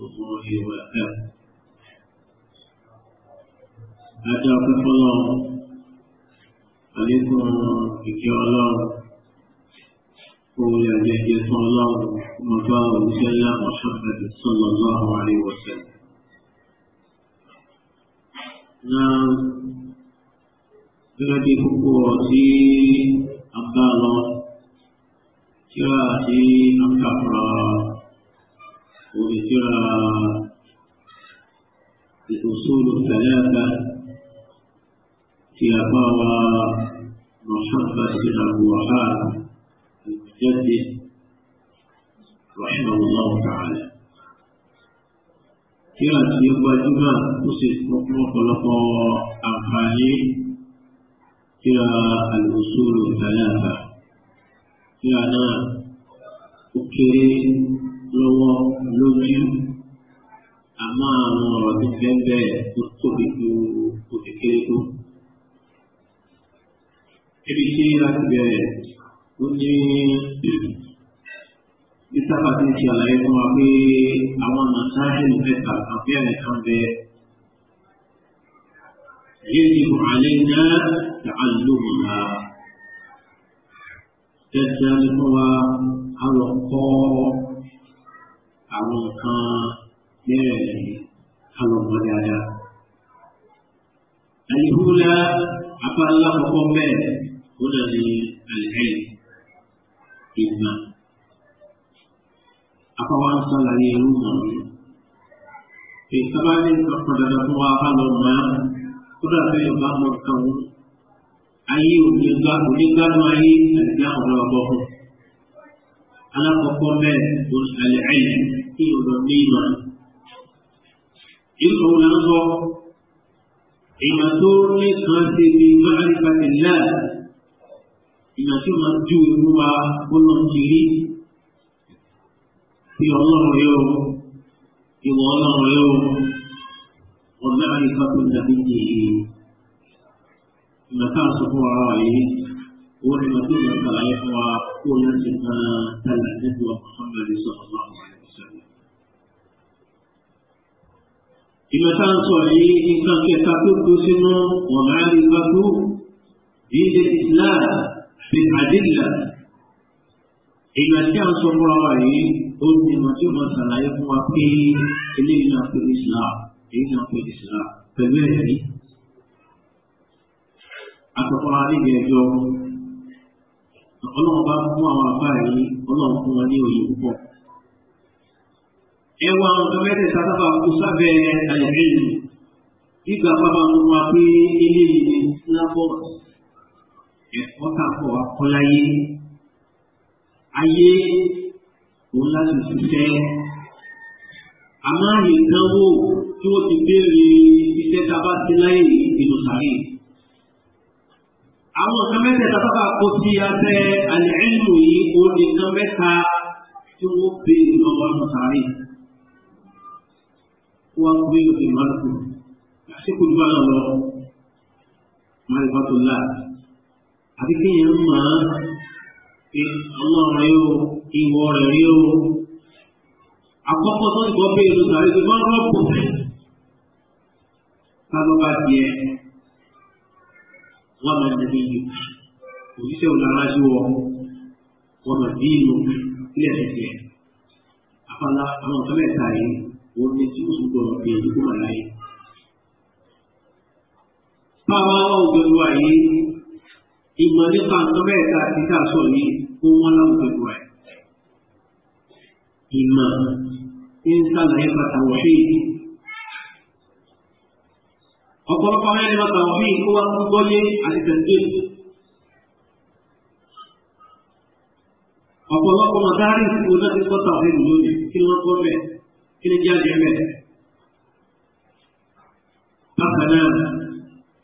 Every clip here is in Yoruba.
الله وبركاته أتى الله عليكم إكيا الله قول النبي صلى الله عليه وسلم محمد صلى الله عليه وسلم نعم بلدي فقوتي أبدا الله ကျာတိအံကပရာ وبها الأصول الثلاثة في أقوى محبة الأبوحات المجدد رحمه الله تعالى كلا تيوبا جبا تسيس مطلق لقوى أمحالي كلا الأصول الثلاثة كلا أنا أكرين lọ́wọ́ lóyún àmọ́ àwọn ọ̀rọ̀ tí bẹ́ẹ̀ bẹ́ẹ̀ tó tóbi ju kò sì kéré tó. Ibi tí láti bẹ̀rẹ̀ ó ní ìsáfà tí ń ṣe àlàyé fún wa pé àwọn ọ̀nà sáhẹ́lì mẹ́ta àti ẹ̀rẹ̀ kan bẹ يجب علينا تعلمها تسلمها على القرآن àwọn nǹkan mẹ́rẹ̀ẹ̀rin alọ́mọ dáadáa. Àlìhúlá apá alákọ̀ọ́kọ́ bẹ́ẹ̀ ó nà ní àlìhẹ́yìn ìgbà. Apá wa ń sàlàyé irú mọ̀ọ́rí. Ìsábà ní ọ̀pọ̀ dandan fún wa bá lọ mọ́ tó dàbí ọba mọ̀ kan ayé onígbàdùn ayé àti àwọn ọlọ́gbọ́n. Alákọ̀ọ́kọ́ bẹ́ẹ̀ ó ní àlìhẹ́yìn kí n lọ ní ìmọ̀ yìí tó ń sọ ìmọ̀ tó ní kan ṣe ní máàrífàtì náà ìmọ̀ tí wọ́n ju ìlú wa gbọ́nà kiri bí ọlọ́run yóò ìwọ ọlọ́run yóò ọ̀nà àrífàtì nàbí kiri ìmọ̀ tá a sọ fún wa yìí wọ́n ti máa tó ìmọ̀ sàlàyé fún wa kó láti máa tàlà nígbà Muhammad sallallahu alaihi wa sallam. ìmọ̀ta ń sọ yìí nǹkan kẹta tó kó sínú ọ̀nà àríwájú ìdè islam fi àdìlà ìgbà tí a ń sọ fúnra wa yìí ó ní ìmọ̀ tí wọ́n ṣàlàyé fún wa pé eléyìí náà pé islam èyí náà pé islam pẹ̀lú ẹ̀rí àtọ̀kọ́ àríbi ẹjọ́ ọlọ́run bá fún àwọn àbá yìí ọlọ́run fún wọn ní òye púpọ̀ ẹwà ọ̀dọ́ mẹ́tẹ̀ẹ̀ta sábà kú sábẹ́ àìrìn ìgbà bàbá wọn wá pé eléyìí ni lábọ̀ ẹ̀kọ́ tàkọ̀ akọ́láyé ayé òun láti ṣiṣẹ́ àmọ́ ìdánwò tí wọ́n ti béèrè iṣẹ́ tá a bá ti láyé ìlú sàárè àwọn nǹkan mẹ́tẹ̀ẹ̀ta sábà kó sí abẹ́ àìrìn yìí ó di nǹkan mẹ́ta tí wọ́n béèrè lọ́wọ́ àmọ́ sàárè. وأقضي Marco, المرض àsìkò ju ara lọ marifatula àti kéèyàn mọ̀ ọ́n pé ọlọ́run quem ìwọ rẹ̀ rí o àkọ́kọ́ tó eu, tá a pé èso sàrí ti máa ń rọ́pò sábà bá não wọ́n máa nà o òṣìṣẹ́ òlára o wọ O máa bí ìlú é ẹ̀sìn tiẹ̀ A àwọn ọ̀sán mẹ́ta yìí. òun ni tí oṣù gbọdọ̀ fi èyí kó wà láyé. Báwa òjò wa yìí, ìmọ̀ nípa nǹkan mẹ́ta àti tá a sọ yìí ó wọ́n láwùjọ wa yìí. Ìmọ̀ ń sàlàyé pàtàkì ṣe yìí. Ọ̀pọ̀lọpọ̀ àwọn ẹni máa tàwọn bíi kó wá kú gbọ́yé àti tẹ̀síwé. Ọ̀pọ̀lọpọ̀ màtárì ìfowópamọ́ ti kọ́ tàwọn ẹni lónìí kí wọ́n kọ́ bẹ́ẹ̀ kí ni jáde mẹ́ bákan náà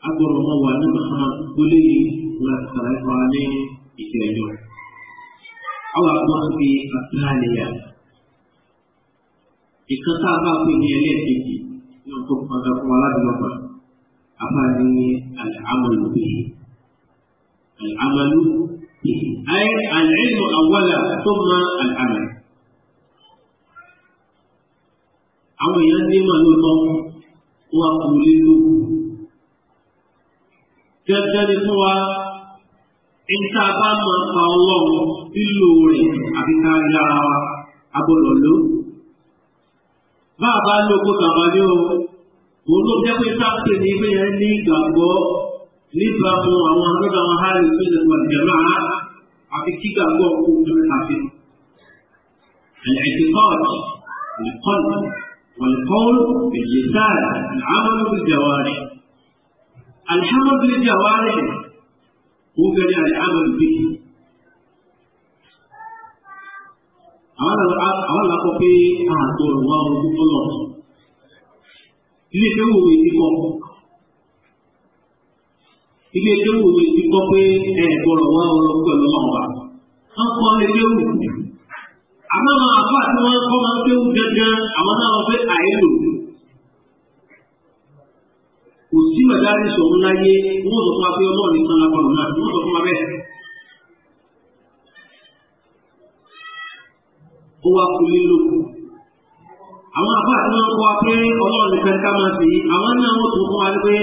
agbọ̀rọ̀ wọn wà ní màá gbólé láti sàlàyé wa ní ìjẹ́jọ́ àwọn àgbọn fi àtàlẹ́yà ìkan tá a bá pè ní ẹlẹ́ẹ̀kejì náà tó padà fún aládùúgbò afáàní ní àlàámọ̀lù bìí àlàámọ̀lù bìí ayé àlẹ́nu àwọ̀là tó mọ àlàámọ̀lù. àwọn èèyàn ní mà lóòótọ́ wọn kò lè lò gẹ́gẹ́ ní fún wa níta bá máa pa ọlọ́run lílo rẹ̀ àbí kárí lára wa agbọ́dọ̀ ló bá a bá lò kó tàbá ní o òun ló jẹ́ pé sáfì ní pé ẹ ní ìgbàgbọ́ nípa fún àwọn àgbẹ̀dọ̀ àwọn hàlì ìpínlẹ̀ wàjẹ̀má àfi kí gbàgbọ́ kó tó àfi. Ẹ̀ẹ́dẹ̀kọ́ọ̀tì ìkọ́ni. والقول باللسان العمل بالجوارح الحمد بالجوارح هو كان العمل به àwọn àpò pé ààtò ìwà ogun tó lọ ilé ìdánwò mi ti kọ ilé ìdánwò mi ti kọ pé ẹ̀ẹ́dọ̀rọ̀ wà ọlọ́gbọ̀n lọ́wọ́ wa wọ́n kọ́ ilé ìdánwò àmọ́ àwọn àfáà tí wọ́n kọ́ máa ń pé wù gángan àwọn náà wọ́n fẹ́ àìlò. kò sí màdárí sọ̀rọ̀ láyé wọ́n sọ fún wa pé ọlọ́run ní sanra pàrọ̀ náà wọ́n sọ fún wa bẹ́ẹ̀. ó wá kú lílo àwọn àfáà tí wọ́n kọ́ wa pé ọlọ́run ní fẹ́ẹ́ ká máa sì àwọn náà wọ́n tún fún wa pé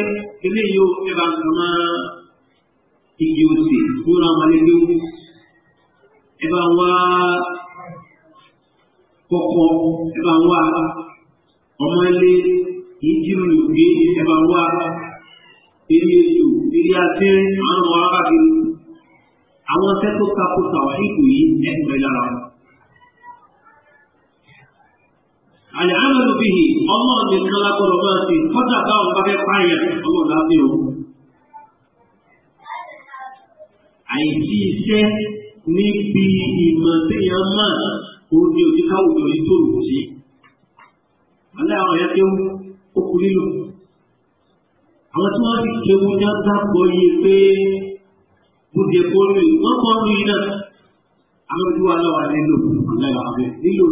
eléyìí ó ẹ bá ń kàn máa igi òsì fúnra wọn lé léwu ẹ bá wá kọ́kọ́ ẹ bá wá ọmọ ilé ìjírù ìgbé ẹ bá wá eré ètò eré àti àwọn ọmọ arábàgbé àwọn ọ̀sẹ̀ tó takò tàwọn ìkò yìí ẹgbẹ́ lára wọn. àlẹ́hàmẹ́lú bíi ọmọ nìkan lágbọ́dọ̀ máa ti kọ́jà báwọn bá fẹ́ pààyàn ọmọ lábẹ́ o. àìsí iṣẹ́ níbi ìmọ̀ téèyàn máa òun ni òjì káwùjọ yìí tó lò sí. alẹ́ àwọn ẹ̀yà kéwù ó kú lílò. àwọn tí wọ́n ti kéwù ní agbábọ̀ yìí pé bùdé kọ́lù yìí wọ́n kọ́lù yìí náà àwọn ìlú wa lọ́wọ́ nílò alẹ́ àwọn abẹ nílò.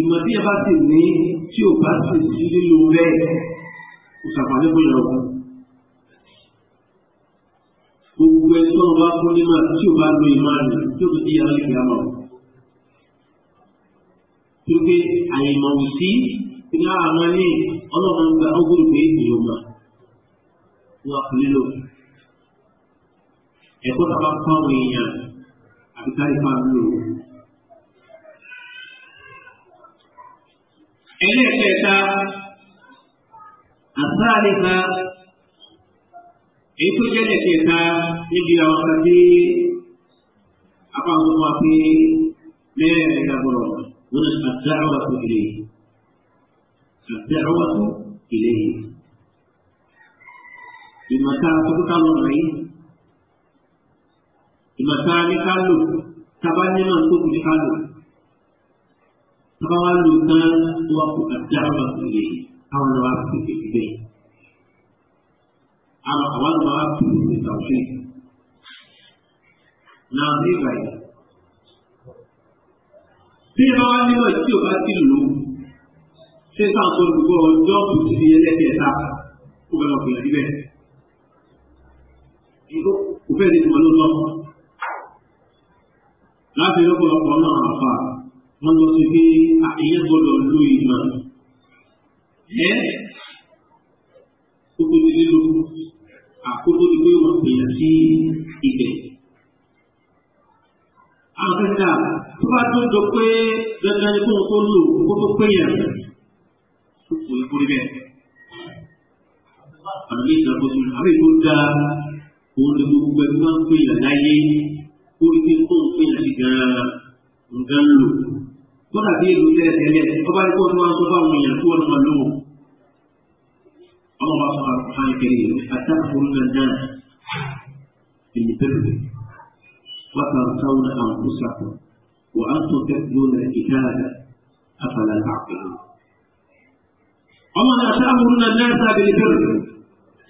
ìmọ̀ tí ẹ bá sì ní tí ò bá sì sí lílo rẹ̀ kò bóyá ọ̀gbọ́n. gbogbo ẹni tó ń bá fún nímọ̀ tí ò bá lo ìmọ̀ rẹ̀ tí ò tó di ìyàwó ìgbà mọ̀. tó pé àyèmọ̀ ò sí ìlà àwọn ní ọlọ́run gba ọgùn pé èèyàn mà wà nílò. ẹ̀kọ́ tàbá kọ́ àwọn èèyàn àti kárípà lò. ẹlẹ́ẹ̀kẹta àtàlẹ́ka. ဒီသူကျတဲ့ကိစ္စပြည်ကြီးအောင်သတိအပေါင်းတို့ပါပြီလဲရတာဘောလို့ဘုရားအကြောဝတ်ကိလေအကြောဝတ်ကိလေဒီမသာသုတလုံးလေးဒီမသာနိကလုသဘာညမသုတိကလုသဘာဝလူကံဝတ်အကြောဝတ်ကိလေအဝါဝတ်ကိလေ Alors, awal ma ni tawfiq. Na ni bai. Tí a wá nílò tí o bá ti lò ó, ṣé sáà tó lù kọ́ ọjọ́ kò sí fi ẹlẹ́kẹ̀ẹ́ta kó bẹ̀rẹ̀ ọ̀gbìn àdíbẹ̀. Ìgbó kò fẹ́ ní ìmọ̀ lọ́wọ́. Láti lọ́pọ̀lọpọ̀ náà àfà, wọ́n lọ sí pé àìyẹ́ gbọ́dọ̀ lóyún náà. Ẹ́ kó tó di pé wọ́n pè yàn sí ibẹ̀. àwọn kẹta tó bá tó jọ pé dandan ni kóun tó lò kó tó pè yàn kó kò ní kórè bẹ́ẹ̀. àmì ní ìdàgbàsókè àbí ìlú da òun ni gbogbo ẹni máa ń pè yàn láyé kó ní pé kóun pè yàn sí gan-an nǹkan lò. kódà bí èlò tẹ́lẹ̀ tẹ́lẹ̀ ọba ní kó tó wá sọ fáwọn èèyàn tó wọn lò ó. قال الله تعالى في القرآن الكريم أتأمرون الناس البر وترثون أنفسكم وأنتم تتلون الكتاب أفلا تعقلون الله أتأمرون الناس بالبر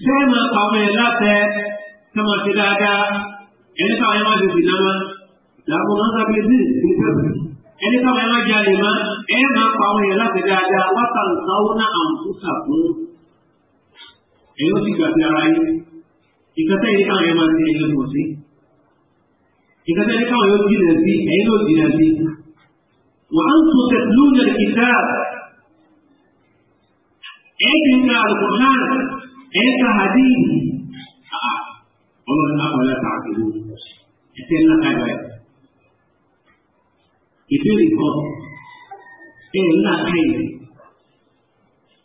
سيما قاملات كما تلاقى يعني كما يماجه في النمى لابد أن بالبر ẹni tó máa ń jalè mọ́ ẹ máa pa àwọn èèyàn إن كان wọ́n tàn sáwọn àǹfùsà أنفسكم Ayoti Ikata ikaw ay man din yung pusi. Ikata ikaw ay yung ginasi, ay yung ginasi. Wa antu tatluna al-kitab. Ekin ka al-Quran, eka hadith. Ah, Allah na wala ta'akilu. Ito na kaya. Ito rin ko. Eh, na kaya.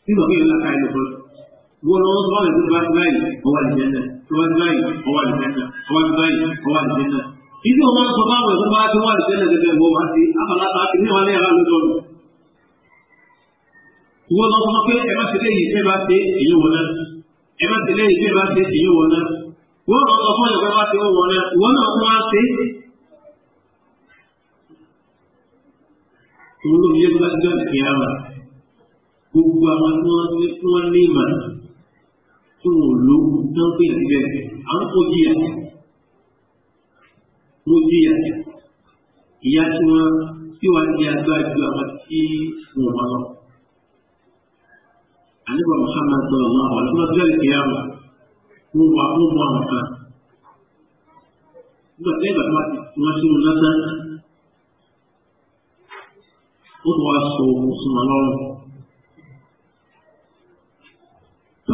Hindi ba kayo na kaya ko? ကိုယ်လုံးသွားတယ်သူသွားတိုင်းဘဝရည်တဲ့သွားတိုင်းဘဝရည်တဲ့သွားတိုင်းဘဝရည်တဲ့ဒီလိုမှသွားမယ်သွားတယ်ဘဝရည်တဲ့တဲ့ဘဝစီအမလာတာကိနေဝါလေးဟာလို့တော့ကိုယ်လုံးသွားတယ်အမစတဲ့ရေးပြပါသေးဒီလိုလားအမစတဲ့ရေးပြပါသေးဒီလိုလားကိုယ်လုံးသွားတယ်ဘဝစီဘဝနဲ့ဘဝနဲ့သွားသေးသူတို့မြေကတည်းကကြားမှာကိုယ်ကမှသွားနေမှာ tó o lò tó ń pèyàn síbẹ̀ àwọn kò jìyà mo jìyà ìyá tí wọ́n Muhammad sọ̀rọ̀ náà wà lọ́wọ́ tó lè kéèyàn wà mo wà mo mọ àwọn kan.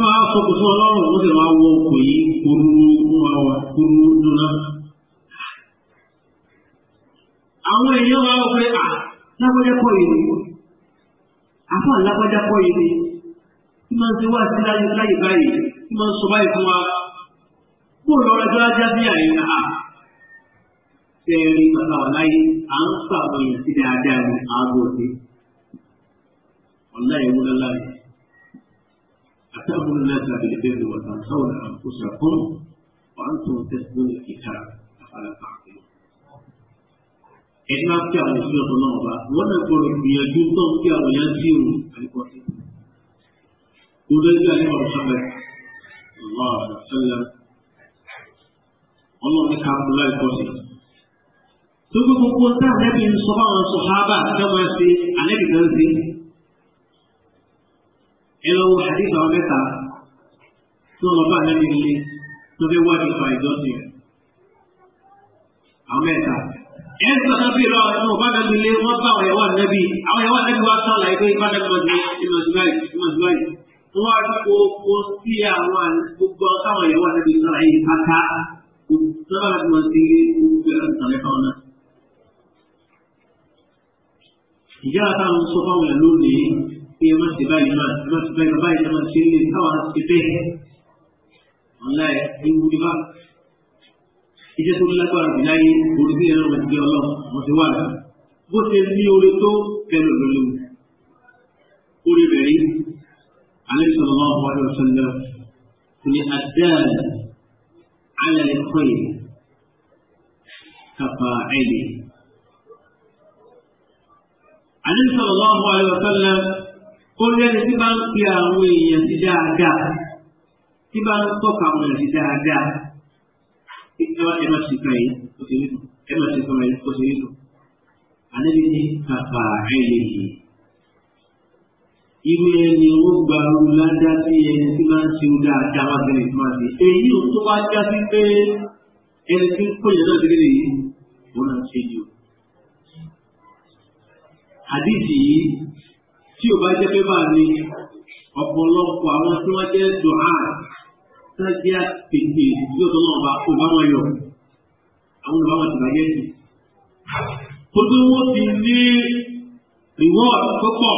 သူအားဆိုကိုစောလုံးဘုရားဝကိုကြီးကုရုမာဝကုရုနုနာ àwọn èèyàn máa ń pè à lágbájá kọ́ yìí ni àfọ lágbájá kọ́ yìí ni tí máa ń ti wá sí láyé láyé báyìí tí máa ń sọ báyìí fún wa kó lọ́ra gbájá bí àyè náà tẹ́ẹ̀rí bàbá wà láyé à ń pàwọn èèyàn sí dáadáa ní àgọ́ òde ọ̀la ìwúlọ́lá yìí. أتأمر الناس بالبر وتنسون أنفسكم وأنتم تتلون الكتاب أفلا تعقلون إذا كان سورة النوبة ونقول يجوز كان يزيد القرآن ولذلك الإمام صلى الله عليه وسلم الله يكرم الله يكرم ثم يقول تعالى من الصحابة كما يصير عليك تنزيل ẹlọ́wọ́ hadith àwọn mẹ́ta tó lọ bá nẹ́bí nílé tó fẹ́ wá nípa ìjọsìn rẹ̀ àwọn mẹ́ta ẹ̀ ń sọ̀rọ̀ bí lọ ẹ̀mọ́ bá nẹ́bí nílé wọ́n bá àwọn ẹ̀wà nẹ́bí àwọn ẹ̀wà nẹ́bí wá sọ̀rọ̀ láì pé bá nẹ́bí wọ́n ti ìmọ̀ ìdúráì ìmọ̀ ìdúráì wọ́n á kó kó sí àwọn gbogbo táwọn ẹ̀wà nẹ́bí sọ̀rọ̀ yìí pátá sọ́dọ̀ láti mọ̀ sí gbogbo ẹ̀rọ ìtàlẹ́ fáwọn náà. ìyá àtàwọn sọ fáwọn ẹ̀ lónìí pé wọ́n ti báyìí máa wọ́n ti báyìí báyìí máa ṣe lè táwọn ti bẹ́ẹ̀ ọ̀la ẹ̀ ewu ni bá iṣẹ́ tó lágbára jù láyé orí sí ẹ̀rọ àti ọlọ́run wọ́n ti wà rẹ̀ bó ṣe ní orí tó bẹ̀rẹ̀ lọ́lọ́ orí bẹ̀rẹ̀ alẹ́ sọ̀rọ̀ wọn wọ́n lọ sọ̀rọ̀ ní àdáàlì alẹ́ ẹ̀kọ́ yìí kàfà ẹ̀yìn. Àdínsọ̀rọ̀ wọn wọ́n lọ sọ̀rọ̀ ó lẹ́nu tí bá ń pe àwọn èèyàn sí dáadáa tí bá ń tọ́ka àwọn èèyàn sí dáadáa ẹ má sì kàn yín kó sì nínú ẹ má sì kàn yín kó sì nínú àníbi ní kàkà ẹ̀yẹ yìí ìwé ẹni ó gba olùlàjà sí ẹni tí máa ń ṣe dáadáa wá sí ẹni máa ṣe èyí ò tó wá já sí pé ẹni tí ń kó yẹn náà sílẹ̀ yìí òun náà ṣe jù àdìsí yìí. tí ò bá jẹ́ pé bá ní ọ̀pọ̀lọpọ̀ àwọn tí wọ́n jẹ́ dùhà sájà pèpè tí ó tọ́lọ́ ọba kò bá wọn yọ àwọn ìbá wọn ti bàjẹ́ sí. Kó tó wọ́n ti ní reward tó pọ̀.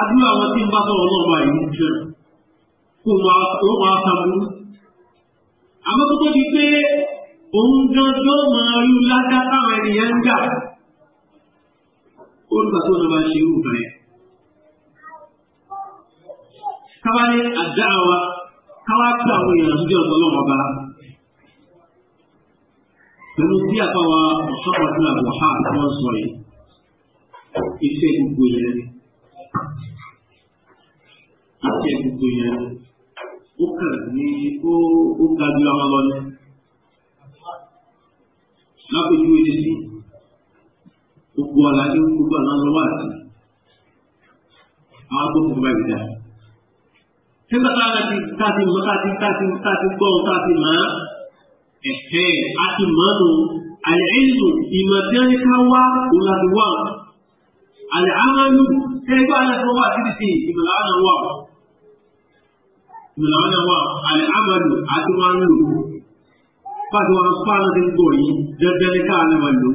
Adúlọ̀ àwọn tí ń bá sọ̀rọ̀ náà máa yìí jẹ́ kó wọ́n máa sàmú. Àmọ́ tó tó di pé òun gan yóò máa rí ládá táwọn ènìyàn ń gbà. olùgbà tó náà bá ń ṣe irú nǹkan yẹn. káwá ní àdá wa káwá tó àwọn èèyàn tó jẹ́ ọ̀tọ̀ lọ́wọ́ bá pẹ̀lú bí àtàwà ọ̀ṣọ́pọ̀ tó tí wọ́n sọ yìí iṣẹ́ gbogbo yẹn iṣẹ́ gbogbo yẹn ó kàn ní ó ó ga jù àwọn lọ ní. lápẹjú ilé gbogbo aládé gbogbo aládé wà sí àwọn agbóhùn tó bá yìí dá. nígbà tá a ti tá a ti mọ tá a ti tá a ti tá a ti gbọ́ tá a ti mọ̀ ẹ̀hẹ́ a ti mọ̀ nù àlẹ́ ìlú ìmọ̀ tí wọ́n ní ká wá òun láti wá àlẹ́ àmàlù ẹgbẹ́ alẹ́ tó wà sí ti ìmọ̀lá náà wà ìmọ̀lá náà wà àlẹ́ àmàlù àti wọn lò fáwọn fáwọn ti ń bọ̀ yìí dandan ní ká àlẹ́ wọn lò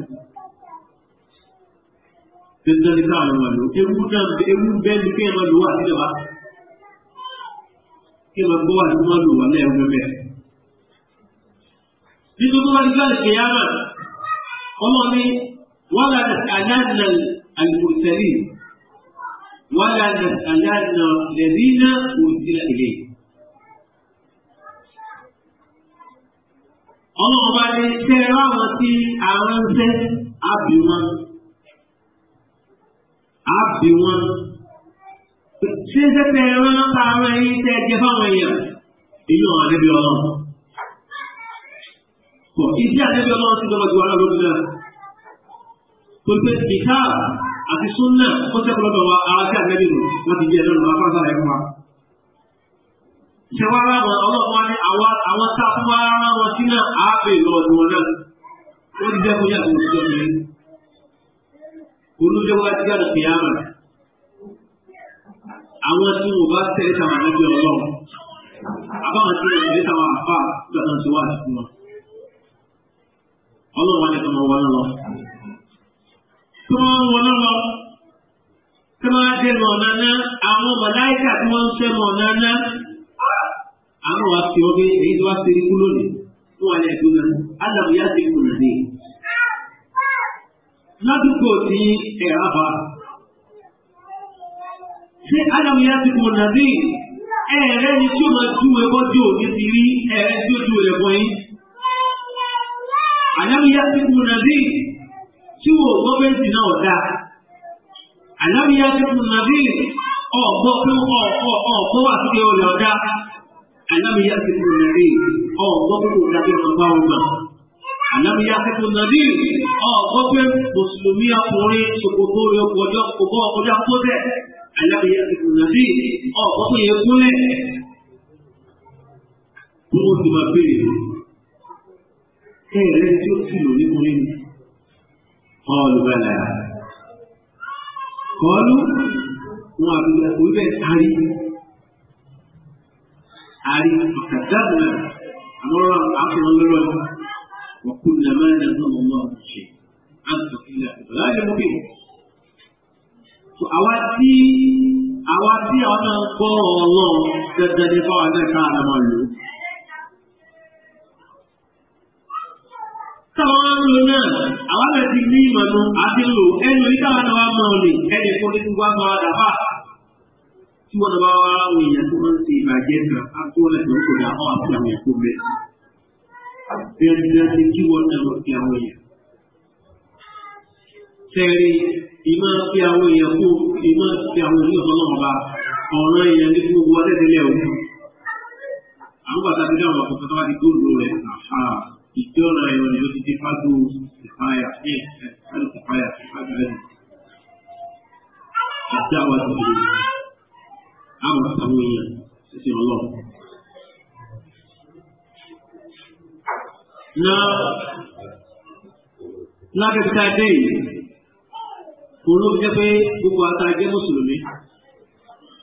dandan ní káwọn ọmọ lò ewu náà ewu bẹ́ẹ̀ ni kéèyàn máa lò wà nílẹ̀ wá kéèyàn máa gbọ́ wà ní wọ́n lò wà náà ewu bẹ́ẹ̀. nínú tó wá ní káàlì kìyàmà ọmọ mi wọ́n là àdáàdà àlùmọ̀tẹ́lì wọ́n là àdáàdà lẹ́dínà òjìlá ilé. ọlọ́run bá ní sẹ́ẹ̀rọ àwọn tí àwọn ń sẹ́ àbí wọn. á bí wọn ṣíṣe bẹ̀rẹ̀ wọn nípa àwọn ẹyin tẹ́ jẹ́ fáwọn èèyàn inú àwọn àdébí ọlọ́run pọ̀ ìdí àdébí ọlọ́run ti dọ́gba ju ara lóbi náà tó gbé bìkà àti súnà ó sẹ́kù lọ́dọ̀ wa ara tí àdébí nù wọ́n ti jẹ́ ẹ̀dọ́ nù afáńsá rẹ̀ fún wa. ṣé wàá rà wọn ọlọ́run wa ní àwọn tá a fún wa rán wọn sí náà á bè lọ́wọ́ ju wọn náà wọ́n ti jẹ́ kó yàtọ̀ òṣìṣẹ́ olùjọba ti yàtọ̀ sí yàrá rẹ̀ àwọn tí wọn bá tẹ̀lé táwọn àjọjọ ọlọ́run àbáwọn tí wọn tẹ̀lé táwọn àfa gbàtà sí wà sí wọn ọlọ́run wà ní kí wọ́n wọ́n lọ. tí wọ́n wọ́n lọ tí wọ́n á dé mọ̀ nánà àwọn mọ̀láìkà tí wọ́n ń fẹ́ mọ̀ nánà àwọn wa fi ọ́ bí èyí tí wọ́n á ṣe ikú lónìí fún wa ní ẹ̀dùn náà á dàbí yá sí ikú nàdé. ládùúgbò tí ẹ̀ á bá. ṣé ádámù yá ti kùn nàbí ẹ̀rẹ́ ni tí ó máa tú ẹbọ tí ò ní ti rí ẹ̀rẹ́ tí ó ju ẹ̀bọ yín. ádámù yá ti kùn nàbí tí wò gọ́ọ̀mẹ̀ntì náà dá. ádámù yá ti kùn nàbí ọ̀gbọ́ pé ọ̀gbọ́ wà sí ọ̀lẹ̀ ọ̀dá. ádámù yá ti kùn nàbí ọ̀gbọ́ pé kò dábẹ́ ọ̀gbá ọ̀gbà. Alam yakun nadir. Ah, gope muslimia pore sokoro yo kojo kobo kojo kote. Alam yakun nadir. Ah, gope yakune. Bumo ti ma pere. Eh, le ti o ti lo ni pore ni. Qalu bala. Qalu wa bi la kuibe tari. Ari fakadabna. Amora akhiru lorona. وكل ما نزل الله من شيء أنت إلا لا يمكن àwa tí àwa tí àwọn náà ń kọ́ ọlọ́run dandan ní fáwọn ẹ̀ka ara máa lò ó. táwọn ń lò náà àwa náà ti ní ìmọ̀nù àti lò ẹnu yìí táwọn náà wá mọ̀ ní ẹnì kan ní gbogbo àwọn àdàbà tí wọ́n náà bá wá àwọn èèyàn tó máa ń ṣe ìbàjẹ́ kan á tó lẹ́sìn òkòdà ọ̀ àti àwọn ẹ̀kọ́ mẹ́ta dandan ni kí wọn náà fi àwọn èèyàn. Tẹ̀rí ìmọ̀ fi àwọn èèyàn kú ìmọ̀ fi àwọn èèyàn sọ náà bá ọ̀ràn èèyàn ní gbogbo ọlẹ́dẹ̀lẹ̀ òun. Àwọn pàtàkì dáhùn àkọ́kọ́ tó wá di góòlù rẹ̀ àfà ìjọ náà ẹ̀rọ ni ó ti di fádó ìfáyà ẹ̀ ẹ̀ fádó ìfáyà ìfáyà ẹ̀ àti àwọn àti àwọn èèyàn ṣẹṣẹ ọlọ́run. lábẹ́ tí a dé yìí kò ló jẹ́ pé gbogbo ata jẹ́ mùsùlùmí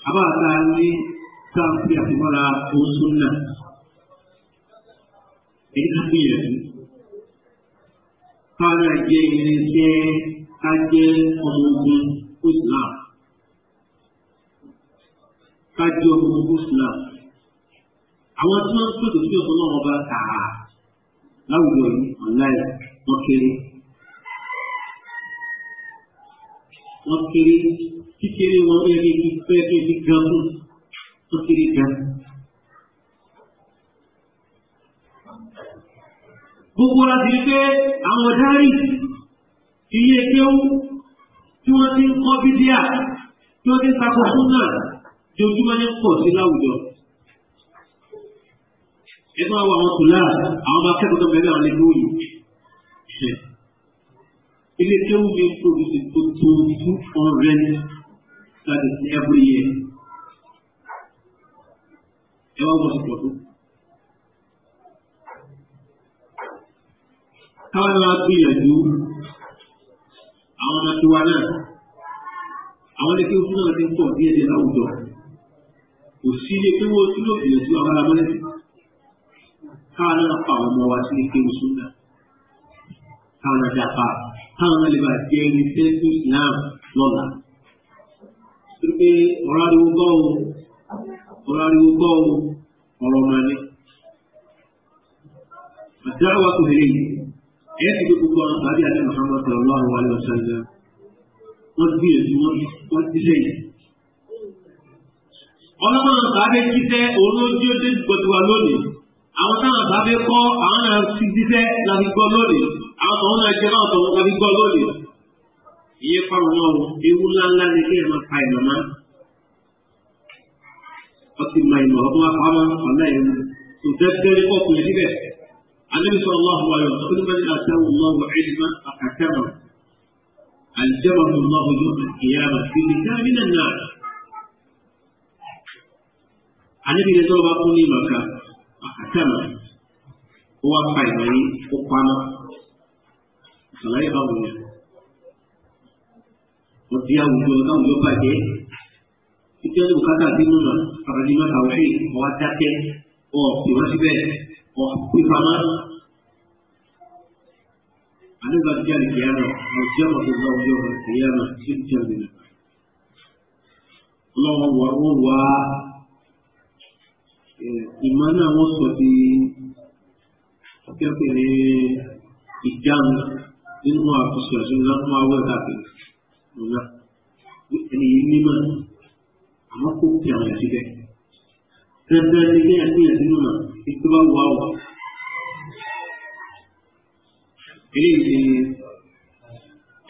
àbáta ní sáàpì àtìmọ́ra oṣù náà èyí tó gbìyànjú káàdà jẹ́ irinṣẹ́ kájẹ́ ọmọ ogun Islam kájẹ́ ọmọ ogun Islam àwọn tí wọ́n ń pèsè sí ọ̀sán náà wọ́n bá tààrà. láwùjọ yìí wàláì wọ́n kéré wọ́n kéré kíkéré wọn ó yẹ kí kí fẹ́ kí kí gan fún wọ́n kéré gan. gbogbo la ti rí pé àwọn dárí iye kéwú tí wọ́n ti ń kọ́ bídíà tí wọ́n ti ń takò fún náà jojúmọ́ ní pọ̀ sí láwùjọ. ẹ máa wọ àwọn tòlá àwọn ọmọ akẹ́kọ̀ọ́ tó bẹ̀rẹ̀ àwọn ẹgbẹ́ òyìn ilé kéwù mi ń pòdùsì tó tó two hundred that is every year ẹ wá wọ́n ti pọ̀ tó. káwọn náà gbìyànjú àwọn ọmọ tiwa náà àwọn ilé kéwù náà ti ń pọ̀ díẹ̀ díẹ̀ láwùjọ kò sí ilé kéwù tí yóò gbìyànjú àwọn alámọ́lẹ́sìn káwọn náà fa àwọn ọmọ wa sí ní kéwù súnà káwọn náà dá pa káwọn náà lè bá jẹ ẹni sẹ́kù islam lọ́la. pé ọ̀rọ̀ ariwo gbọ́ o ọ̀rọ̀ ariwo gbọ́ o ọ̀rọ̀ ọmọ ni. àtẹ̀wá wa kò lè ẹ̀ ẹ́ ti gbé gbogbo àwọn àbí àti muhammad sallallahu alayhi wa sallam wọ́n gbìyànjú wọ́n ti sẹ́yìn ọlọ́mọ àbẹ́ jíṣẹ́ olójú ó dé gbọ̀dọ̀ wa lónìí àwọn táwọn sábẹ́ kọ́ àwọn náà ti ṣiṣẹ́ láti gbọ́ lónìí àwọn tọ̀hún náà jẹ́ náà tọ̀hún láti gbọ́ lónìí. ìyẹn fáwọn ọ̀hún ewu ńláńlá ni kí ẹ máa pa ìmọ̀ máa. wọ́n ti ma ìmọ̀ ọdún afáwọn ọ̀nà ẹ̀ mú tó dẹ́gbẹ́rẹ́ kọ́ kùn níbẹ̀. alẹ́ ọlọ́hu ayọ̀ ọdúnbẹ́ni àtẹ̀wò ọlọ́hu ẹ̀dínmá àkàtẹ́rọ̀ àlìjẹ́wọ̀n ọlọ́hu yóò fi lè akasema huwa fainali ukwana salai bawunya otia ujo ka ujo pake ikyo ni bukata dinu na paradima tauhi watate o kiwasibe o kifama anaweza kujali kiano mjama kwa ujo kwa kiano kitu cha Allah wa huwa ìmọ̀ náà wọ́n sọ di akẹ́kọ̀ọ́ ní ìjánu nínú àkóso ẹ̀sùn náà fún awẹ́ káàkiri nùnà ẹni yìí mímọ̀ àmọ́ kò kí àwọn ẹ̀sìn bẹ́ẹ̀. dandan ni kí ẹ̀sìn ẹ̀sìn nù náà ètò bá wà wà. eléyìí ni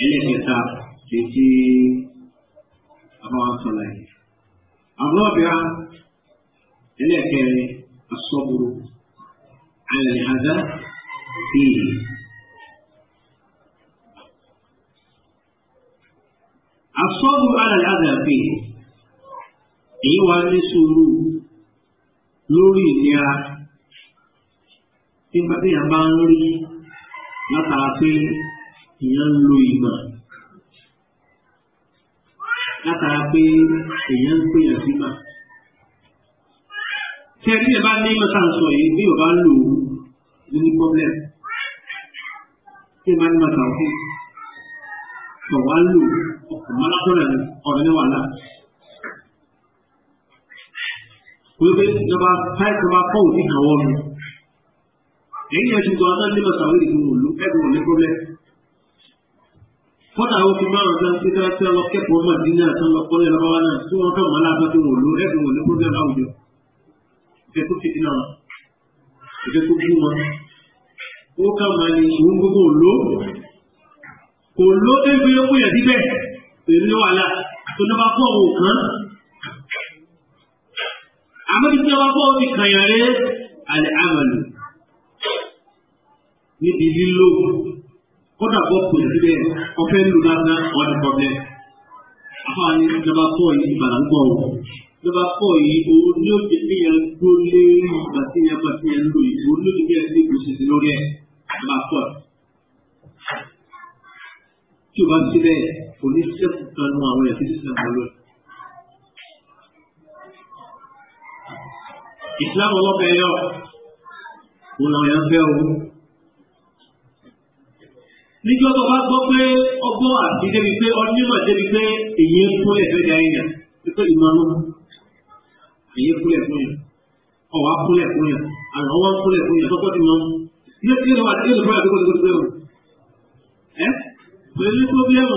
ẹlẹ́kẹta lè ti àwọn àṣọ láyé. àwọn ọ̀bẹ̀rẹ̀ ẹlẹ́ẹ̀kẹrin asọ́bùrù alẹ́ àdá bíi. asọ́bùrù alẹ́ àdá bíi èyí wà ní sùúrù lórí ìnira nígbà tí èèyàn bá ń rí látara pé èèyàn ń lo ìmọ̀ látara pé èèyàn ń pèèyàn sí màá. Tẹ̀lé bá ní mọ́ta sọ yìí bí o bá lò ó ní problem. Ṣé máa ní mọ́ta ọ̀hún? Sọ wá lò ọ̀pọ̀ máa lọ́sọ̀rọ̀ ẹ̀ ọ̀rẹ́ ní wàhálà. Wípé ìjọba táì kọ́ máa fọ́ọ̀n sí àwọn ọ̀rẹ́. Èyí yẹn ti gbọ́dọ̀ ní mọ́ta ọ̀hún ìdìbò òlu ẹ̀dùn òní problem. Fọ́nà àwọn fi máa rọ̀ta sí tí wọ́n lọ kẹ́kọ̀ọ́ Màdínà tó lọ kọ́lé lọ́wọ́ náà tí wọ́n kàn wọ́n lábẹ́ tó wọ̀ ló ẹ̀dùn òní problem láwùjọ. ìdẹ́kùn ti dínà ìdẹ́kùn bí wọn ó ká máa ní ìwọ́n gbogbo ló kò ló dé gbé owó yẹn síbẹ̀ èyí ni wàhálà tó ní bá kọ́ òun kan àmọ́ ibi tí wọ́n bá kọ́ òun ti kàn yàn rẹ̀ àlẹ́ àmàlù níbi lílo kódà bọ́ pè síbẹ̀ ọ̀fẹ́ lù lásán wọ́n ti pọ̀ bẹ́ẹ̀ afáwọn ní ìjọba kọ́ ìbàdàn gbọ́ òun. lọ́ba pọ̀ yìí owó ní òjò tí yẹn ń dó lérí ìgbà tí yẹn gbà tí yẹn ń lò yìí owó ní òjò tí yẹn ń gbèsè sí lórí ẹ̀ lọ́ba pọ̀ tí o bá ti bẹ́ẹ̀ kò ní sẹ́kù kan nu àwọn ẹ̀sìn tí sàn lọ. ìsìláàmù ọlọ́pàá ẹ̀yọ́ òun làwọn yẹn ń fẹ́ o. níjọ́ tó bá gbọ́ pé ọgbọ́n àti débi pé ọdún mọ̀ débi pé èyí ń kúlẹ̀ fẹ́ jẹ́ àyìnà ìmọ̀ ọlọ́run. ayé kúlẹ̀ fún yẹn ọwọ́ akúlẹ̀ fún yẹn àná ọwọ́ akúlẹ̀ fún yẹn tọ́kọ́ ti mọ́ ilé tí yẹn wà tí yẹn lè fọ́ àdúgbò tó gbé o ẹ pẹ̀lú ní pọ́blẹ́mù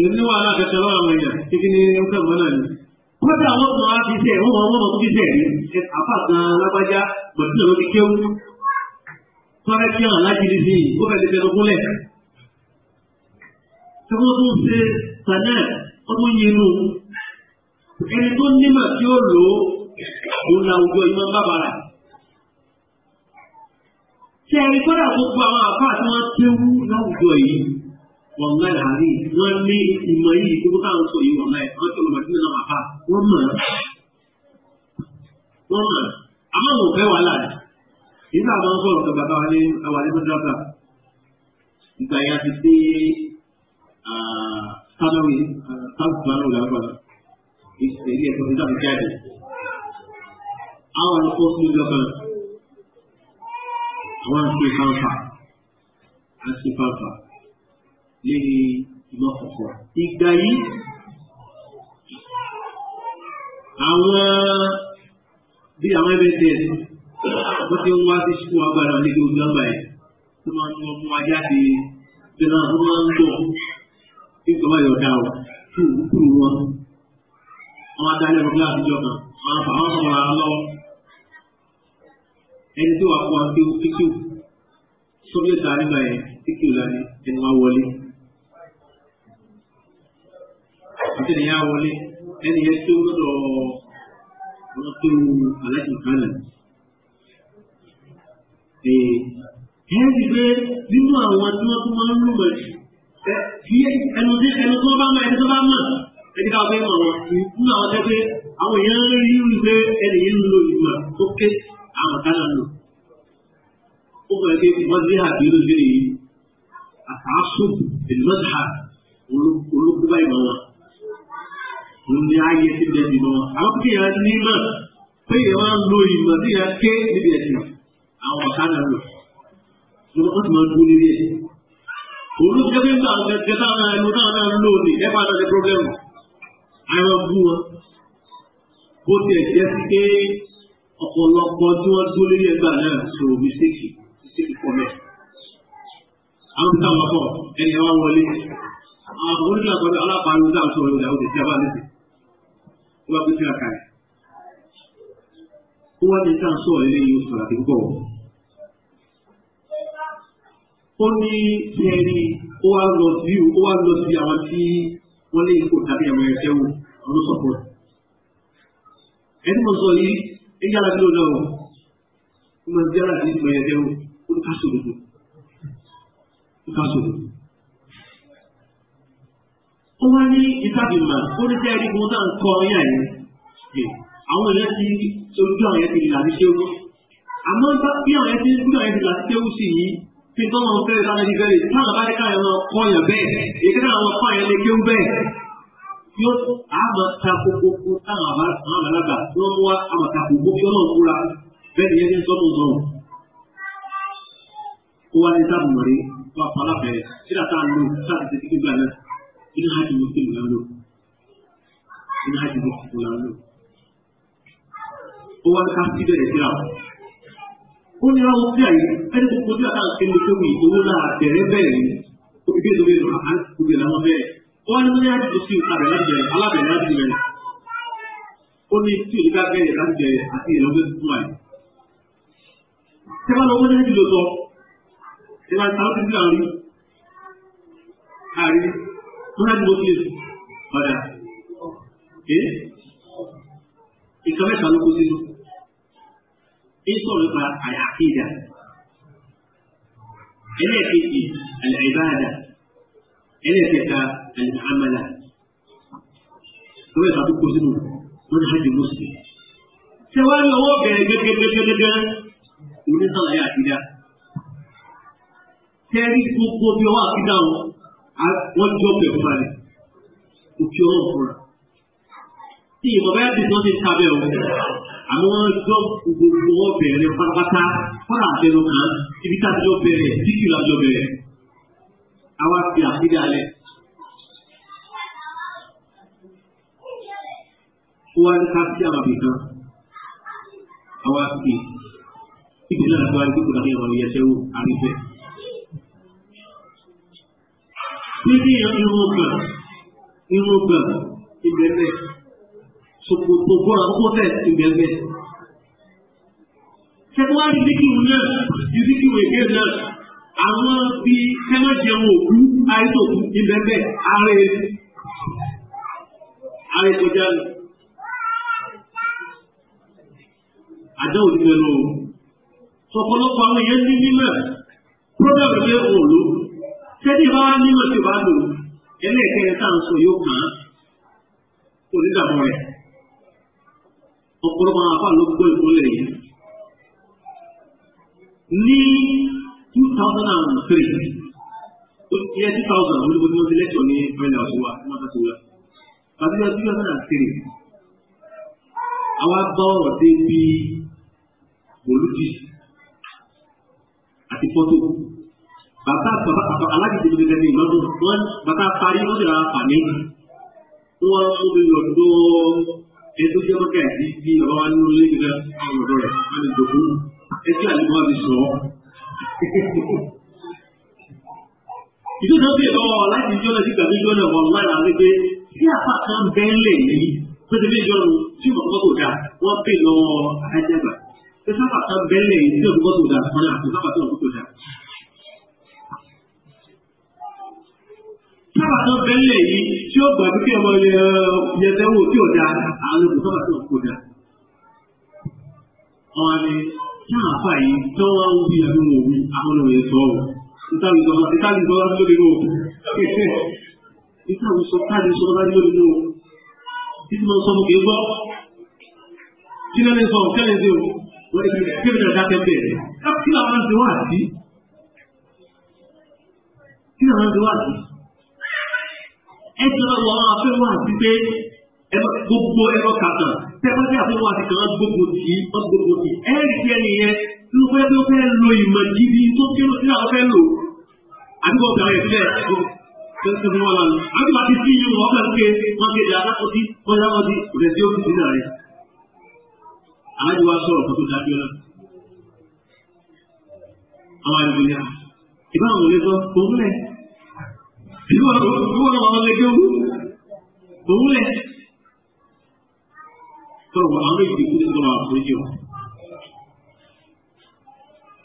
ìrìn wà láti ṣe lọ́wọ́ àwọn èèyàn kíkí ní ọkọ̀ mọ́ náà ni wọ́n ti àwọn ọmọ àti iṣẹ́ wọ́n mọ̀ wọ́n mọ̀ fún iṣẹ́ rí apá kan lágbájá pẹ̀lú ìlú ti kéwú tọ́lẹ̀ kí hàn láti rí sí i ó fẹ́ẹ́ ti fẹ́ẹ́ lọ gúnlẹ̀. tí wọ́n tún ṣe sanáà ọmọnyinú ẹni tó nímọ̀ tí ó lò ó òun làwùjọ ìmọ̀ ń bàbá rẹ̀. Ṣé ẹni kọ́dà gbogbo àwọn àfáà tí wọ́n tẹ́wú láwùjọ yìí wọ́n ńlá ìhàrí wọ́n ní ìmọ̀ yìí gbogbo káwọn sọ yìí wọ́n ńlá ẹ̀ wọ́n tẹ́wọ́ lọ́dún náà bàbá wọ́n mọ̀ wọ́n mọ̀ àmọ́ wọn fẹ́ wàhálà rẹ̀ nígbà máa ń sọ̀rọ̀ pé bàbá wa ní àwàlẹ́ tó dábàá ìgbà yà ti dé sábàwé ဆောက်သွားလို့လာပါလားဒီစေရီကိုဒါကြားတယ်အာဝန်ပို့ပြီးတော့အဝန်စီပါပါအစီပါပါလေဒီမောက်ဖို့ဒီဂိုင်းအဝဒီအမေပဲတဲ့ဘုရားဝါဒီစုအပါရလေးကိုကြံပါရဲ့သမန်မောမွာရတဲ့ပြန်ဟောင်းတော့ဒီကမရောတော့သူ့ကိုယ်ရောအာဒါလည်းဘုရားပြောတာအာဘာမလာလောအဲဒီသူ့အကွန်တူတူဆိုရတာလည်းပဲတိကျလာတယ်ဒီမှာဝလေးဒီနေရာဝလေးအဲဒီရဲ့သူ့တော့ဘုသူအလိုက်ခံတယ်ဒီဒီဒီကဒီမှာဝတ်တော်မှန်လို့ပဲ yí ẹnu tí ẹnu tó bá mọ ẹni tó bá mọ ẹni ká fẹ́ mọ̀rọ̀ nínú àwọn tẹ́ pé àwọn èèyàn ń rí rí pé ẹni yìí ń lo ìgbà tó ké àwọn kálá lò ó fẹ́ pé wọ́n ní àbí ló lé yìí àtàásù ìlúmọ̀tà olókùbá ìmọ̀ wọn òun ni ayé ti bẹ̀ ìmọ̀ wọn àwọn kéèyàn ní mọ̀ pé èèyàn máa ń lo ìmọ̀ tí èèyàn ké níbi ẹ̀sìn àwọn kálá lò wọ́n ti máa ń dúró níbi ẹ̀ olùkẹ́sẹ̀ ń ta àwọn ẹ̀kẹ́ táwọn ẹnu táwọn náà ń lò ní ẹ̀ padà ní pírọ́blẹ́mù àwọn bú wọn bó tiẹ̀ jẹ́ sí pé ọ̀pọ̀lọpọ̀ tí wọ́n dúró lórí ẹgbàá náà ṣò mísíkì mísíkì pọ̀ mẹ́. àwọn ìta wọn pọ̀ ẹni wọn wọlé àwọn oníṣẹ́ àkọ́bẹ̀ alápàáyé ń dáhùn sọ̀rọ̀ ìyàwó tẹ̀sí abá lẹ́sẹ̀ wọ́n bá pẹ́ sí àkàrẹ̀. ó wá ní sáà sọ̀rọ̀ ilé yìí ó àti púpọ̀ wọ̀. ó ní ẹni ó wá lọ sí ó wá lọ sí àwọn tí wọ́n lè kó tàbí àwọn ẹ̀ṣẹ́ wò àwọn ló sọ̀kọ̀ ẹni mo sọ yìí ẹ yára bí ó lọ ó máa ń yára sí ìmọ̀ ẹ̀ṣẹ́ wò ó ní ká sọ̀rọ̀ ó ká sọ̀rọ̀ ó wá ní ìtàbímọ̀ ó ní tẹ́ ẹni mo náà ń kọ ọyàn yìí àwọn èèyàn ti sojú àwọn èèyàn ti là ní ṣéwú àmọ́ bí àwọn èèyàn ti là ní ṣéwú sí yìí Sinto não ter dado de ver, não vai cair não, olha bem, e que não vai ele que um bem. Yo ama ta ko ko ko ta ama ama la ba no mo ama ta ko ko yo no kula be ni ni so no so ko wa ni ta mo ri wa pa la be ti la ta lu ta ti ti ba na ni ha ti mo ti mo lu ni ha ti mo ti mo lu ko wa ka ti de ti la Kunyawuka yi, ɗan da kuka ta kini kumi dole a tere bai ko ke zobe ma an kuke lama bai. Wani ne ya ji su a bai lafiya, ala bai lafiya ne. Ko ni su yi ka kai ya lafiya a ti yi lafiya kuma ne. Sẹ́wọ́n lọ́wọ́ ní ẹ̀jú lọ́tọ́, ìlà ìtàwọn ti dìrà rí. Àrí, tó náà ti lọ sí èsù, padà. Ẹ́ ìkàwé kan ló kó sínú. في طرق العقيدة إلى في العبادة إلى في العمل هو يصدق كذب من حد المسلم سواء هو أن بيجي أن ولا أن عقيدة أن كوكو أن عقيدة أن جو أن وكيوه أن تي مبادئ نوتي تابعه àwọn tó gbogbo wọn bẹ̀rẹ̀ pátápátá fún àtẹnu kan ibi tá a ti lọ bẹ̀rẹ̀ títí la lọ bẹ̀rẹ̀ àwa fi àfihàn alẹ́. wọ́n á ká sí àwọn àbíkan àwa fi ibi náà tó wá ní kíkọ́ láti ìrọ̀lẹ́ yẹsẹ̀ wò àrífẹ́. pé kí irun kan irun kan ìbẹ̀rẹ̀. kupokora kote ingezeke sẹkọwárí zikiru náà ju zikiru èké náà àwọn bí kẹmẹ jẹun òkú àìsòkú ìbẹbẹ ààrẹ ààrẹ kọjá lọ àjọ òdìbò lọ sọpọlọpọ àwọn èèyàn ní mímọ̀ program yẹ òun lò sẹbi bá wà mímọ̀ tí o bá lò ẹlẹkẹrẹ tá à ń sọ yóò kàn án onídàbọ rẹ. ọ̀pọ̀lọpọ̀ àwọn afáà ló gbọ́ ìpínlẹ̀ yìí. ní two thousand and three year two thousand ní gbogbo ní lẹ́tọ̀ ní final ọ̀sùn wa wọ́n tẹ̀sí wa. àti year two thousand and three àwa gbọ́ ọ̀rọ̀ dé bí olùdí àti fọ́tò bàtà bàtà alágbèdè tó tẹ̀lé lọ́dún wọn bàtà parí wọ́n ti ra àǹfààní wọ́n mú mi lọ́dún. Ètòjẹ́ ọ̀kẹ́ ìdí ọ̀rọ̀ wa nínú ilé ìgbà àwọn ọ̀dọ́ rẹ̀ wọ́n ti dòkú. Ẹjẹ́ àdúgbò àti sọ ọ́. Ìjọba bí ẹ̀rọ láti ìjọ náà sí ìgbà méjì ọ̀nà wọn lára wípé tí àpá kan bẹ́ẹ̀ lè ní pété méjì ọ̀nà tí ìmọ̀ tó kò dáa wọ́n pè lọ àjẹgbà. Tí sábà kan bẹ́ẹ̀ lè ní tí ìmọ̀ tó kò dáa wọ́n náà tó sábà tó kò dáa. Sábà kan bẹ́ẹ̀ lè yí tí ó gbà pé kí ọmọ yẹtẹ́wò tí ò dáa လို့တော့တော့ကိုကြ။အော်လေချာဖိုင်တော့ဦးပြီးတော့ငိုပြီးအားလုံးရေသော။တာလီတော့တာလီတော့ဆိုဒီကို။ဒီကောင်ဆိုတာဒီဆိုတာဒီလိုဒီလိုဆုံးကြည့်ပေါ့။ဒီလည်းဆုံးတယ်ဒီကိုဝယ်ပြီးပြပြတာတက်တယ်။အခုလာမှဒီဝါစီ။ဒီလာမှဒီဝါစီ။အဲ့တော့ဝါဖဲဝါစီတဲ့ ẹ̀rọ gbogbo ẹ̀rọ kàtàn tẹ́fọ́tì àfọwọ́sí kan gbogbo tì í wọ́n gbogbo tì í ẹ̀rì tí ẹni yẹn ló fẹ́ ló fẹ́ lo ìmọ̀ gidi tó kéré sí àwọn fẹ́ lò àdúgbò ọ̀gá rẹ̀ sílẹ̀ tó fi wọ́n lọ. àti wàá ti sí yìí wọ́n fẹ́ pé wọ́n kéde adákọ̀tì wọ́n yáwọ́dì rẹ̀ sí òfìsì náà rẹ̀. aláàjì wa sọ̀rọ̀ kó tó dájú ọ̀la. àwọn àdúgbò yà ìbáwọn ò lè sọ òun lẹ̀ ìbáwọn ò lè sọ òun lẹ̀ So Muhammad is going to approach you.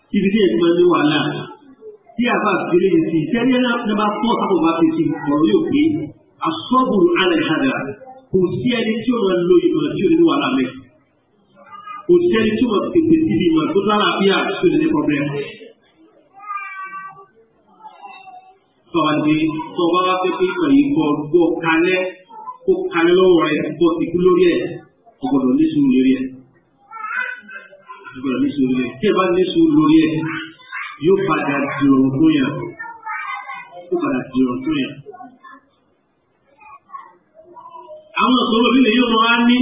If it is man you are not, tí a bá gbélé yìí sí sẹ́ni ẹ̀ bá tọ́ sábò bá ti sí ọ̀rọ̀ yóò pé asọ́bù alẹ́hàdà kò sí ẹni tí ó máa lo ìmọ̀ tí ó ní wàhálà mẹ́ kò sí ẹni tí ó máa pèsè sí ìmọ̀ tó dára bí a tó ní pọ́blẹ́mù. sọ̀rọ̀dé tọ́ba wá pé pé ìmọ̀ yìí kọ́ gbọ́ kalẹ̀ kó kalẹ̀ lọ́wọ́ rẹ̀ kó tìkú lórí ẹ̀ ọgbọ́dọ̀ ní sùúrù lórí ẹ̀ ọgbọ́dọ̀ ní sùúrù lórí ẹ̀ tí ẹ bá ní sùúrù lórí ẹ̀ yóò padà di ọ̀run tó yàn yóò padà di ọ̀run tó yàn. àwọn ìṣòro bí lè yóò máa ní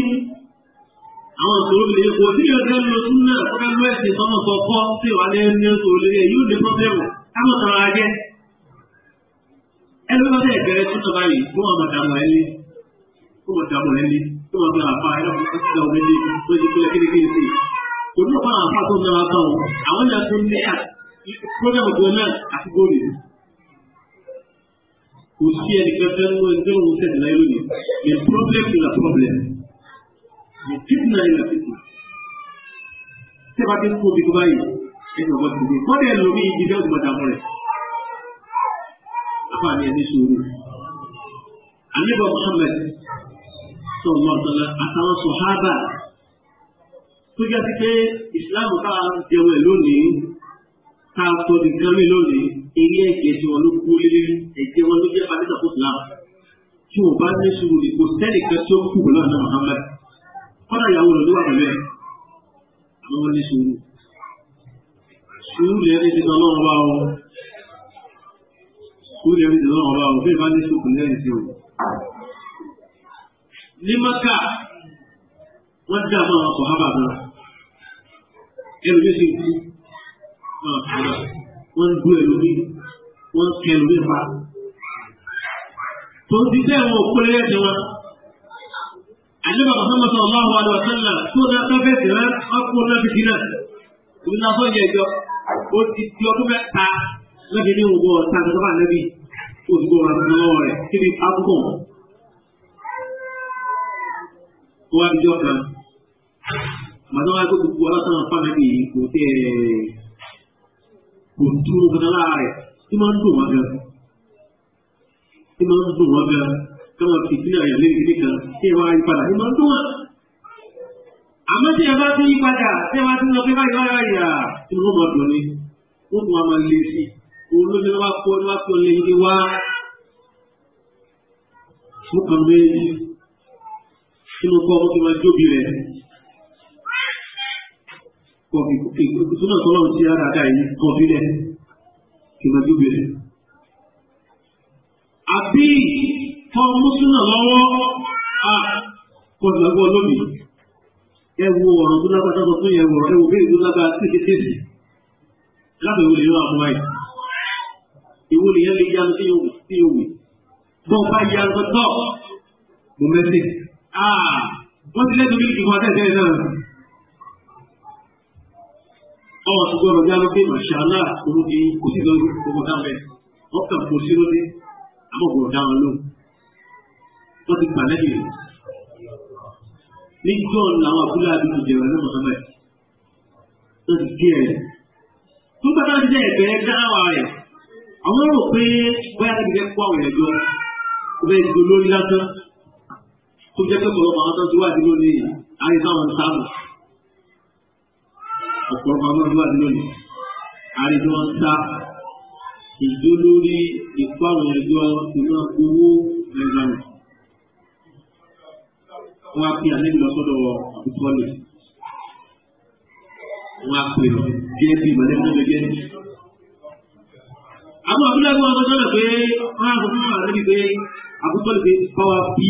àwọn ìṣòro bí lè yóò kó tí yóò dé lọ sún náà kó dánú ẹ̀sìn sọmọ sọ kọ́ tí wàá lé ní oṣù lórí ẹ̀ yóò dé pọ́pẹ́mù káwọn sọ̀rọ̀ ajẹ́ ẹlẹ́wọ́n bẹ́ẹ̀ bẹ̀rẹ̀ sún náà báyìí kó wọn mọ̀ dàmú ẹ̀ lé kó wọn dàmú ẹ̀ lé. tuwanda bayan wasu da wani ne wajen kula kiri kiri sai to ne kuma a fato da wata a wannan sun ne a kuma gona a su gode ko shi ya dika dan mun dan wuce da layo ne the problem is a problem the fitna is a fitna sai ba kin ko bi kuma yi ai ba ko ne ko da lomi gidan kuma ta more afa ne ni suru annabi muhammad sọ̀rọ̀ ọ̀tọ̀lá àtàwọn sọ̀hábà tó jẹ́ sí pé ìsìláàmù táwa ń jẹun ẹ̀ lónìí ká tó di kẹrin lónìí eré ẹ̀jẹ̀ tí wọn ló kú lé ẹ̀jẹ̀ wọn ló jẹ́ pàtẹ́tà fún ìsìláàmù tí wọn bá ní sùúrù ní kò sẹ́nì kan tí ó kù pẹ̀lú àná Muhammad kọ́nà ìyàwó rẹ̀ ló wà pẹ̀lú ẹ̀ àmọ́ wọn ní sùúrù sùúrù lẹ́yìn ti tọ́ lọ́wọ́ bá wọn sùúrù lẹ́yìn ti tọ́ lọ́wọ́ bá wọn bí ìbá ní sùúrù lẹ́yìn ti wọn. ní maka wọ́n dá àwọn ọkọ̀ hábà náà ẹnu yóò ṣe kú náà tààrà wọ́n ń gbó ẹlòmí wọ́n ń kẹ ẹlòmí pa tó ń dídá àwọn òkúlé ẹ̀jẹ̀ wọn. Àlébà Mùsùlùmí sọ̀rọ̀ máa wà lọ sẹ́lá tó náà sáfẹ́ sí rẹ̀ ọkùnrin náà fi di náà. Òun náà sọ̀rọ̀ yẹ ẹjọ́ ó ti di ọdún mẹ́ta lẹ́bi ní òwò ọ̀tá àti sábà lẹ́bi òdìgbò ọ̀rọ̀ àti lọ́wọ́ rẹ̀ síbi àbúkọ̀. ကိုကပြောတာမတော်အကုတ်ကိုအလားတူဖန်တီကိုတဲ့ကိုသူကလာရဲဒီမှန်တူမှာကဒီမှန်တူမှာကကောတိပြရလေးဒီကစေဝိုင်းပါဒီမှန်တူမှာအမတိအဘတိပါတာစေဝါသူကပြောရရရသူတို့မပြောနေဘုရားမလေးစီကိုလိုလိုကပေါ်လာပြောနေဒီဝါဘုကံလေး sínú kọ́ wọn fi máa jóbi rẹ̀ súnà tọ́lọ́ ti àdàdà yìí kọ́ sílẹ̀ fi máa jóbi rẹ̀. àbí fọ́ mùsùlùmí lọ́wọ́ a kọ́ ìgbàgbọ́ lómi ẹ wo ọ̀rọ̀ tó lágbàá sọ́kọ̀ tó yẹ wọ̀rọ̀ ẹ wo bẹ́ẹ̀ tó lágbàá tètè lábẹ́ ìwé lè yọ àbúrò yìí ìwé lè yẹ lè yanu tí yóò wù bọ́ọ̀ bá yanu tó mọ̀ mẹ́sìn. အာဘုဒ္ဓလက်သူကြီးဒီမှာတက်တယ်နော်အော်သူကဘာလုပ်ပြီးမရှာလာသူဒီကိုစီလုံးကိုဘာတောင်းလဲဟောကပူစီလို့ဒီအမဘောတောင်းလို့ဘုဒ္ဓပါလက်ကြီးဒီကြောလာမဖူလာဒီကြေဝါနဲ့မသမက်သူဒီကျဲသူဘာသာကျဲဘယ်ကားပါလဲအမလို့ပေးဘယ်ကဒီကွာဝင်လို့ဘယ်လိုလုပ်လာတော့ tó jẹ́ pẹ́pọ̀ ọmọ àwọn tó ti wà nínú ní ayé táwọn sáàmù ọ̀pọ̀lọpọ̀ àwọn tó wà nínú ní ayé tí wọ́n sá ìjó lórí ìpáwọn ẹjọ́ ìná owó nàìjíríà wọn á fi àlejò lọ sọ́dọ̀ àbúkọ́lẹ̀ wọn á pè ọ́ gẹ́gẹ́ bí ìmọ̀lẹ́ fún ẹgbẹ́ àwọn abúlé wọn sọ sọ́dọ̀ pé wọn á sọ fún àwọn àlejò pé àbúkọ́lẹ̀ pé báwa bí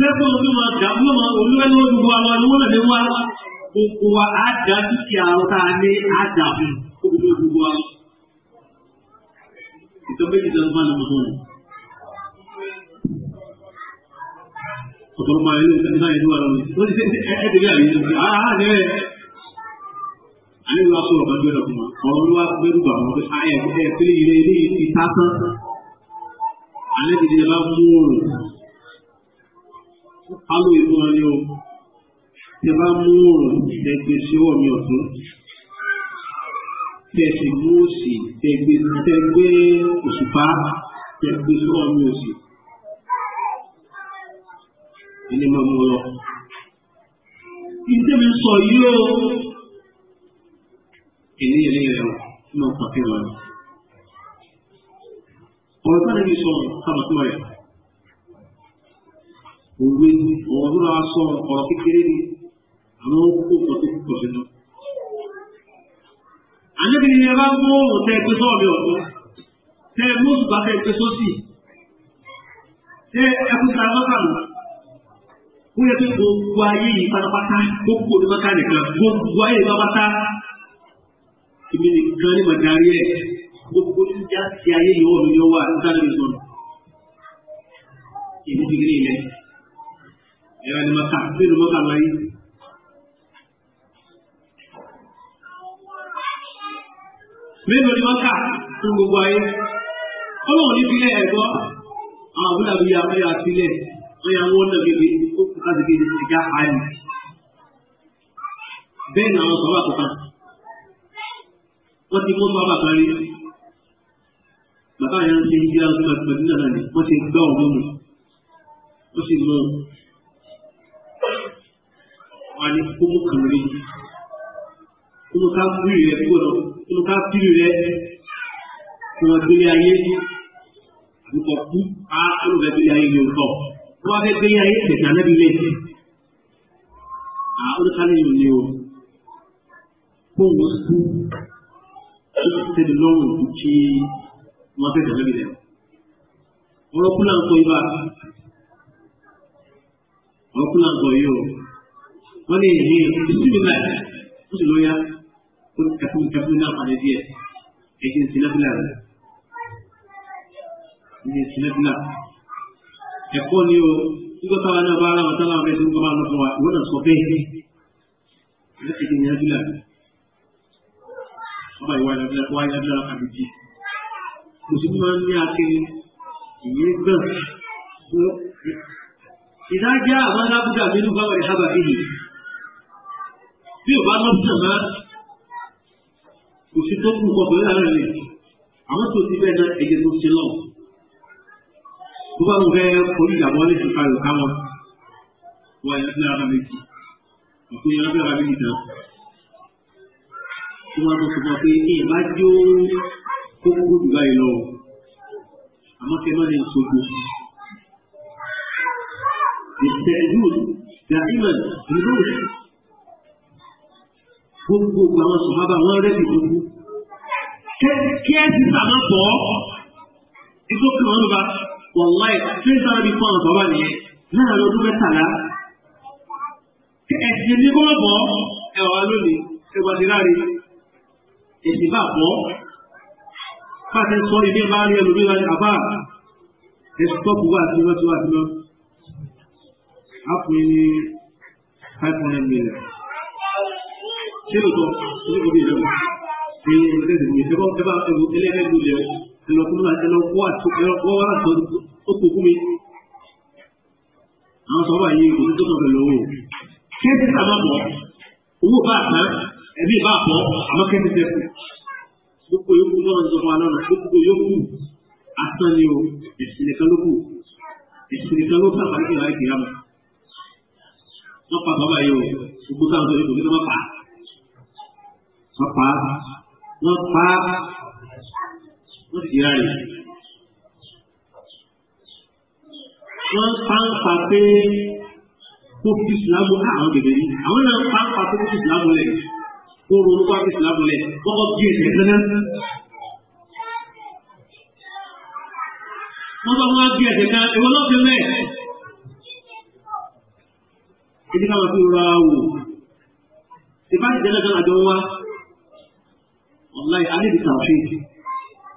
Sẹ́kọ̀ lórí ma jàmbá ma olúwẹ́lú olùkọ́ àwọn olówó lè wá. Gbogbo wa á dá dúkìá lọ tá a ní á dà fún gbogbo olùkọ́ wa. Ìtọ́jú ìjọba ìjọba ló mọ̀ sọ́nà. Ọ̀pọ̀lọpọ̀ ayélu ìtàgé náà ìlú àlọ́ mi. Wọ́n ti ṣe ẹ̀ẹ́dẹ̀gẹ́ àyè ìjọba. Àá ní ẹ̀ ale wa sọ̀rọ̀ ma jọ dọgba ọ̀rọ̀ wa gbẹdu ba ọ̀rọ̀ ayẹ ẹ fili yire ni ita san ale ti di ba muuru hálò ìfúnra ní o tẹ bá mú òrùn ìdẹ́gbẹ́ sí ọwọ́ mi ọ̀tún tẹ̀sí mú òsì tẹ̀gbẹ́ òṣùpá tẹ̀gbẹ́ sí ọwọ́ mi òsì ilé máa mú lọ. Ìdí mi sọ yìí o èyí ilé rẹ̀ náà pàtẹ́wàá. Ọ̀rọ̀ sáré mi sọ kábàtúmọ̀ rẹ̀ òwe ni ọ̀rọ̀ tó lọ́wọ́ sọ ọ̀rọ̀ kékeré ni àwọn kó nǹkan tó kọ̀ sínú. àníbi ni ẹ bá mú òun tẹ ẹgbẹ́ sọ́ọ̀mì ọ̀tún tẹ mú òṣùpá tẹ ẹgbẹ́ sósì tẹ ẹkún tẹ abọ́sàmù ó yẹ kí gbogbo ayé yìí pátápátá gbogbo ní mọ́tà nìkan gbogbo ayé yìí pátápátá èmi nìkan ní màdárí ẹ̀ gbogbo ní já ti ayé yìí wọ̀ mí yọ wà nígbà tó ẹ̀rọ ni maka bí ni maka lọ yìí. mélòó ni maka fún gbogbo ayé ọlọ́run ní bílẹ̀ ẹ̀gbọ́ àwọn àbúrò àbí ya ọ̀yà sílẹ̀ ọ̀yà wọn náà bèbè ó kù láti bèbè ẹ̀já ayé bẹ́ẹ̀ ni àwọn sọ̀rọ̀ àkọ́kọ́ wọ́n ti mú bàbá kan rí bàbá yẹn ń ṣe ìdílé àwọn ọmọ ìpàdé náà ni wọ́n ti gbọ́ ọ̀gbọ́n mu wọ́n sì mú un. ani kumu kamri kumu ka firi rẹ kúrò kumu ka firi rẹ kuma gbélé ayé àbí kọ kú á kumu ka gbélé ayé yóò tọ wọn bá fẹ gbélé ayé tẹsí anabi lé à ó lè ká lè yòó lé o fóònù kú tẹ̀lé lọ́rùn kú kí wọn fẹ tẹ̀lé bi lẹ ọlọ́kùnrin àǹtọ̀ yìí bá ọlọ́kùnrin àǹtọ̀ yìí o. wọ́n lè ní ìsúnjú náà ó sì lóyá ó kẹfún kẹfún náà padà díẹ̀ ẹ̀jẹ̀ ìsìnlẹ́fìlà rẹ̀ ẹ̀jẹ̀ ìsìnlẹ́fìlà ẹ̀kọ́ ni o nígbà táwọn náà bá ara wọn táwọn abẹ́sẹ̀ ń kọ́má lọ́fọ́ wa ìwọ́n náà sọ bẹ́ẹ̀ ẹ̀jẹ̀ ìsìnlẹ́fìlà rẹ̀ ọba ìwà ìlàbílà wà ìlàbílà àbìjì mùsùlùmí máa ń ní akéwì ìyẹn gbọ̀n ìdájá àwọn alábùdà mínú báwọn ìhábà bíyì bí o bá lọ sí ọ̀gá kò sí tó kú ọkùnrin láàrin rẹ̀ àmọ́ tó ti bẹ́ẹ̀ náà ẹ̀jẹ̀ tó ti lọ. tó bá wọn fẹ́ orí ìdààmú ọlẹ́ ti falẹ̀ káwọn wọ ẹ̀yà bí ara méjì ọ̀pọ̀ ẹ̀yà bí ara méjì dán. tó wọn tó sọ fún pé ẹ̀ má jó kókó jù báyìí lọ àmọ́ kẹ́ má lè sojú. ìtẹ̀jú dàímọ̀ ìlú gbogbo àwọn sọ̀hábà wọn rẹ́ẹ̀dì gbogbo kí ẹ ti sàmà pọ̀ ikú kan wọn bá wàláì tí ń sáré bí fún àwọn bàbá nìyẹn láàárín ọdún mẹ́tàlá ẹ̀sìn ní kọ́ bọ̀ ẹ̀wà lónìí ẹgbàdì láàrin ẹ̀sìn bá bọ̀ káàtì sọ ilé bá rí ẹlòmí wájú àbá ẹ̀sìn tó kù wá sí wọ́n ti wá sí lọ. a fún yín ní five hundred million. အဲ့လိုတော့သူတို့ကိုပြောဒီမတဲ့ဒီတော့တပါတူတလေးလေးလူလေကျွန်တော်ကမှကျွန်တော်ကွာသူကျွန်တော်ကွာဆိုတော့ပုတ်ကူမီအောင်ဆိုပါရင်ဒီတော့တော့လုံးကျေးဇူးတော်တော့ဘူးပါတာအဲ့ဒီပါပေါ့အမကင်းတဲ့ပုတ်ကိုရုပ်ကိုတော့ဇမာနာနဲ့ပုတ်ကိုရုပ်ကိုအစံရုပ်ဒီလေကလို့ဘူးဒီလေကလို့ဆက်ပါကြည့်လိုက်ကြရမယ်တော့ပါတော့ရုပ်ဘူးကတော့ဒီလိုမပါမပါမပါဘုရားရီဝန်ပန်းပါပေကိုပစ္စလာဘူးအောင်ဒီရီအောင်လာပန်းပါပေကိုပစ္စလာဘူးလေကိုရူပါပစ္စလာဘူးလေဘောဘကြီးတယ်နော်ဘောဘကကြီးတယ်နော်ဒီလိုပြောမယ်ဒီကမှာပြောရအောင်ဒီပိုင်းကျန်တဲ့အတော်ဝါ wallahi ani di tawhid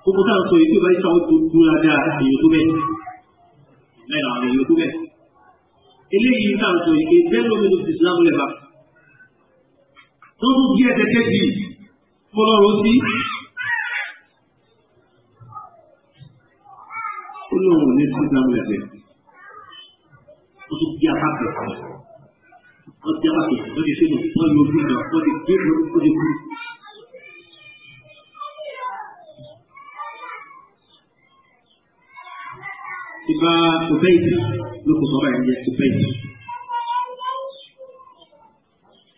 ko ko ta so yi bai tawo ku dura da youtube ne na ne youtube ele yi ta so yi e bello mi di islam le ba to bu je de ke bi ko lo ro si ko lo ne si islam le de ko su ya ha de ko ya ha de ko di se no ko yo di ko di ko di bá Ubaid ló kò sọ́ba yẹn jẹ́ Ubaid.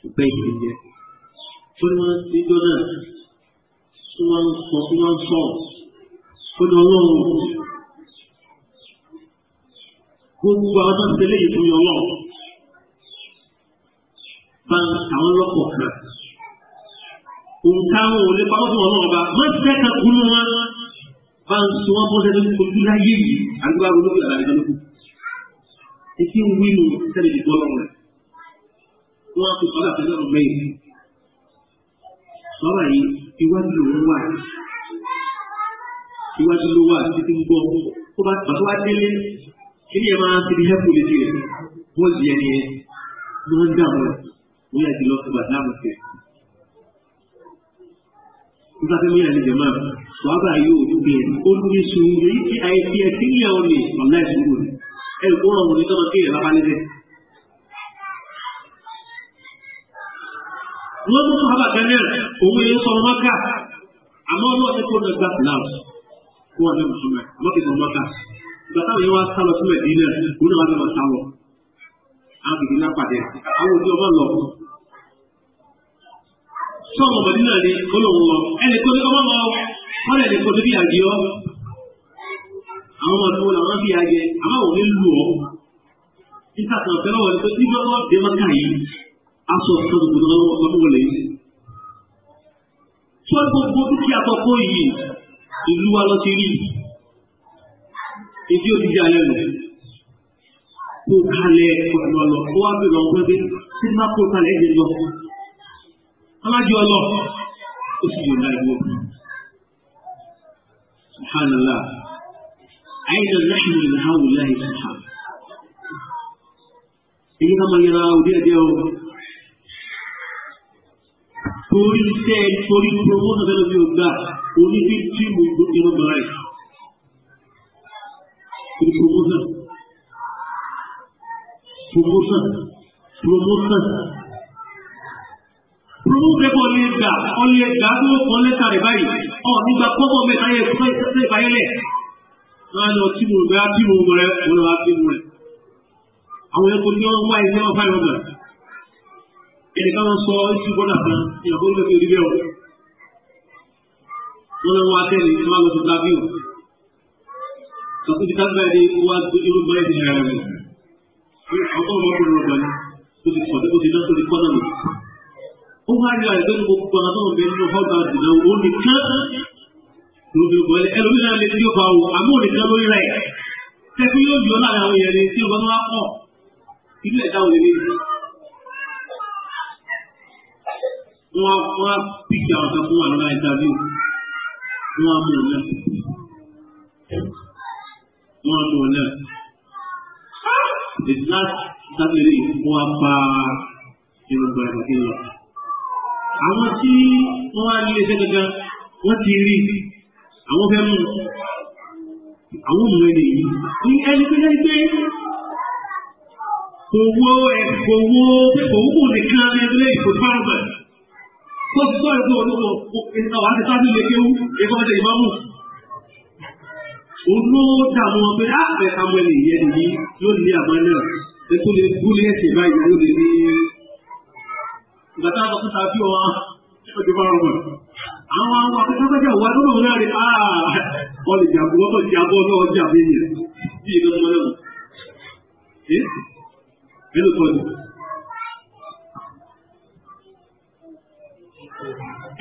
Ubaid ló jẹ́. Ó ní wọ́n ti jọ náà tí wọ́n ń sọ tí wọ́n ń sọ ó ní ọlọ́run gbogbo àwọn tó ń tẹ̀lé yìí fún mi ọlọ́run bá àwọn lọ́pọ̀ kan. Òǹkà wọn lè pa ó fún ọlọ́run ọba. Wọ́n ti fẹ́ kan wọn. bá ń sọ wọn bọ́sẹ̀ lórí ojú láyé yìí àdúrà olórí àlàyé lọ́nà kù. etí ń wí nù sẹ́ni ìgbọ́ lọ́wọ́ rẹ̀ wọ́n á fi sọ́lá fi lọ́rùn mẹ́yìn. sọ́lá yìí iwájú ló wà iwájú ló wà títí ń gbọ́ tó bá tó bá délé kí ni ẹ máa ti di hẹ́pù létí rẹ̀ wọ́n di ẹni ẹ ló ń dààmú rẹ̀ wọ́n yà ti lọ sí bàtà àmọ̀ sí ẹ̀. nígbà tí mo yà ní jẹ̀ máa swaba yu ujumbe kundi sungu iki aitia tingi yaoni wallahi sunguni el kola muni to ke la pani de wo mu sahaba kana o mu yin soro maka amma wo ta ko da na ko da muhammad amma ke soro maka ba ta yi wa sala su medina ko da ma salo an bi na pade awu ti o ma lo sọ̀rọ̀ mọ̀dínà ni olóhùn lọ ẹnì tó ní ọmọ lọ Hálẹ̀ lè kọjú bí àjẹ ọ́. Àwọn ọmọ tó làwọn bí àjẹ, àmọ́ òun lè lù ọ́. Nígbà kan fẹ́ lọ́wọ́ ni pé nígbà tó dé mọ́kà yìí, aṣọ kan kò tó lọ́wọ́ ọdún wọlé. Tó gbogbo dúkìá tó kó yìí, ìlú wa lọ ti rí. Èdè òbí jà lẹ́nu. Kó kalẹ̀ ọ̀dọ̀ lọ, ó wá bèrè ọ̀gbọ́n pé kí n má kó kalẹ̀ ẹ̀jẹ̀ lọ. Alájọ lọ, ó sì yọ̀ láì wọ̀. سبحان الله أين نحن من هؤلاء الأصحاب إنما يرى ديو Holy said, Holy promoter of your God, only thing she will do in our life. Promotion. Promotion. Promotion. Promote the only God, only God, only God, အော်ဒီကပုံပေါ်မဲ့တိုင်းဖိတ်ဖိတ်ပါရဲ့အဲ့လိုကြည့်လို့ဘာကြည့်လို့မလဲဘယ်လိုကြည့်လို့လဲအဝေကုညောမိုင်းရောဖိုင်လို့တယ်ဒီကောင်စောရှိပေါ်တာဒီဘုန်းကြီးဒီပြောဘုန်းတော်ဝါတယ်ဒီမှာလို့တာပြီးတော့ဒီကံပဲဒီဝါကူရုပ်ပဲနေရတယ်ဒီအော်တော့မပေါ်လို့တယ်ဒီစောဒီဒီတော့ဒီပေါ်တော့ Umar ya zan ko ko na don be no hauta di no o ni ka no be gole e lo ni na le ti o fa o amu ni ka lo ni lai te ku yo yo na ya o ye ni ti o ba ma ko ile da o ni ni wa wa pi ja o ta ku wa na interview wa mu na wa mu na it's not that lady who are by you know by the àwọn tí wọ́n wá ní iléeṣẹ́ gangan wọ́n ti rí àwọn fẹ́ mú àwọn mú ẹni yìí ní ẹni tó lẹ́yìn pé kò wo ẹ̀ kò wo pé kò wúwo nìkan ẹgbẹ́ ìfòfáàmà kó tó ẹgbẹ́ olówó àwọn àti sáà nílé kéwú ẹgbẹ́ ọ̀dẹ ìmáàmù olówó dààmú wọn pé àbẹ̀ àwọn ẹni yẹn nìyí yóò ní àmọ́ náà ẹkú lè kú lè ṣèbáyé yóò lè ní. ìgbàtà ọkọ̀ ta sí wa ó ti bá wọn. àwọn àwọn akẹ́kọ̀ọ́ tó jẹ́ wà tó lòun náà rí a wọ́n lè jàpọ̀ wọ́n tó ti abọ́ náà wọ́n jà bẹ́ẹ̀ yẹn bí ìlú tó lẹ́wọ̀n. ẹ ẹ ló tọ́jú.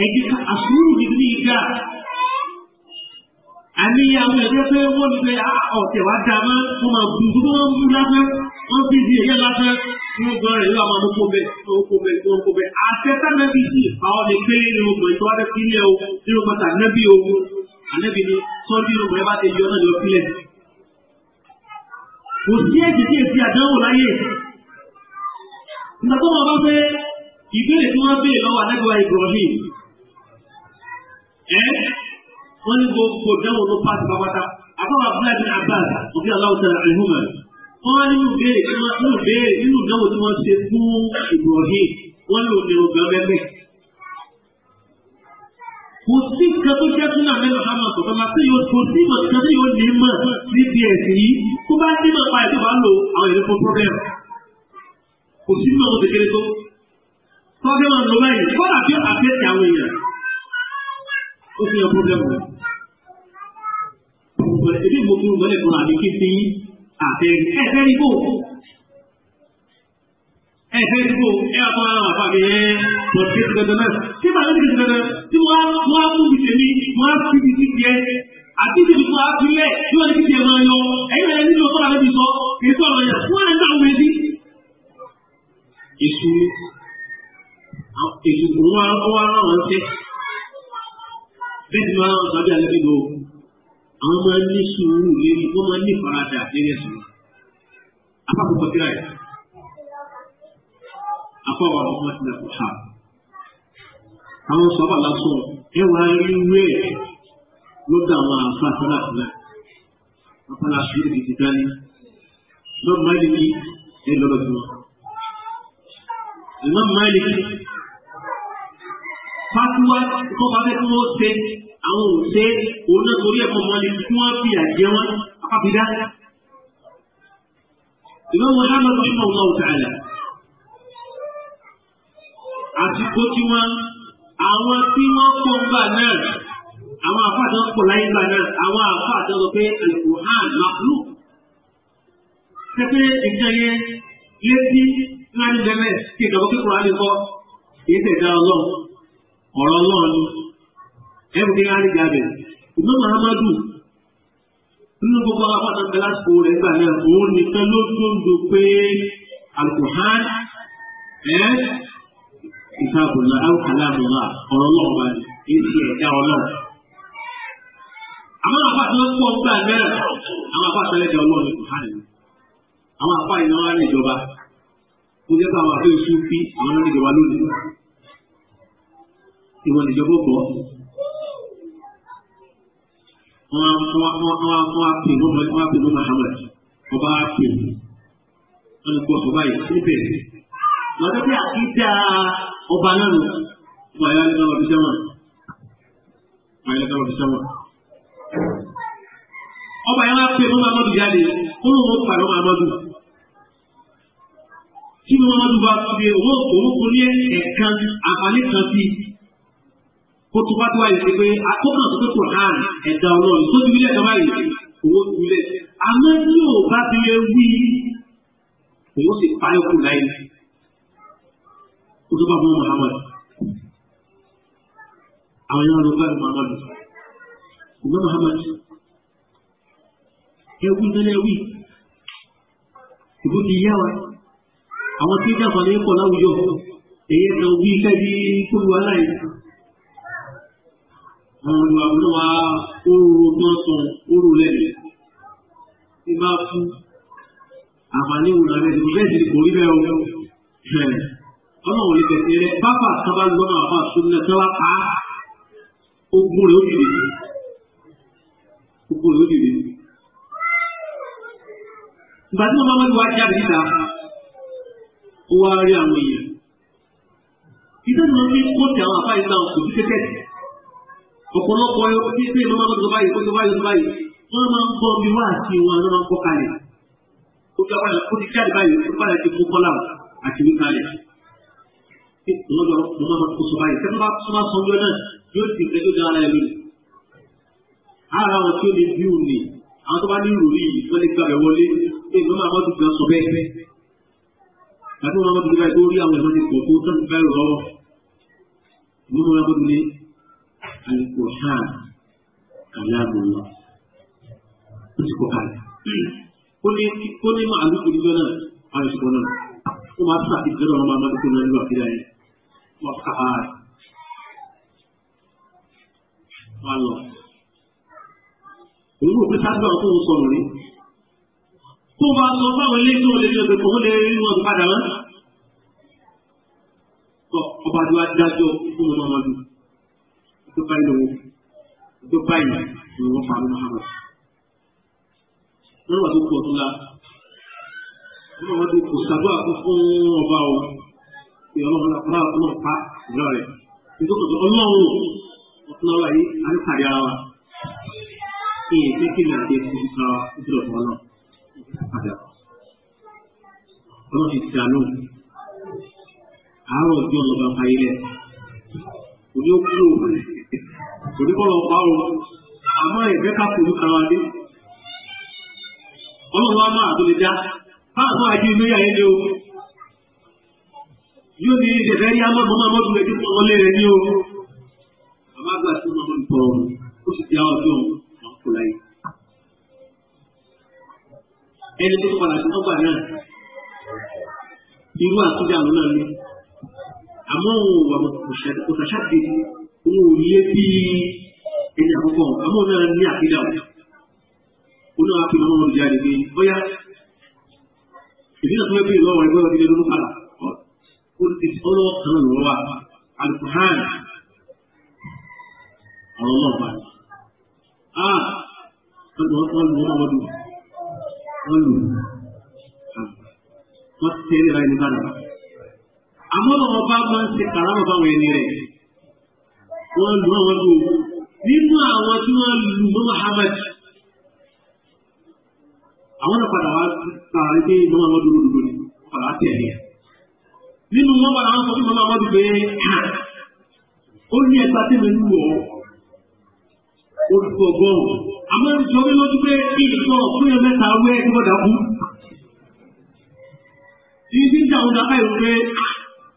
ẹ jẹ́ ká àsúrù nínú ìgbà àmì àwọn ẹgbẹ́ pé wọ́n ní pé ọ̀tẹ̀ wá dá mọ́ wọ́n máa bù wọ́n máa bù lásán wọ́n fi di ẹ̀yẹ lásán. yóò gbọ́n rẹ̀ yóò máa mú kó bẹ́ẹ̀ tó kó bẹ́ẹ̀ tó kó bẹ́ẹ̀. àtẹ́tà nẹ́bí sí àwọn ní pé nínú ọmọ ìtọ́ adé sílẹ̀ o nínú pátá nẹ́bí o ànẹ́bí ni sọ́ọ́dí ọmọ ẹ bá ti yọ náà ní ọpílẹ̀. kò sí ẹ̀jẹ̀ tí èsì àdánwò láyé. nígbà tó wọn bá fẹ́ ìbéèrè tí wọ́n béèrè lọ́wọ́ adẹ́gbẹ̀wá Ibrahim ẹ̀ wọ́n ní قالوا بيه قالوا بيه إنه نو نو سيبو إبراهيم قالوا نو جمعه kò sí nǹkan tó jẹ́ tún àmì ọ̀hánà sọ̀tọ̀ máa tẹ́ yóò kò sí ìmọ̀ nǹkan tó yóò ní mọ̀ níbi ẹ̀sìn yìí tó bá ní mọ̀ pa ẹ̀ tó bá lò àwọn èèyàn fún problem kò sí mọ̀ oṣù kéré tó tọ́jú wọn lọ báyìí kọ́lá tí ó àfẹ́sẹ̀ àwọn èèyàn ó fi hàn problem rẹ̀. èmi mo fi wọlé kan àbí kí n fi yín àtẹ̀rí ẹ̀fẹ́ rígbò ẹ̀fẹ́ rígbò ẹ̀ àtọ́ ara wà fàmì ẹ̀ lọ sí ẹ̀sìn dandan náà tí màá lọ sí ẹ̀sìn dandan tí wọ́n á wọ́n á mú mi tèmi wọ́n á fi mi sí tiẹ̀ àti ìdìbò fún àpilẹ̀ tí wọ́n ti tiẹ̀ máa yọ ẹ̀yìn rẹ̀ nílò tó àlẹ́ mi sọ kì í sọ̀rọ̀ yẹn fún àlẹ́ náà wọ́n ti. èṣù èṣù kò wọ́n á wọ́n á rán wọn ṣe bẹ́ẹ̀ ni wọ́n á rán wọn sábẹ́ àlẹ́ mi lò ó. àwọn máa ń ní sùúrù lérí wọ́n máa ń ní farada lérí ẹ̀sùn náà afákòókò kíra yà afáwà ọmọ ti nà kó ha àwọn sọ́ba lásán ẹ wá rí wẹ́ẹ̀ ló dá àwọn àfa àtàlà àtàlà àtàlà àtúnyẹ̀ tètè dání lọ́ọ̀ máa ń ní ẹ lọ́dọ̀ tó ìmọ̀ máa ń ní fatuwa kọ́ bá fẹ́ kí wọ́n ṣe. àwọn òṣè òun náà torí ẹ̀kọ́ mọ́lẹ̀ tí wọ́n fi àjẹ wọn apábídá. ìmọ̀ wọn á máa lọ́sùn ọ̀gá ọ̀tá àlà. àsìkò tí wọ́n àwọn tí wọ́n pọ̀ ń bà náà àwọn àfàdé pọ̀ láyé gbà náà àwọn àfàdé sọ pé alukuhan makulu. sẹ́pẹ́ nǹkan yẹn létí ńlá ní kí ìdàgbọ́ kíkọ́ àlè kọ́ èyí tẹ̀ dá ọlọ́run ọ̀rọ̀ ọlọ́run ni. MDR Garden ìlú Muhammadu nínú gbogbo àwọn àpáta class four rẹ̀ gbà náà òun nìkan ló tó ń do pé alkohol ẹ̀ ìtàkùnlá alkalamula ọ̀rọ̀ lọ́wọ́ báyìí èsì ẹ̀dá ọlọ́run. àwọn àpáta ló pọ̀ gbà náà àwọn àpáta lẹ́jọ́ ọlọ́run alkohol àwọn àpá ìnáwó á ní ìjọba ó jẹ́ pé àwọn àpá ìṣú fi àwọn ìjọba lónìí ìwọ̀n ìjọba ó bọ̀ ọ́. wọn wọn wọn wọn wọn pè ló wọn wọn pè ló Muhammad ọba pè wọn gbọ́ ọba yìí níbẹ̀ wọn tó bí àkídá ọba náà lò wọn yà lọ ọdún sẹwọn wọn yà lọ ọdún sẹwọn. ọba yẹn wá pè ló Muhammad jáde ó ló wọn pàdé Muhammad tí Muhammad bá fi owó òun kò ní ẹ̀ẹ̀kan àǹfààní kan sí i. kótó bá tó wáyé ti pé akókò tó tó hàn ẹ̀dá ọlọ́run tó ti wílẹ̀ tó báyìí owó ti wílẹ̀ àmọ́ tí ò bá ti lè wí òun sì pa ẹkù láyé kótó bá fún Muhammad àwọn yàrá ló bá Muhammad ìgbà Muhammad ẹwú tẹ́lẹ̀ wí ìbú ti yá wa àwọn tí ó jà sọ̀rọ̀ yẹn pọ̀ láwùjọ èyí ẹ̀ tán wí kẹ́bí kúrú wa láyé. àwọn olùwà oòrùn náà sàn oòrùn lẹ́nu tí bá fún àǹfààní òun àbẹ́ ìdìbò bẹ́ẹ̀ ti kò rí bẹ́ẹ̀ o ọlọ́run lè tẹ̀sí rẹ bábà sábà gbọ́dọ̀ àbá súnmọ́ sábà pa ogun rẹ̀ ó dìde ogun rẹ̀ ó dìde. ìgbà tí wọ́n máa ń wá jáde níta ó wá rí àwọn èèyàn. ìdájọ́ mi kó ti àwọn àbá ìta òkú kékeré. ọ̀pọ̀lọpọ̀ pípé ló máa ń lọ báyìí lọ báyìí lọ báyìí wọ́n máa ń gbọ́ bí wá àti wọn ló máa ń kọ́ kalẹ̀ ó ti káwọn ó ti káàdì báyìí ó báyìí ti mú kọ́lá àti wí kalẹ̀ lọ́dọ̀ ló máa ń kó sọ báyìí sẹ́nu bá tó máa sọ ọjọ́ náà yóò ti fẹ́ tó dára ẹ̀mí ara wọn tí ó lè bí òní àwọn tó bá ní ìròyìn yìí wọ́n lè gbà bẹ̀ wọlé pé ìlú máa mọ́tò gan sọ bẹ́ẹ̀ àti wọn máa mọ́tò gan tó rí àwọn ìmọ̀tò kò tó tán bẹ́ẹ̀ lọ́wọ́ ìmọ̀tò máa mọ́tò ní Al-Qur'an kalamullah ó ti kọ́ kalẹ̀ ó ní ó ní máa ló kiri lọ́nà àwọn ìṣòro náà ó máa tún àti ìgbẹ́rẹ́ ọ̀rọ̀ máa máa dúkú lọ́nà nígbà kíláyé wọ́n ká a wọ́n lọ. Èyí ò pé sáájú àwọn tó ń sọ̀rọ̀ rí. Tó máa sọ fáwọn ilé tí wọ́n lè lọ bẹ̀kọ̀ wọ́n lè rí wọn padà mọ́. Ọba tí wàá dájọ́ fún ọmọ ọmọdún. Dubai lo Dubai lo wọ́n fa lọ́wọ́ hàn. Wọ́n wà tó kú ọ̀tún la. Wọ́n wà tó kú sàdúrà kó fún ọba o. Ìyọ̀lọ́wọ́ la kúrò àwọn ọ̀nà pa ìlọ rẹ̀. Nítorí tó ọlọ́run ọ̀tún náà wáyé à ń kàrí ara wa. Ìyẹn tí kí ni àti ẹ̀kú ti ká ìdúró fún ọlọ́run. Ọlọ́run ti ti àánú. Àárọ̀ ọjọ́ ọ̀nà bá fayé rẹ̀. Òní ó kúrò rẹ̀. torí kọ́ lọ parọ́ àmọ́ ẹ̀fẹ́ ká fojú kan wá dé ọlọ́run á máa àtúndì dá báàbọ̀ àjẹ́ inú yà yẹn ni o yóò ní ìṣẹ̀fẹ́ rí amọ́dún máa mọ́dún rẹ̀ dípò ọlẹ́ rẹ̀ ní o bàbá àgbà tí wọ́n máa ń tọrọ ó sì ti àwọn ọjọ́ wọn kò láyé ẹni tó padà sí nọ́mbà náà irú àtúndì àwọn náà ni àmọ́ òun wà kò ṣàṣàdé òun ò lé bí ẹni àkọ́kọ́ àmọ́ náà ní àkídà òun náà fi ọmọ olùjà rẹ̀ pé bóyá ìdí náà tó fẹ́ bí ìlú ọ̀rẹ́ gbọ́dọ̀ nílé lórúkọ àlà ọlọ́ kan lọ́wọ́ wa alukuhan ọ̀rọ̀ náà bá a ọ̀dọ̀ wọn lù wọn lù wọn lù wọn tẹ́lẹ̀ ra ẹni bá dà àmọ́ ọba máa ń ṣe kàrámọ̀ báwọn ẹni rẹ̀. wọ́n lu àwọn tó nínú àwọn tí wọ́n lu mọ́ Muhammad àwọn náà padà wá sàárè pé mọ́ Muhammad ló dúró ní padà tẹ̀lé nínú wọn padà wọn sọ fún mọ́ Muhammad pé ó ní ẹ̀ka tí mo lù ọ́ olùkọ́ gbọ́n àmọ́ ìjọ mi lójú pé kí nǹkan fún ẹ mẹ́ta wẹ́ ẹ gbọ́dọ̀ kú. ìdí ìjà òun dàbá ìwé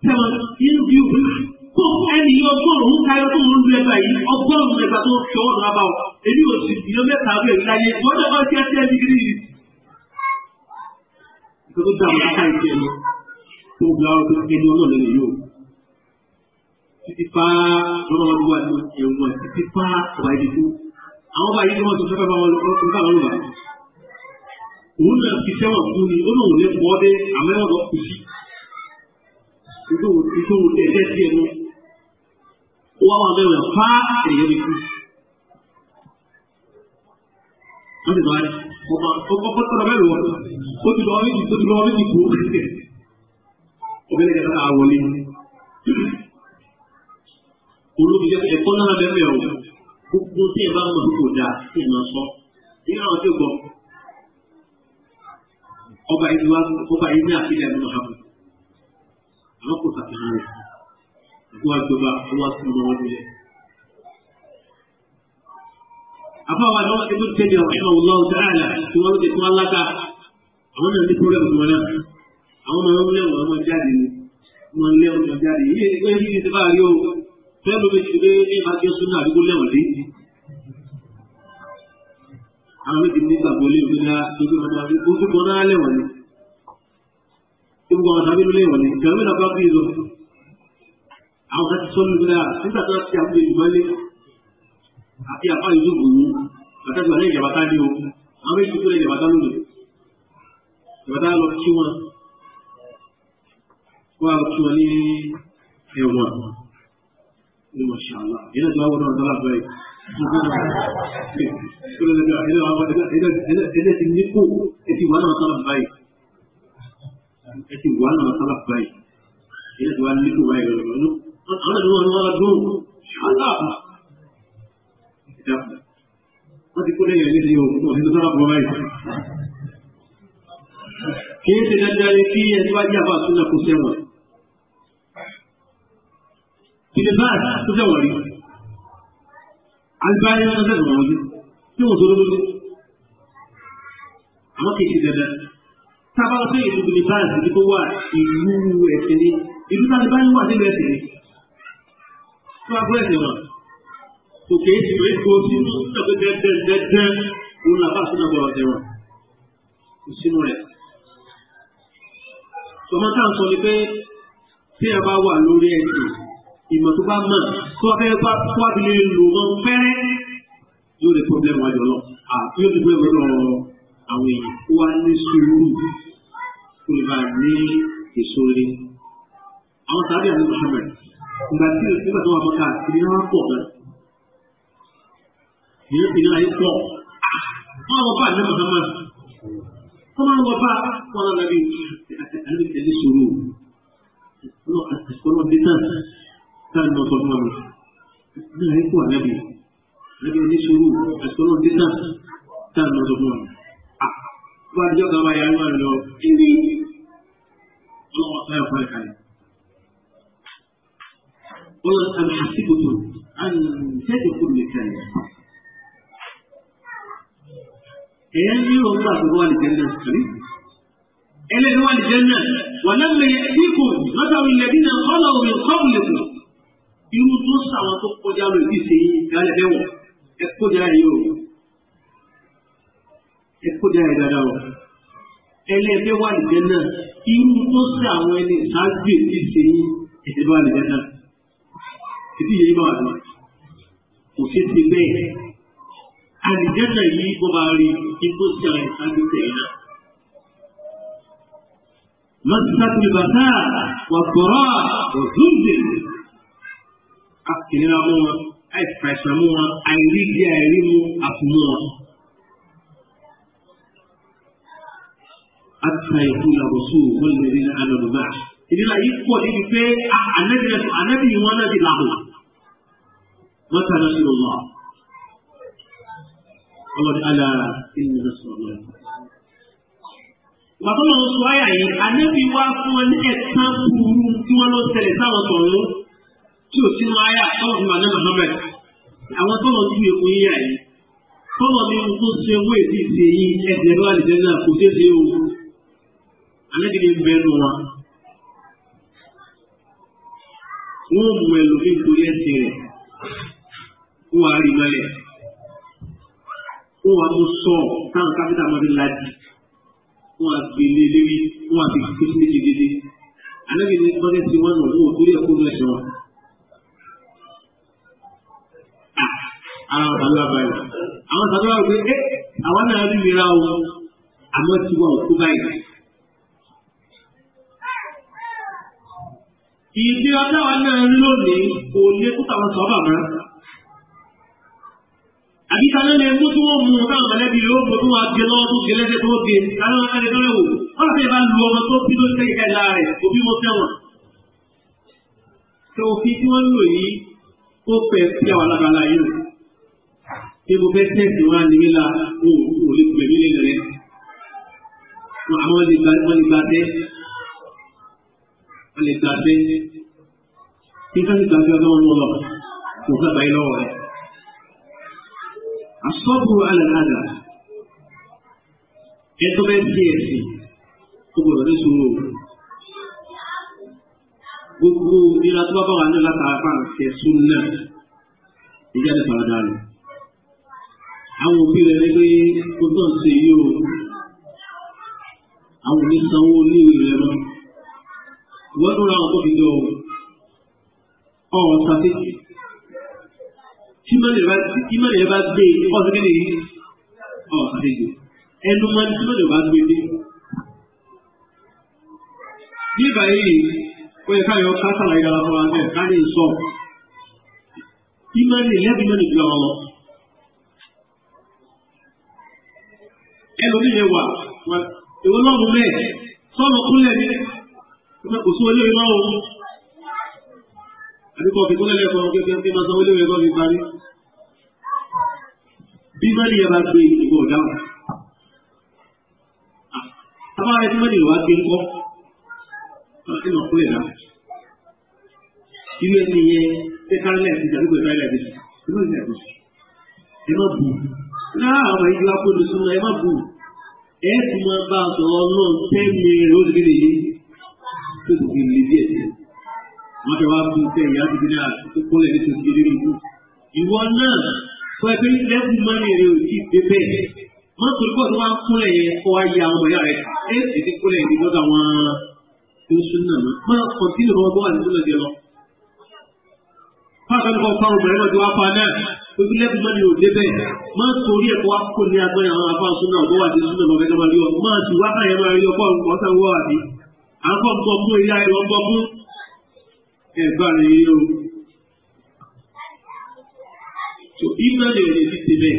sẹ́wọ̀n inú bí òun. tó ẹni ọgọ́rùn ún káyọ tó ń lẹ báyìí ọgọ́rùn ún ẹgbà tó fi ọwọ́ náà bá wọn èmi ò sì bí ọmọ ẹ̀ka rẹ̀ láyé lọ́dọ̀ bá jẹ́ tẹ́ ní gírí. ìkọ́ tó dá àwọn káyọ̀ tẹ́ lọ tó gba ọ̀rọ̀ tó ẹni ọlọ́ọ̀lẹ́ rẹ̀ yóò. títí pa lọ́wọ́ wọn wà ní ẹ̀wọ̀n títí pa ọ̀bà ìdìbò àwọn ọba yìí ni wọ́n ti fẹ́ bá wọn lọ òun náà fi sẹ́wọ̀n fún ni ó lóun lè pọ̀ ọ́ dé àmọ́ ẹ̀wọ̀n lọ kù sí. ìtòwò ìtòwò tẹ̀ ẹ́ tẹ̀ ẹ́ wọ́n máa bẹ̀rẹ̀ fá èyí ni kú. wọ́n ti bá ọkọ̀ ọkọ̀ tọ́lọ̀ bẹ́ẹ̀ wọ́n ó ti lọ́ọ́ méjì tó ti lọ́ọ́ méjì kú kẹ́kẹ́ obìnrin yẹn náà wọlé. olóbi jẹ́ ẹ̀kọ́ náà bẹ́ẹ̀ o gbogbo tí ẹ bá mọ̀ ní kò dáa tí ẹ máa sọ ní àwọn tí ó gbọ́ ọba yìí ni àfihàn ẹ̀ ló máa bọ̀ àwọn kò sàfihàn rẹ̀. အခုကဒီမှာဘုရားဆူတော်ကြီးလေအဖေကတော့အစ်ကိုကျေးဇူးတော်ရှင်ဘုရားတအားလာသူတို့ကသွားလာတာအမှန်တရားကိုလည်းမနာအမှန်တော့လည်းမကြတယ်မလဲမကြတယ်ဒီအကြီးကြီးတပါရောဘယ်လိုပဲရှိသေးတယ်ဘာကျဆုနာဒီကိုလည်းမသိအမှန်ဒီနေ့ကဘိုးလေးကဒီကမှာဒီကိုကနာလဲဝင်ဒီကောင်သာပြီးလဲဝင်ကျွန်တော်ကပြည်သူ àwọn kan ti sọ nínú náà nígbà tó ti àwọn èèyàn mọ́lé àti àpá ìlú òwú pàtàkì wà ní ìjàmbá ní o àwọn èèyàn tó lè ìjàmbá tá lónìí ìjàmbá tá lọ kí wọn wọn á lọ kí wọn ní ẹ̀wọ̀n ní mọṣàlá ìyẹn tó wà wọn náà dára bẹ́ẹ̀ ẹdẹ ti ní kó ẹti wà náà sábà báyìí ẹti wà náà sábà báyìí ìyẹn tó wà ní kó báyìí lọ́wọ́ أخرجوا وردوه شهد أخر قد يكون يعني اليوم وهي ضرب وغيره كيف للمالكية تواجه سنة كسيرة في المال تدوري عن بالي أنا تدوري شو ظلم أما كيف تدوري تابعوا خير ابن باز اللي هو يلوه السنين ابن باز اللي هو يلوه السنين tí wọ́n fún ẹ̀sìn wọn. kò kéé sí ìwé kó sínú ìjọba dẹ́dẹ́dẹ́dẹ́ òun làbá sínú ọgbọ̀rọ̀ tẹ̀wọ̀n kò sínú rẹ̀. sọmọ táà ń sọ ni pé tí a bá wà lórí ẹ̀sìn ìmọ̀ tó bá mọ̀ tó wá fẹ́ bá tó wá fi lè lò wọn fẹ́rẹ́ yóò lè pọ́blẹ́mù wájú lọ àti yóò lè pọ́blẹ́mù lọ àwọn èèyàn kó wá ní sùúrù kó lè bá ní èso àwọn sábẹ́ àti Muhammad Berarti itu kan dua pekan. Ini nama kok kan? Ini pilih lagi kok. Oh, bapak nama sama. Sama bapak. Kalau Nabi Nabi jadi suruh. Kalau kalau kita kan mau sama. Ini lagi kuat Nabi. Nabi jadi suruh. Kalau kita kan mau sama. Ah, wajib kamu yang mana lo? Ini. Allah saya perkaya. قل أم حسبتم أن تدخلوا الجنة أيامي والله تقوى الجنة إلى هو الجنة ولما يأتيكم مثل الذين خلوا من قبلكم يوسف سوى تقوى الجنة قال له ẹkú jẹ ayé o ẹkú jẹ ayé dada o ẹlẹ́ẹ̀dẹ́ wà nìjẹ́ náà irú tó sí àwọn ẹni ìsáájú èyí ṣe yín ẹ̀dẹ́ wà nìjẹ́ náà. ìdí yẹn máa lọ kò ṣe ti bẹ́ẹ̀ àlìjẹ́nà yìí bó máa rí ipò sí àwọn ìsàgbéṣẹ́ yìí náà. مسكت البساء والضراء والزلزل أكلنا موا أكفش موا أيريك أيريمو أفموا حتى يقول الرسول والذين آمنوا معه إذا لا يقول إذا في النبي النبي وانا بالله متى نصر الله ọlọ́dún ala ìlú rẹ̀ الله. fún àwọn sọ àyà yìí anábì wá fún wọn ní ẹ̀sán burú tí wọ́n lọ tẹ̀lé sáwọn sọ̀rọ̀ tí ò sínú àyà sọ̀rọ̀ fún àná Muhammad àwọn tó lọ sí èkó yíyà yìí tó lọ ní nǹkó ṣe wé sí ṣe yí ẹsẹ̀ lọ́wọ́ àlùjẹ́ náà kò ṣeé ṣe o anábì ní bẹ́ẹ̀ nù wọn. wọ́n mú ẹlòmíì torí ẹsẹ̀ rẹ̀. ó wà á rí mọ́lẹ̀ ó wà mú sọ táwọn kápẹ́tà máa fi lajú wọ́n á gbé lé léwí wọ́n á fi kéde méjì dédé anábì ní kọ́lẹ́ tí wọ́n nù wọ́n torí ẹ̀kọ́ náà ṣe wọn. ara wọn tàbí àbáyọ àwọn tàbí àbáyọ pé ẹ àwọn náà rí mi ra o àmọ́ tí wọn ò kú báyìí. ìdí ọjọ́ wa náà lónìí kò lé kó tàwọn sọ́ọ́ bàbá. Àbíká náà lè mú tí wọ́n mú táwọn mọ̀lẹ́bí yóò bọ̀ tó wá gbé lọ́wọ́ tó gbé lẹ́sẹ̀ tó gbé táwọn ẹni tó léwu. Wọ́n fẹ́ bá lu ọmọ tó bí tó ṣe ìkẹ́ ìlà rẹ̀ òbí mo fẹ́wọ̀n. Ṣé òfin tí wọ́n lò yìí ó fẹ́ fi àwọn alábàálá yìí rò? Ṣé mo fẹ́ tẹ̀sí wọn níbi la òun ò lè pè mí lè rẹ̀? Àwọn lè gbà tẹ́. Wọ́n lè gbà tẹ́. Ṣé ká lè gbà tẹ́ ọlọ́run lọ́wọ́? Mo fẹ́ bá yín lọ́wọ́ rẹ̀. asọ́bùrù alàlàdà ẹ̀tọ́ bẹ́ẹ̀ sí ẹ̀sìn tó gbọdọ̀ ní sùúrù gbogbo ìlà tó bá bá wà ní látara fáǹsì ẹ̀sùn náà ìjà ní faradà rẹ̀ àwọn òbí rẹ̀ ní pé kó tó ń ṣe yìí o àwọn òní sanwó oníwì rẹ̀ mọ́ wọ́n tó ra ọkọ̀ fi jọ ọ̀ ọ̀ọ́ta títí. tímọ̀lì rẹ̀ bá tímọ̀lì rẹ̀ bá gbé ọ̀sẹ̀ kí ni ọ̀ àlejò ẹnu máa ń tímọ̀lì rẹ̀ bá gbé dé. bí ìbáyìí ó yẹ káyọ̀ ká sàlàyé dára fún wa bẹ́ẹ̀ ká ní sọ tímọ̀lì lẹ́bi mọ́lì ju àwọn lọ. ẹlòmíì yẹn wà ìwọ náà mú mẹ́ẹ̀ sọ́ọ̀nù kúnlẹ̀ ní kò sí olóyè náà o àbíkọ́ fi kúnlẹ̀ lẹ́kọ̀ọ́ kékeré máa sanwó olóyè náà fi parí. Bíbélì yẹn bá gbé ìdìbò dáhùn. Àbá rẹ̀ Bíbélì ló wá gbé ńkọ́. Ọ̀sẹ̀ náà kúlẹ̀ náà. Ilé ẹni yẹn ṣé kárẹ́lẹ̀ ti tàbí pẹ̀lú ẹ̀rẹ́ ti tàbí pẹ̀lú ẹ̀rẹ́ ti. Ẹ má bù. Náà àwọn ìjọ akóso súnmọ́ ẹ má bù. Ẹ tún máa bá a sọ̀rọ̀ náà tẹ́mi rẹ̀ ó ti kéde yìí. Tó ti fi lè díẹ̀ sí. Wọ́n fẹ́ wá bú sẹ́yìn á ti fi náà kó ဆိုပြီးလက်ကူမနေရူကြည့်ပေးပေးမတူကတော့ကုလေကိုအရာမရတဲ့အဲ့ဒီကုလေဒီကတော့ဝါသူစွန်းနမမပေါ်တိရောဘောအန်ကုလေရောဖာကန်ကောဖောင်းဘယ်မှာဒီအဖာနဲ့သူလက်ကူမနေရူဒီပေးမဆိုရီကောကုလေအပေါ်အဖာစွန်းတော့ဘောအဒီစွန်းတော့ဘယ်ကမှလို့မသူဝါခရမရောပေါ့ဘောဆောင်ဝါဒီအခုပေါ်ကိုရရရောပေါ့ဘူးအဲ့ပါလေရော to imma da yake fitte be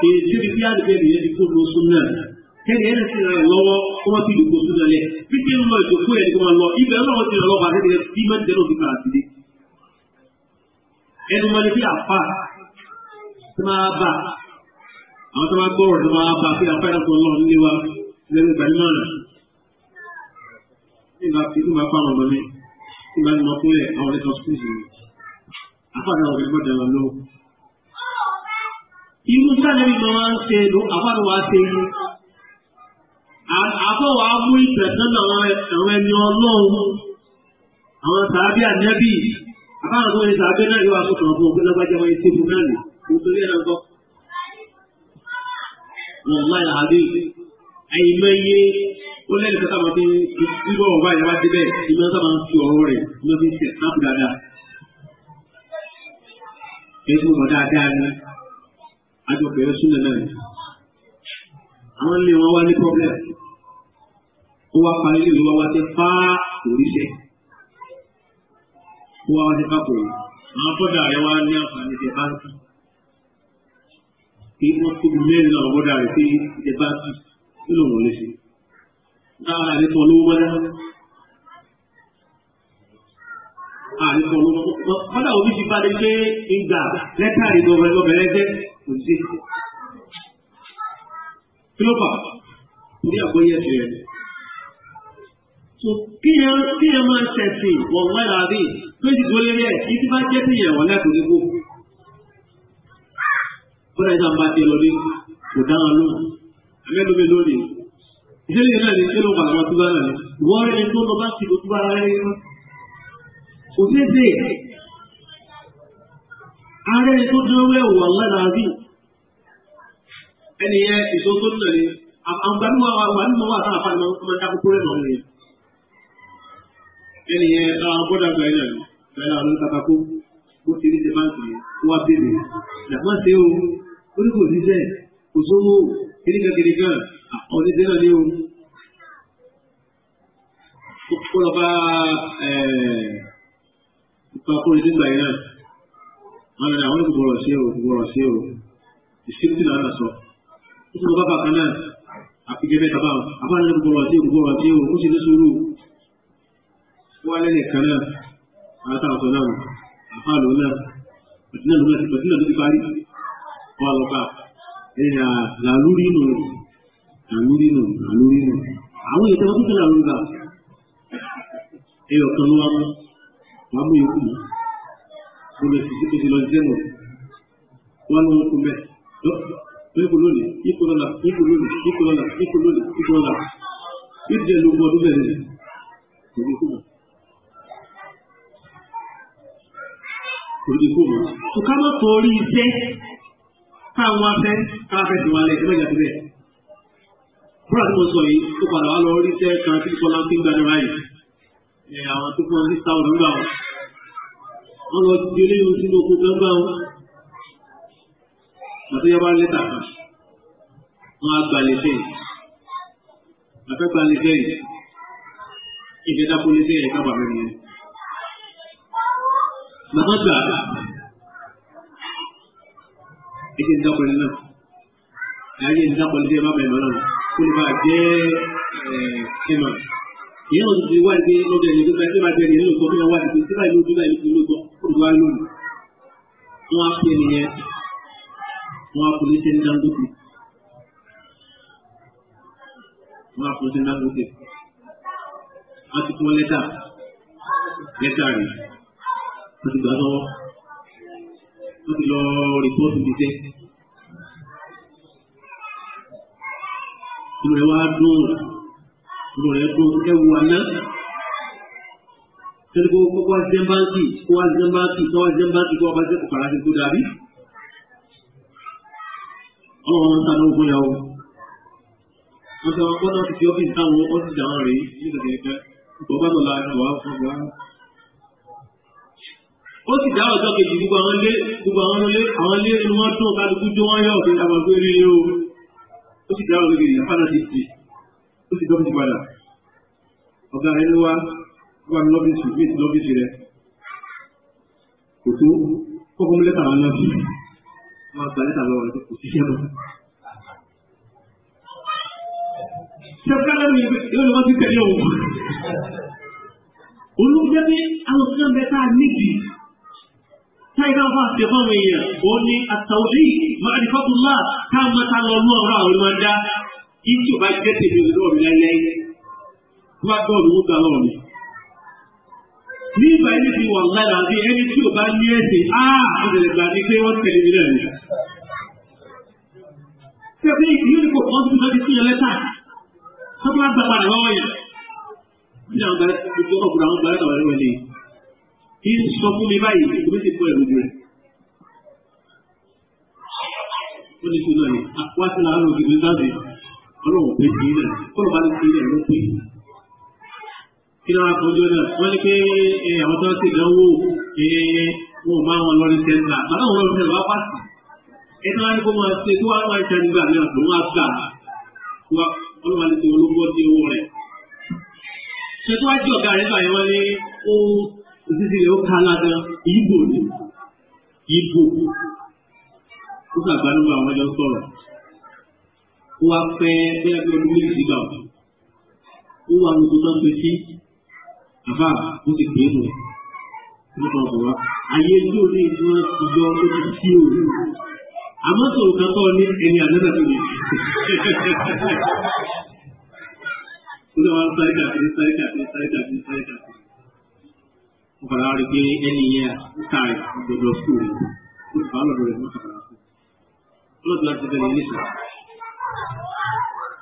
ke shiri ya da ke yake ko do sunna ke ne da sira lawa kuma ti ko sunna le fitte no to ko ya ko lawa ibe lawa ti lawa ba de imma de no ti ka ti de ẹnu mọ ni bí àfa tí máa bà àwọn tó máa gbọ́rọ̀ tó máa bà kí afẹ́rẹ́ tó lọ nílé wa lẹ́nu gbajúmọ̀ rẹ̀ nígbà tí kò máa fa àwọn ọmọ mi nígbà tí mo fún yẹ àwọn ẹ̀ka sùkúù yìí afa náà wọlé gbọ́dọ̀ lọ lọ́wọ́. tá níbi máa máa ń ṣe ló àbádo wa ṣe ni àbọ̀ wa mú ìtẹ̀sán àwọn ẹni ọlọ́run àwọn sàábí ànẹ́bí àbádo tó ń sàábí náà yóò wá sọ̀tọ̀ fún ògbé lágbájá wọn ṣe fún náà nì nítorí ẹ̀rọ kọ́. wọn máa yà á bí àyìnbẹ́yẹ ó lẹ́nu kọ́tà máa fi bíbọ̀ ọ̀bá ìyá wa débẹ̀ ìmọ̀ sábà ń fi ọ̀rọ̀ rẹ̀ ló fi ń tẹ̀ sáàpù dáadáa. dáadáa ni àti operation náà ni àwọn ilé wọn wá ní problem ó wá parí ilé wọn wá dé fá oríṣẹ ó wá wá dé fá kòrò àwọn bọ́dà rẹ wá ní àǹfààní ṣe bá tù kí wọ́n tóbi mẹ́rin náà bọ́dà rẹ pé ṣe bá tù kí ló wọlé sí náà àdékọ́ lówó mọ́dá àdékọ́ lówó mọ́dá òbí ti bá dé pé ìgbà lẹ́tà ìgbọ̀bẹ̀rẹ̀ gbọ̀bẹ̀rẹ̀ jẹ́. kwenye kilopa ni akwenye tele so kila kila manchesi wallahi ladhi kwenye gole ya kitba cheti ya wala kuliko kuna jamba teloli kudaa lu amelo meloli ìṣẹ̀lẹ̀ yẹn náà ní kí ló wà lọ́wọ́ tó bá rẹ̀ wọ́n rẹ̀ tó lọ bá ti lò tó bá rẹ̀ rẹ̀ rẹ̀ kò sí ṣe ààrẹ tó dúró wẹ̀ wọ̀ lára rí ẹni yẹ èso tó nà ni àgbàlùmọ̀ àgbàlùmọ̀ wà sáà fani máa ń dákúkú rẹ̀ lọ́wọ́ ni. ẹni yẹ àwọn gbọ́dọ̀ àgbà yẹn lọ bẹ́ẹ̀ làwọn kàkà kó kó ti ní sèmáǹtì yẹn kó wá bèbè làmọ́ ṣe o oníkò òṣìṣẹ́ kò sówó kìnnìkankìnnì kan ọ̀nìṣẹ́ náà ni o kó lọ bá nǹkan akóni nígbà yẹn náà wọn lọ ní àwọn ìgbọràn sí o ìgbọràn sí o ìṣèlú náà sọ tí mo bá bá kan náà àfijẹ́ mẹ́ta báwọn àbáyé gbogbo wa sí gbogbo wa sí o ó sì ní sùúrù wọ́n alẹ́ nìkan náà àtàwọn sọ náà àfáà lòun náà pẹ̀tínà lòun náà pẹ̀tínà ló ti parí wọ́n lọ ká ẹ̀yà làlúrí nù làlúrí nù làlúrí nù àwọn èèyàn tó wọ́n tún tẹ̀lé àlúrí gbà ẹ̀yọ̀ kan ló wá mú wàá mú yòókù mú kó lè fi sí kó ti lọ jẹ́ mọ̀ wọ́n lọ́wọ́ kú mẹ́ ipò lónìí ipò lọ́la ipò lónìí ipò lọ́la ipò lónìí ipò lọ́la ìdíje lógún ọdún bẹ̀rẹ̀ rẹ̀ kò ní kú mọ́. kò ní kú mọ́. tó ká má torí iṣẹ́ káwọn afẹ́ káwọn afẹ́ ti wà lẹ̀ ẹgbẹ́ ìjàdí bẹ́ẹ̀. búrọ̀ tí mo sọ yìí tó padà wá lọ rí iṣẹ́ kan tí kọ́lá ti ń gbani báyìí. àwọn tó fún ọ ní sáwọn nígbà wọn. lọ di eléyìí sínú oko gbẹ́ngbà wọn àti yọba lẹ́tà kan wọn á gba lẹ́tẹ̀ yìí àfẹ́ gba lẹ́tẹ̀ yìí ìjẹta kó lẹ́tẹ̀ yẹn ká bàbá yẹn. Màmá gbà ẹgbẹ́ ń dákọ̀ nínú ẹgbẹ́ ń dákọ̀ lẹ́tẹ̀ bàbá yẹn lọ́nà kó lè bá jẹ́ ẹ̀ẹ́dẹ́gbẹ̀rún. Ìyẹn wọn ti wá ìgbé lọ́dọ̀ ẹ̀yìn tó bá ẹgbẹ́ bá jẹ́ ẹ̀yìn lóòótọ́ fún wọn wá ìgbé tí báyìí ló dúdú báyìí ló dúdú lóòótọ́ kó lè wá lónìí. Wọ́n á fi ẹni yẹn wọn kò ní ṣe ń Dangote wọn kò ní ṣe ń Dangote wọn ti fún lẹ́tà lẹ́tà rẹ̀ wọn ti gbà lọ́wọ́ wọn ti lọ rìpọ́tù dídẹ́. inú rẹ̀ wá dùn inú rẹ̀ dùn ẹ wù àná tẹ́lẹ̀ kó kó wá zẹ́mbáǹkì kó wá zẹ́mbáǹkì kó wá zẹ́mbáǹkì kó wá bá on sanokuyaw ọ̀sán ọgbọ́nà ti ó fi sáwọn ọ́sìdá rí nígbàtí ẹgbẹ́ ìgbọ́gbọ́nà láàrin wà fọ́gbà ó sì dá ọjọ́ kejì gbogbo àwọn ilé gbogbo àwọn ilé àwọn ilé inú wọn dùn kálukú jó wọn yọ ọ̀gbẹ́ àgbàgbé rí o ó sì dá ọjọ́ kejì àfáàná ti tì ó sì dọ́kítì padà ọ̀gá ẹni wá wà ní lọ́fíìsì mí ti lọ́fíìsì rẹ kò tó kókó mú lẹ́tà wọn náà sí i မှာပါတဲ့တာဘောကိုသိရမှာစက္ကလမီဘယ်လိုမှသိတယ်ရောဘုလူကြပြီအလုပ်ကမဲ့တာနိဒီဆိုင်ကဘာပြပါမေးရဘုန်းကြီးအတောလီမာရီဖတ်ူလာကာမတာလောလောရာဝလဒါအစ်ချိုဘတ်ကတိဒီလိုလိုင်းလိုင်းဘာတော့ဘူးကလောနီဒီပိုင်းဒီဝလာလာဒီအဲ့ဒီချိုဘာနီရဲ့အာဒီလာဒီပေဝတ်ကလေးလေး C'est vrai, Dieu ne comprend pas ce qu'il a l'état. Ça peut être pas la loi. Il a un bail, il peut avoir un bail dans la loi. Il s'en fout des bails, il peut être pour le Dieu. On est sous l'œil. À quoi c'est la loi qui nous a dit Alors, on peut dire, on va le dire, on peut dire. Il a répondu, on est que, eh, on doit se dire, eh, on va en loi de celle-là. Alors, on va le faire, on va passer. Itaani ko maa se tuwa maa ca ni ba mɛ ko maa sa wa olu ma ni ko olu bɔ ti wo rɛ. Se tuwa jɔ ka ne ba ye wa ni o sisi le o kan na dɛ ibo de ibo o ka gbanu ba wɔn jɔ sɔrɔ o wa fɛ bɛɛ bɛ wuli si ba o wa nugu tɔ to si a fa o ti kpe mu ne kɔn sɔrɔ a ye tó ne ti wọn ti jɔ o ti si o. àmọ́ sòrò kan tọ́ ní ẹni àdánà tó ní. ó lọ́wọ́ sáré kàkiri sáré kàkiri sáré kàkiri sáré kàkiri. mo fara rí pé ẹni yẹn ká ìgbọ̀dọ̀ sùn rẹ̀ ó sì fà á lọ́dọ̀ rẹ̀ mọ́ kàkàrà sùn. ọlọ́dún láti bẹ̀rẹ̀ ní sùn.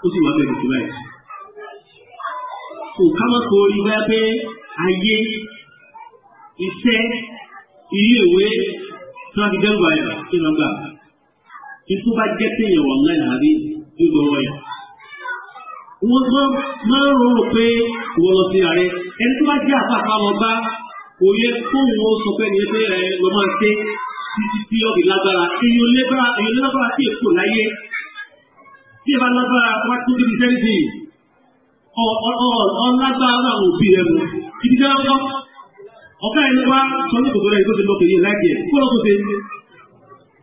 ó sì máa bẹ̀rẹ̀ jù báyìí. kò ká má kó rí bá pé ayé iṣẹ́ ilé ìwé tí wọ́n dẹ́rù báyà kí ló ń gbà. tó bá jẹ́ pé èèyàn wọ̀n náà àbí gbígbọ́ ọ̀yà. Wọ́n máa ń rò pé wọ́n lọ sí ààrẹ. Ẹni tó bá jẹ́ àpapọ̀ àwọn bá kò yẹ fóun ó sọ pé nìyẹn pé ẹ lọ máa ṣe títí tí ọ̀bì lágbára. Èèyàn lágbára èèyàn lágbára sí èkó láyé. Tí ẹ bá lágbára wá tó débi sẹ́ńtì ọlágbára náà ò bí ẹnu. Ibi jẹ́ lọ́kọ́. Ọ̀gá ẹni wá sọ ní kòtò rẹ̀ tó ti lọ kèye láìpẹ́ kó lọ́kọ́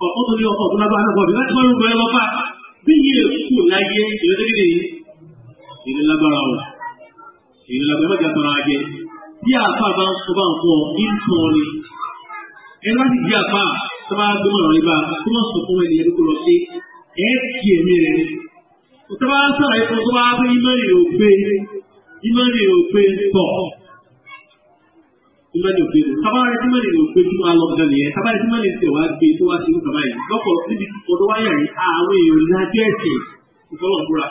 ọ̀tún tó ní ọkọ̀ tó lágbára náà kọ̀ọ̀bí láti wọ́n gbọ́ ẹ lọ́pàá bí yìí lè kú láyé ìrẹsẹ̀lẹ̀ yìí ìrẹ lágbára ọ̀rọ̀ ìrẹ lágbára mẹ́ta tọ́ra jẹ bí àfa bá ń sọ bá ń fọ ní sọ ni ẹ láti di àfa tó bá gbé mọ̀ràn nípa tó má sọ fún ẹni ẹdínkù lọ sí ẹ kì í mi rẹ tó bá ń sọ̀rọ̀ ẹ̀kọ́ tó bá gbé ìmọ̀ràn imani ukweli kabale imani ni ukweli alo gani ya kabale imani ni wa kweli wa siku kabale boko ndi kodo wa yani awe yo na jesi ukolo bura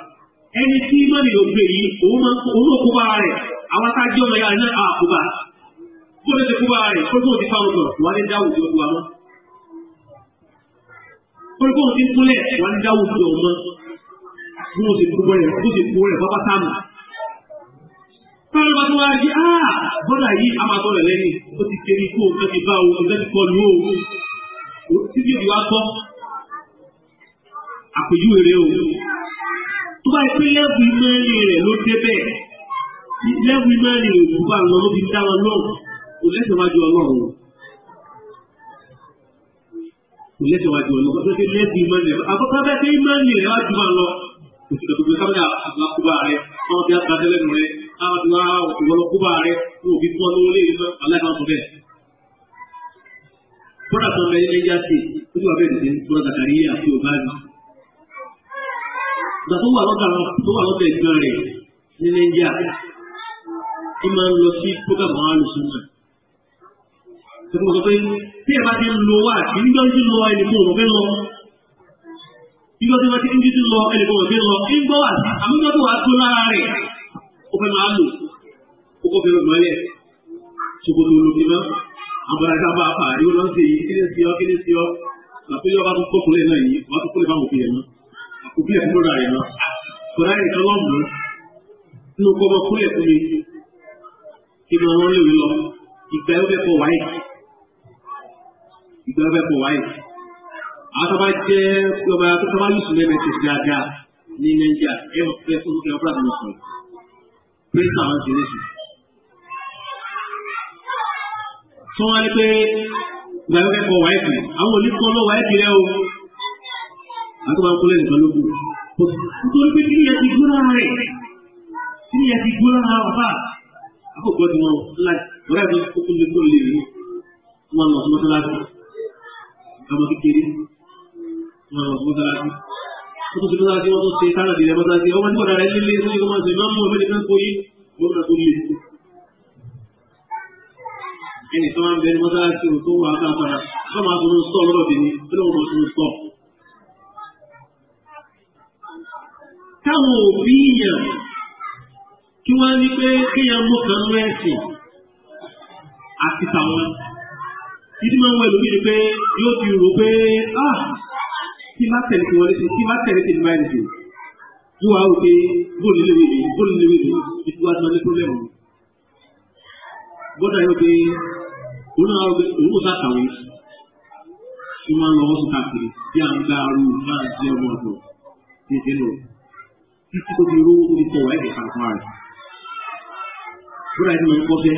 ẹni tí imani ni ukweli òun máa òun ò kóbá rẹ àwọn tá a jẹ ọmọ ya ní a kóbá kó lè ti kóbá rẹ kó lè ti fa ọgbọ wà ní dáwù tó wà mọ kó lè kó lè ti kúlẹ̀ wà ní dáwù tó mọ bó ti kú bọ́ rẹ bó ti kú rẹ bábá sáà Kalau batu lagi, ah, benda ini amator lagi. Tapi kiri ku, tapi bau, tapi kolu. Tiba di apa? Aku juga leu. Tu baik pilih bima ni le, lu tepe. Pilih bima ni le, bukan mahu bintang orang. Ulah sama jual orang. Ulah sama jual orang. Kalau pilih bima ni, apa kata bima ni le, apa jual orang? Kita tu kita punya apa kubah le, apa dia kata le mulai. àwọn tí wọ́n ìwọlọ kúbà rẹ̀ kó fi pọ́ lórí ilé ìlú aláìmọ́ sọ bẹ́ẹ̀. kódà tó bẹ ilé yá sí ó ti wà bẹ́ẹ̀ nìyẹn kódà zakari yé àti òbá mi. ìgbà tó wà lọ́dà tó wà lọ́dà ìgbọ́n rẹ̀ ní nàìjíríà kí máa ń lọ sí kókà mọ́ àlùsùn náà. tó kọ́ sọ pé bí ẹ bá ti ń lo wá àti nígbà tí ń lọ ẹnì kó òun fẹ́ lọ nígbà tí wọ́n ti ń lọ ẹnì kó òun fẹ́ lọ ń gbọ́ wá àmúgbàtò wàá tó lára rẹ̀. ó fẹ́ máa lò ó kọ́ fẹ́ lọ mọ́lẹ̀ ṣòkòtò olómi náà àbúradá bá a fà á yóò lọ sí i kí ni sí ọ kí ni sí ọ àti yóò bá tún kókòlẹ̀ náà yìí wọ́n tún kólé báwọn òbí yẹn náà òbí yẹn kúrò rà yẹn náà kódà yẹn kan lọ́mù nínú kọ́ ọmọ kúlẹ̀ fún mi kí ni wọ́n léwu lọ ìgbà yóò fẹ́ kọ wáyé ìgbà yóò fẹ́ kọ wáyé àtọ́bá jẹ́ ọba tó tọ́ba lùsùn lẹ́mẹ̀ẹ́sì dáadáa ní nàìjíríà ẹ̀ fẹ́ fún mi kí wọ́n fúlàtà lọ sọ̀rọ̀. kristu àwọn ti rí sùn. tí wọ́n á ní pé ìgbàlú kẹ́kọ̀ọ́ wáyé kiri àwọn olùkọ́ lọ wáyé kiri o àti wọn kúlẹ̀ nìkan ló nítorí pé kí ni ẹ ti gbóná rẹ̀ kí ni ẹ ti gbóná rẹ̀ ọ̀fà àkókò tí wọn ńlá ọ̀rẹ́ mi kókó lè kó lè rí wọn lọ sí mọ́tàlá sí ọmọ kékeré wọn lọ sí mọ́tàlá wọ́n ti mọ́tàlá sí wọ́n tó ṣe sára ìdílé mọ́tàlá sí ọmọ nípa rẹ̀ líle ní ọmọ ṣe máa ń mú ọmọ nípa kó yí gómìnà tó le. ẹnì kan máa ń bẹ ní mọ́tàlá sí o tó wà á káàkiri wọ́n máa tún sọ lọ́dọ̀ tèmi tó lọ́wọ́ máa tún táwọn òbí yàn kí wọ́n ní pé kéèyàn mú kan lọ ẹ̀sìn àti tàwọn ìdí máa ń wọ ẹlòmíì ni pé yóò ti rò pé ah bá tẹ̀lé tí wọ́n lé tí bá tẹ̀lé tí báyìí nìyí yóò wá wò pé bóòlù lè wèrè bóòlù lè wèrè ìtura tí wọ́n ní pọ́lẹ́mù. gbọ́dọ̀ yóò pé òun náà wọ́n pé òun kò sá kàwé tí wọ́n lọ́wọ́ sí káàkiri bí à ń gba arú náà sí ọmọ ọ̀dọ̀ ní ìdílé títí tó fi rú omi tọ̀ wáyé kẹta fún ara. gbọ́dọ̀ yóò pé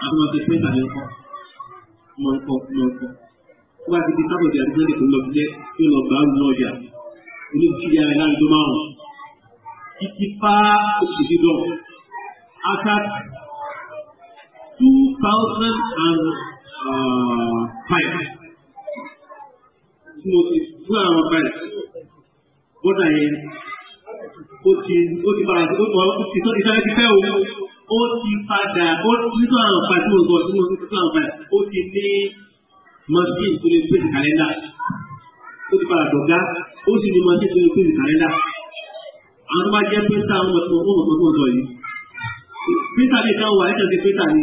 mo àti mo ti pẹ́ tàbí ń kọ́ mo ń wọ́n ti di sábẹ̀ ìjà tí wọ́n lọ sílẹ̀ tí wọ́n lọ gbà ń lọ́jà oníṣìṣẹ́ rẹ̀ láàrin tó márùn-ún títí pa òṣìṣẹ́ dọ̀ ata two thousand and uh, five tí mo ti two thousand and five bọ́dà yẹn ó ti ó ti padà ó ti sọ ìsáré ti fẹ́ o ó ti padà ó ti two thousand and five tí mo sọ tí mo ti two thousand and five ó ti ní mọ̀síìn tó lè pèsè kàlẹ́ndà ó ti padà dọ̀gá ó sì ní mọ̀síìn tó lè pèsè kàlẹ́ndà àwọn tó bá jẹ́ pẹ́ńtà àwọn ọmọ tó ń mọ̀ tó ń sọ yìí pẹ́ńtà lè dáhùn wà ní ìtàgé pẹ́ńtà ni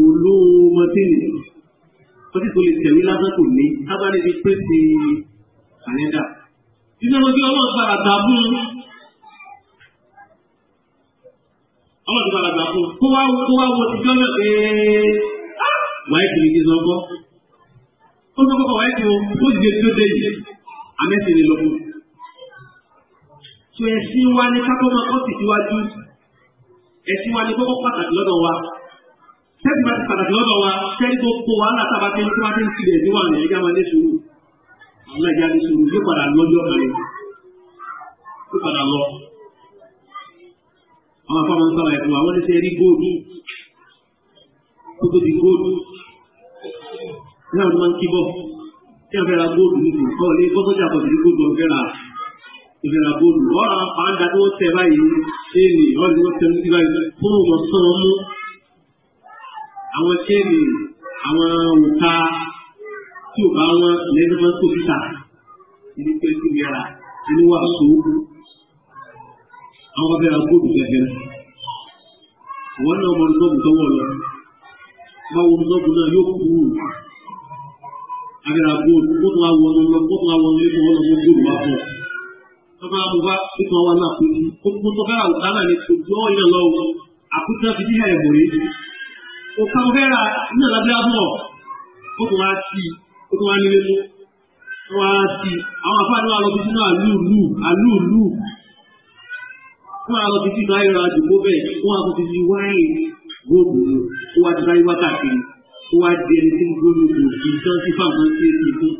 olóòmọ̀síìn mọ̀síìn tó lè tẹ̀wé lásán kò ní tábàlì ti pèsè kàlẹ́ndà nínú ọmọdé ọlọ́run padà gbà fún un ọlọ́run padà gbà fún kó wá wo tíjọ́ náà pé ah! wáyé kìlì ti sọ fọ́. kótókó ọ̀wá ẹ̀kọ́ ó sì tó dé yìí amẹ́sìn ni lọ́kù. tó ẹ̀sìn wa ní kákọ́mọ ọ̀sì síwájú ẹ̀sìn wa ní kókó pàtàkì lọ́dọ̀ wa sẹ́ẹ̀tì bá ti pàtàkì lọ́dọ̀ wa sẹ́ẹ̀tì tó kó wàhálà tábà tí wọ́n ti ń tilẹ̀ níwà ní ẹ̀yà máa ní sùúrù àwọn ẹ̀yà ní sùúrù yóò padà lọ́jọ́ kan yóò padà lọ. àwọn afọ láwọn ni wọ́n ń kíbọ̀ tí wọ́n fẹ́ ra góòlù nìkan kọ́ lé bọ́sọ́jà kọ̀ sí ní góòlù ọ̀fẹ́ ra ìfẹ́ ra góòlù ọ̀rọ̀ àpáńdà tó tẹ báyìí éèlì ọ̀rọ̀ tó tẹ ní báyìí fún ọmọ sàn mú àwọn chéènì àwọn òkà tí ò bá wọn lẹ́nu máa ń tó fìtà ní pé kí ni ara ẹni wà so àwọn bá fẹ́ ra góòlù gẹ́gẹ́ wọn náà mọ nítọ́gùn tọ́wọ́ lọ báwo nítọ́gùn náà yóò kú agar aku kutla wonu kutla wonu ko wonu ko dur ma ko sama mu ba ko wala ku ko ko to kala utala ni ko jo ina lo aku ta fiti ha yebo ni o ka vera ina la bia mo ko to ati ko to ani le mo to ati àwọn afa ni wa lo fiti na lu lu alu lu ko a lo fiti da yo ra ju ko be ko a ko fiti wai go go ko a dai wa ta kini ó wá di ẹni tí ń gbóni òbí tán tí fáwọn ṣe é ti fún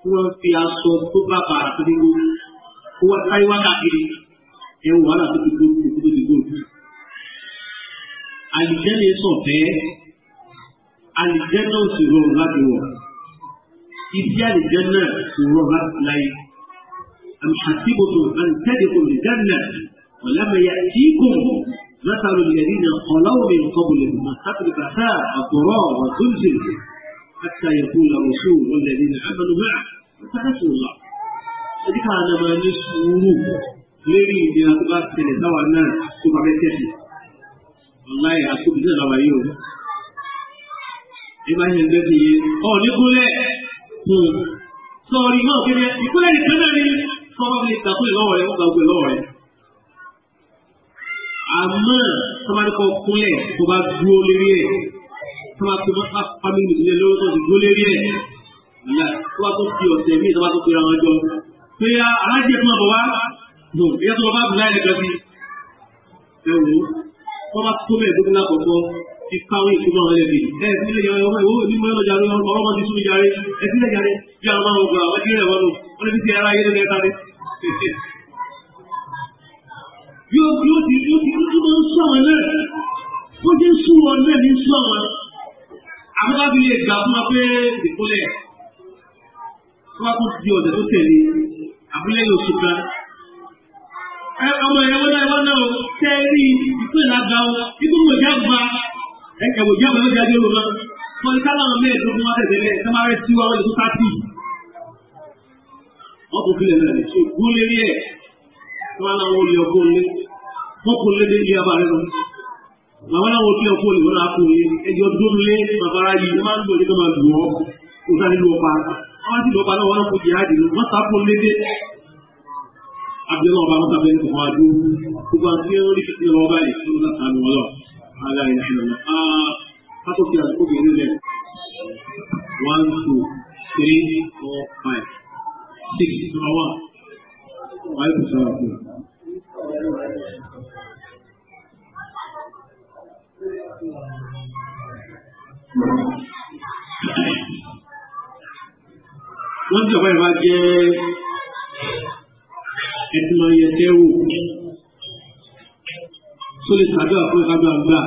tí wọ́n fi aṣọ tó bá bá àtúndínwó ó wá táyé wá káàkiri ẹ wọ wàhálà tó ti gbó tó ti gbó tó. àlìjẹ́ni sọ̀tẹ́ àlìjẹ́ni náà sì rọrùn láti wọ̀ iṣẹ́ àlìjẹ́ni náà sì rọrùn láti láyé. àmì àtìbòtò àti tẹ́lifò lè dáná ọ̀làmẹ̀yà tí kò mọ̀. مثل الذين خلوا من قبلهم مستقر البأساء والضراء وزلزلوا حتى يقول الرسول والذين آمنوا معه متى الله ẹ̀dí kan náà máa ní sùúrù lérí ìdíra tó bá tẹ̀lé táwa náà tó bá fẹ́ tẹ̀lé. Ọláyé àkóbí náà làwà yìí o. Ẹ bá yẹn gbé ti yé. Ọ̀ ní kúlẹ̀. Sọ̀rọ̀ ìmọ̀ òkèlè ìkúlẹ̀ nìkan náà ni sọ́wọ́ fi lè gbàgbé lọ́wọ́ rẹ̀ wọ́n gbàgbé lọ́wọ́ rẹ̀. àmọ́ sọmadikọ kúnlẹ̀ tó bá dúró lórí ẹ̀ sọmadikọ bá bá pàmì ìdílé lórí tó dúró lórí ẹ̀ ìyá tó bá tó fi ọ̀sẹ̀ mí ìjọba tó fi ra wọn jọ pé ah, alájẹ fún ọbọ wa nù ìyá tó bá bùnà ẹ̀ka sí ẹ wò ó bá tó mẹ́ẹ̀ tó kúnlá kọ̀ọ̀kọ́ ti káwọn ìkúmọ̀ wọn lẹ́bi ẹ sílẹ̀ yàrá ọmọ ìwọ ní mọ́ ọlọ́jà ọmọ ti súnmi jàre ẹ sílẹ̀ jàre bí àwọn ọmọ ọgbà wọn ti yóò yóò di yóò di yóò máa ń sọ wọn náà bó ṣe ń sún wọn náà ní sọ wọn. àwọn bá fi lè gbà fún wa pé ìpínlẹ̀ tó bá tún di ọ̀sẹ̀ tó tẹ̀lé àbúlé yóò sùn kan. ẹ ọmọ ẹ wọn náà wọn náà tẹ́ rí ìpínlẹ̀ àgbà wọn ikú mọ̀já gba ẹ ẹ̀wọ̀já gba lọ́jà dé wọn. kọ́ni ká láwọn mẹ́ẹ̀ẹ́dógún wọn tẹ̀lé ẹ̀ sẹ́wọ́n rẹ̀ sí wọn lọ́jọ́ tó tá wọn náà wọlé ọkọ nílé wọn kò lé délé abalẹ lọ bàbá náà wọlé ọkọ nílé wọn náà kò lé ẹjọ dúró bàbá yìí wọn máa ń lò ní kó máa dùn ọ kó sáré lọ pa wọn ti lọ pa náà wọn kò jẹ àdìrú wọn sá kó lé dé abdulayi ọba musa bẹni kọkọ adu gbogbo àti orí fífi lọ ọba yìí fún ọlọsàn àmì wọlọ ala yìí nàá lọ aa kátó fi àti kóbi nílẹ one two three four five six ọwọ wàá yóò fi sọ wà fún un. wọ́n tẹ̀wọ́ ìwà jẹ́ ẹ̀tùmọ̀ ìyẹ̀tẹ́ wò tó lè ṣàdúrà fún ìkájọ àgbà.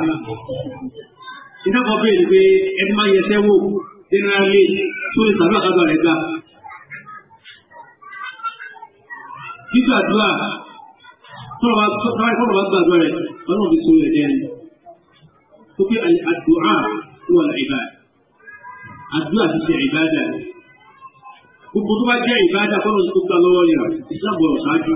ìdábọ̀ bẹ́ẹ̀ ni pé ẹ̀tùmọ̀ ìyẹ̀tẹ́ wò generally tó lè ṣàdúrà kájọ rẹ̀ gbà. gbígbàdúrà tọ́lọ́wà tọ́lọ́wà gbàgbọ́ rẹ̀ ọlọ́run fi sóyè jẹ́ ni tó pé àdúrà wà ìbá àdúrà ti ṣe ìbádà gbogbo tó bá jẹ́ ìbádà kọ́nà tó gbà lọ́wọ́ rẹ̀ islam bọ̀rọ̀ ṣáájú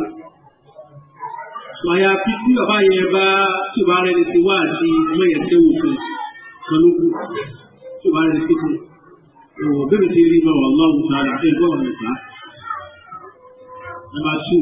àyà fi tí bàbá yẹn bá tí bá rẹ̀ ti wá àti mẹ́yẹ̀ tẹ́wò fún kan ló kù tí bá rẹ̀ ti kù ọ̀wọ̀ bẹ́ẹ̀ ti rí bá wà lọ́wọ́ sára ẹgbẹ́ ọ̀rẹ́ ta. Number two.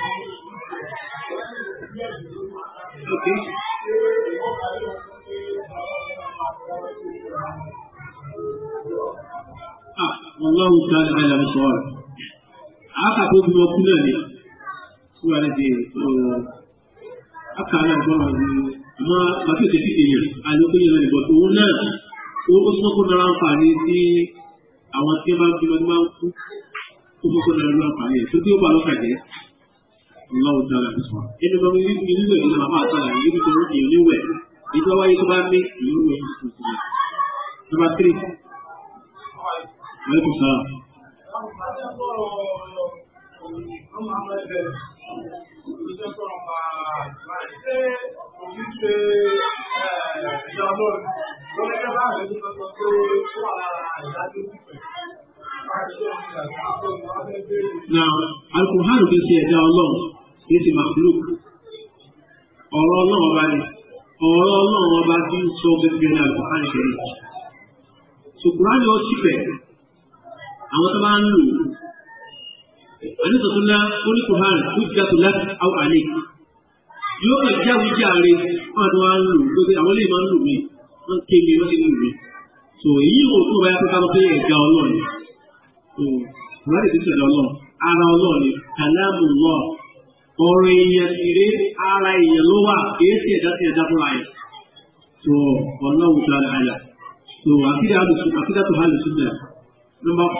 Ọlọ́run ta ni àyàwó sọ̀rọ̀. Àákàtó bí wọ́n kú náà ni. Wúwa ní ti àkàrà ìgbọ́nà ni àmọ́ bàtí òṣèlú èèyàn àlókòyè náà nìbọn òun náà ó sọ́kò náà láǹfààní sí àwọn tí wọ́n bá ń bímọ tí wọ́n máa ń kú ó sọ́kò náà láǹfààní ẹ̀ tó tí ó bá lọ́kàjẹ́ lọ́wọ́ tẹ́lá sọ. Inú bá mi inú wẹ̀ nínú màmá àtàlà yìí níbi tó rúkì inú wẹ̀. Ìjọ wáyé tó bá ní ìlú wẹ̀ yìí sì sílẹ̀. tírì. Mẹ́tò sáà. Now, Al-Quran kì í ṣe ẹ̀dá kì í ṣe makluk ọ̀rọ̀ ọlọ́run ọba ni ọ̀rọ̀ ọlọ́run ọba ti ń sọ gẹ́gẹ́ náà kò hàn ṣe rẹ̀ ṣùkúránì ó sì bẹ̀ àwọn tó máa ń lò àní tuntun náà ó ní kò hàn ó jà tó láti áwọ̀ àlè yóò kàn jáwé járe wọn àti wọn á ń lò tó ṣe àwọn eléyìí máa ń lò mí wọn ké mi wọn ti ń lò mí so èyí ò tó báyà pé ká lọ pé ẹ̀ga ọlọ́run so ìwádìí ti sọ̀rọ̀ ọlọ́run ara ọlọ́run kàlámù lọ́ọ̀ oriented alai yalowa kesi dati dapulai so wallahu ta'ala ala so akida hadu akida tu hadu sunna number 4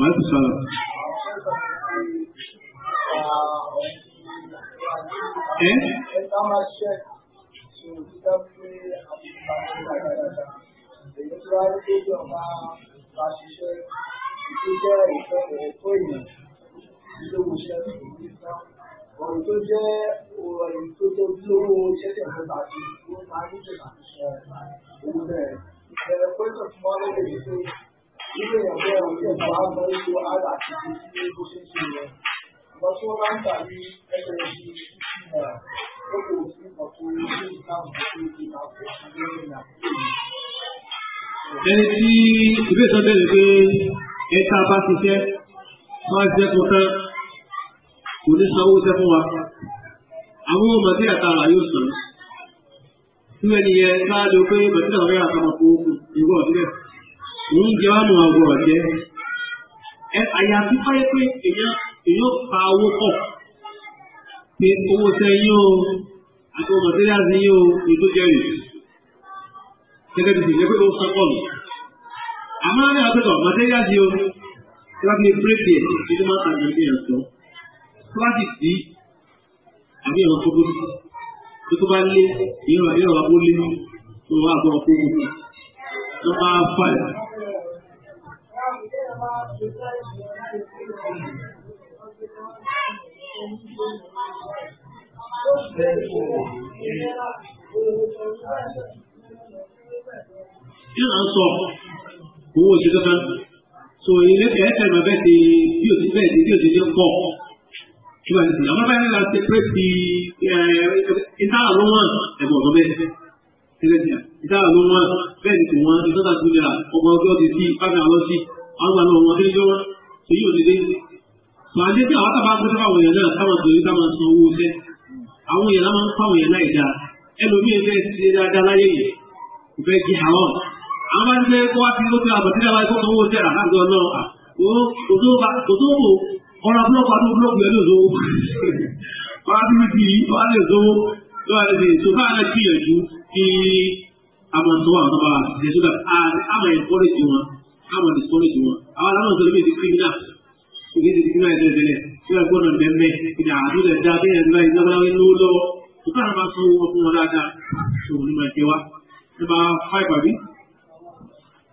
wa salam eh Thank you. bẹ̀rẹ̀ pé ẹ̀ta bá ti tẹ́ wọ́n á jẹ́ kó tán kò ní san owó tẹ́ fún wa. àwọn ọmọdé àtàrà yóò sàn. tí wọ́n yẹ káàdó pé bàtìlá ọ̀rẹ́ àtàwọn kò ìwọ ọ̀dẹ́. òun jẹ́ wàá mọ àwọ̀ ọ̀dẹ́. ẹ àyàfi báyé pé èèyàn èèyàn pa owó pọ̀ pé owó tẹ yín o àti ọmọdé yá sí yín o ètò jẹ́rìí. gẹ́gẹ́ bí ti jẹ́ pé ó sọ́kọ̀ nù. Amana àtọ̀tọ̀ materials yìí o tí wọ́n fi break there máa ń tàbí ẹgbẹ́ yẹn sọ. Kíláàsì tí àbí ẹ̀rọ fọ́tò tó tó bá lé ìrọ̀ ìrọ̀ àbó lé tó wà àbọ̀ ọkọ̀ òkú tó máa fà yà. Ìlànà sọ. owó oṣù tó máa so ilé ẹ̀ẹ́sẹ̀ máa bẹ́ẹ̀ ti bí òsì bẹ́ẹ̀ ti bí òsì tó pọ̀ ṣùgbọ́n àti àwọn bá yẹn láti pé ti ìtara ló wọ́n ẹ̀bùn ọ̀dọ́ bẹ́ẹ̀ tẹ́lẹ̀tìyà ìtara ló wọ́n bẹ́ẹ̀ ni kò wọ́n ti sọ́tà tó nira ọmọ ọjọ́ ti sí bákan àlọ́ sí àwọn àlọ́ wọn tó yọ èyí ò dédé sọ àdé tí àwọn tábà gbé sábà wọ̀nyẹn náà táwọn tó yẹ táwọn san owó iṣẹ́ àwọn yẹn náà máa ń fáwọn yẹn náà ìjà ẹlòmíín fẹ́ẹ́ ṣe dáadáa láyé yìí ဘယ်ကြီးဟော Amande kwa tingo tira batira wa ikoto wo tira na ndo lo a. O odo ba odo bo ora block ba do block yo zo. Ba ti mi ti ba le zo lo ale ti so ba le ti ju ti amando wa ndo ba ti so da a ama e kore ti wa. Ama ni kore ti wa. Ama la no so le ti criminal. Ti ti criminal de de le. Ti la ko no de me ti na adu de da be na ina ba ni lo lo. Ti ka ma so wo ko la da. So ni ma ti wa. Ti ba five ba bi.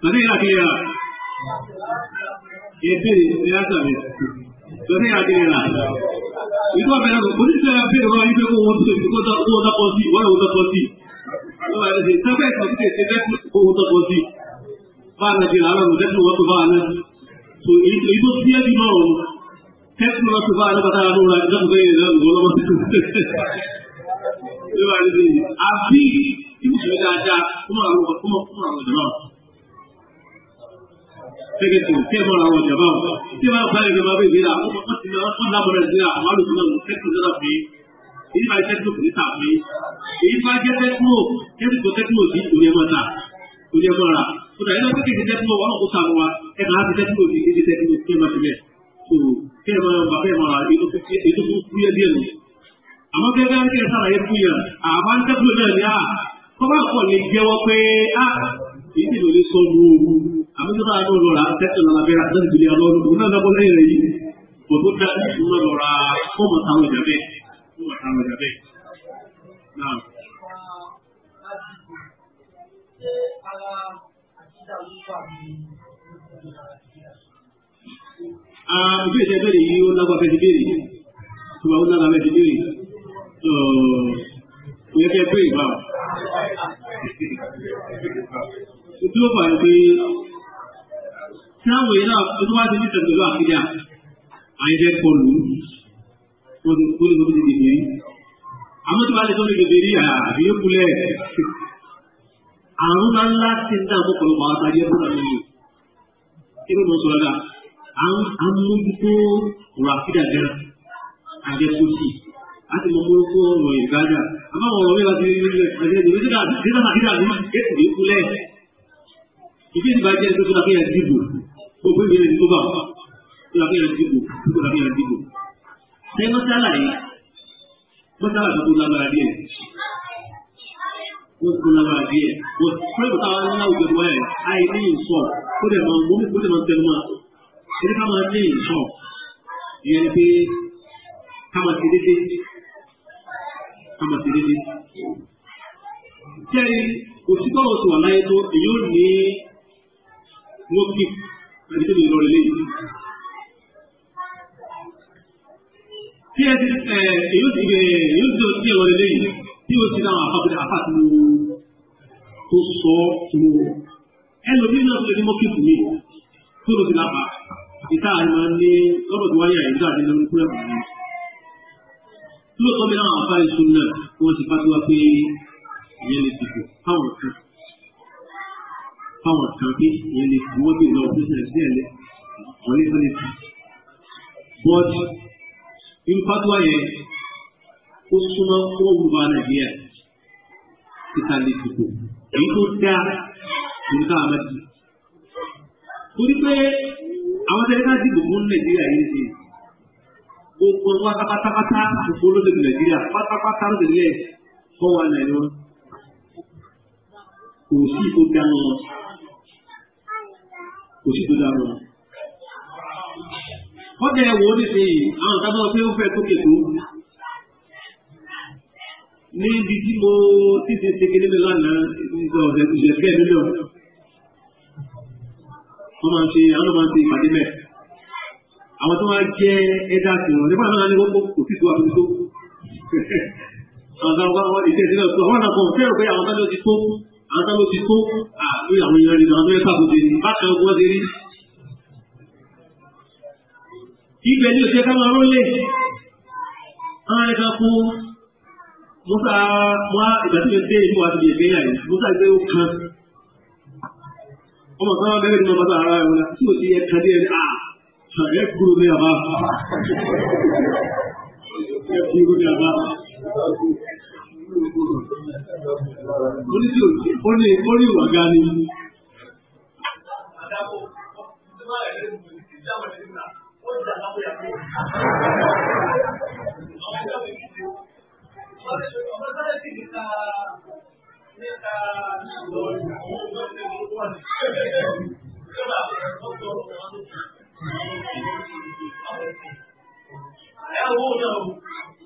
Tadi akhirnya, itu biasa ni. Tadi akhirnya, itu apa yang polis saya pergi ke itu aku untuk itu kota kota polisi, wah kota polisi. Kalau ada sih, tapi kalau kita tidak kota polisi, mana jalan mudah tu waktu mana. So itu itu dia di mana. Tes waktu mana kata ada orang jam gaya jam golongan itu. Itu ada sih. Abi itu sudah ada, kuma kuma kuma ada. سكتوا كيف راهو شباب كيف خالد ما بي بلا قلنا قلنا برزيا قالوا كنا نسكتوا زرا في إيه ما يسكتوا في تعبي إيه ما يسكتوا كيف تسكتوا في دنيا ماذا دنيا ماذا فده إذا كنت تسكتوا وأنا قصاروا إيه ما تسكتوا في إيه تسكتوا كيف ما تجي تو كيف ما بقي ما إيه تو إيه تو كويا ديالو أما كيف كان كيف صار يكويا أبان تسكتوا لا ဘာကိုလေကြောပေးအာ ini loli sonu ami to ado lora tete na labera dan bili ado una na ko nei rei ko to da una lora ko ma tawo jabe ko ma tawo jabe na Ah, mtu yeyote yule yule na kwa kibiri. Tunaona na mimi kibiri. So, wewe pia ba. ìdúró pàdé pé sáwọn èèyàn náà tó wá sí ní tẹ̀lé pẹ̀lú àkídà àyẹ̀fẹ́ kọlù ó ní kó ti dìbò yìí. àmọ́ tí wàá lè tọ́jú dìbò yìí àbí yóò kulẹ̀ àrùn bá ńlá ti ń dáàbò pẹ̀lú àwọn àtàjẹ́ fún àwọn ènìyàn. kí ló ń sọ ọ́dà àmójútó ọ̀rọ̀ àkídà gẹ́rà àyẹ̀fẹ́ kó sí àti mọ̀ mọ́ fún ọ̀rọ̀ ìgbàdà àmọ́ ọ̀rọ̀ mi láti rí rí rí rí rí rí rí rí rí rí rí rí rí rí rí rí Ibi ti bàjẹ́ pé kódà kéèyàn dìbò gbogbo ìwé ni gbogbo àwọn kódà kéèyàn dìbò kódà kéèyàn dìbò. Ṣé mọ́sálà yìí mọ́sálà tó kó lágbára díẹ̀? Wọ́n kó lágbára díẹ̀. Wọ́n fẹ́ bàtà wọn ní àwùjọ tó wáyà àì ní ìsọ̀ kó dẹ̀ máa mú kó dẹ̀ máa tẹnu máa. Ṣé ká máa ní ìsọ̀? Ìyẹn ni pé ká máa ti dédé. Ká máa ti dédé. Ṣé òṣìkọ́ òṣùwà láyé tó èyí ò ní wọ́n kí ẹ̀sìn ìrọ̀lẹ́ lẹ́yìn. tí ẹ èyí ti ẹ èyí ti ọtí ìrọ̀lẹ́ lẹ́yìn tí o ti dáhùn àfàbílẹ̀ àfàtúwò tó sọ mo ẹlòmíín náà tó lè mọ́ kíkù mi tó lọ sí lápá ìta àìmọ̀ ní lọ́dọ̀ tó wáyé àyíká àti lọ́dún kúrẹ́ pàdé. lóòótọ́ mi náà àfáà ìṣúná wọn ti fatuwa pé ìyẹn lè dìbò fáwọn kan. àwọn kan pé ìyẹn lè fi owó bíi lọ sí ṣẹlẹ̀ díẹ̀ lẹ wọn lè fẹlẹ fi but irú fatuwa yẹn ó súnmọ́ owó wúwa nàìjíríà títà lè dìbò èyí tó dáa ìlú káwọn mẹ́tì torí pé àwọn tẹ̀lé ká dìbò fún nàìjíríà yìí ti gbogbo wa pátápátá gbogbo olóṣèlú nàìjíríà pátápátá ló tẹ̀lé kọ́ wa nàìjíríà kò sí ìfowópamọ́. kò sí tó dáa lọ. wọ́n tẹ̀ wọ́n ní sèyí àwọn tábọ̀ pé ó fẹ́ tókè tó. níbi tí mo ti ṣe ṣe kéde lánàá nǹkan ọ̀sẹ̀ ìṣẹ̀fẹ́ mílíọ̀nù. wọ́n máa ń ṣe àwọn máa ń ṣe ìpàdé mẹ́ẹ̀ àwọn tó máa jẹ ẹ̀dá sí wọn nígbà náà ni wọn kó kò sí tó àbí tó àwọn kan wọn ìṣe ìṣe náà tó àwọn náà kò fẹ́ràn pé àwọn kan ló ti tó àwọn tó ló ti kó àbí àwọn èèyàn nínú àwọn tó yẹ káàkó dèrè bákan ọgbọ́n dèrè. ibẹ̀ ni òṣìṣẹ́ ká máa rólé àwọn ẹ̀ka kó musa wá ìgbà tí mo dé ìlú wa ti lè gbé yàrá musa gbé ó kan ọmọ kan wọn bẹ̀rẹ̀ ní ọmọ bàbá ara rẹ̀ wọn tí o ti yẹ kan dé ẹni à ẹ kúrò ní àbá ẹ kúrò ní àbá. ó ní ó ní ìwà gan ni. Thank you.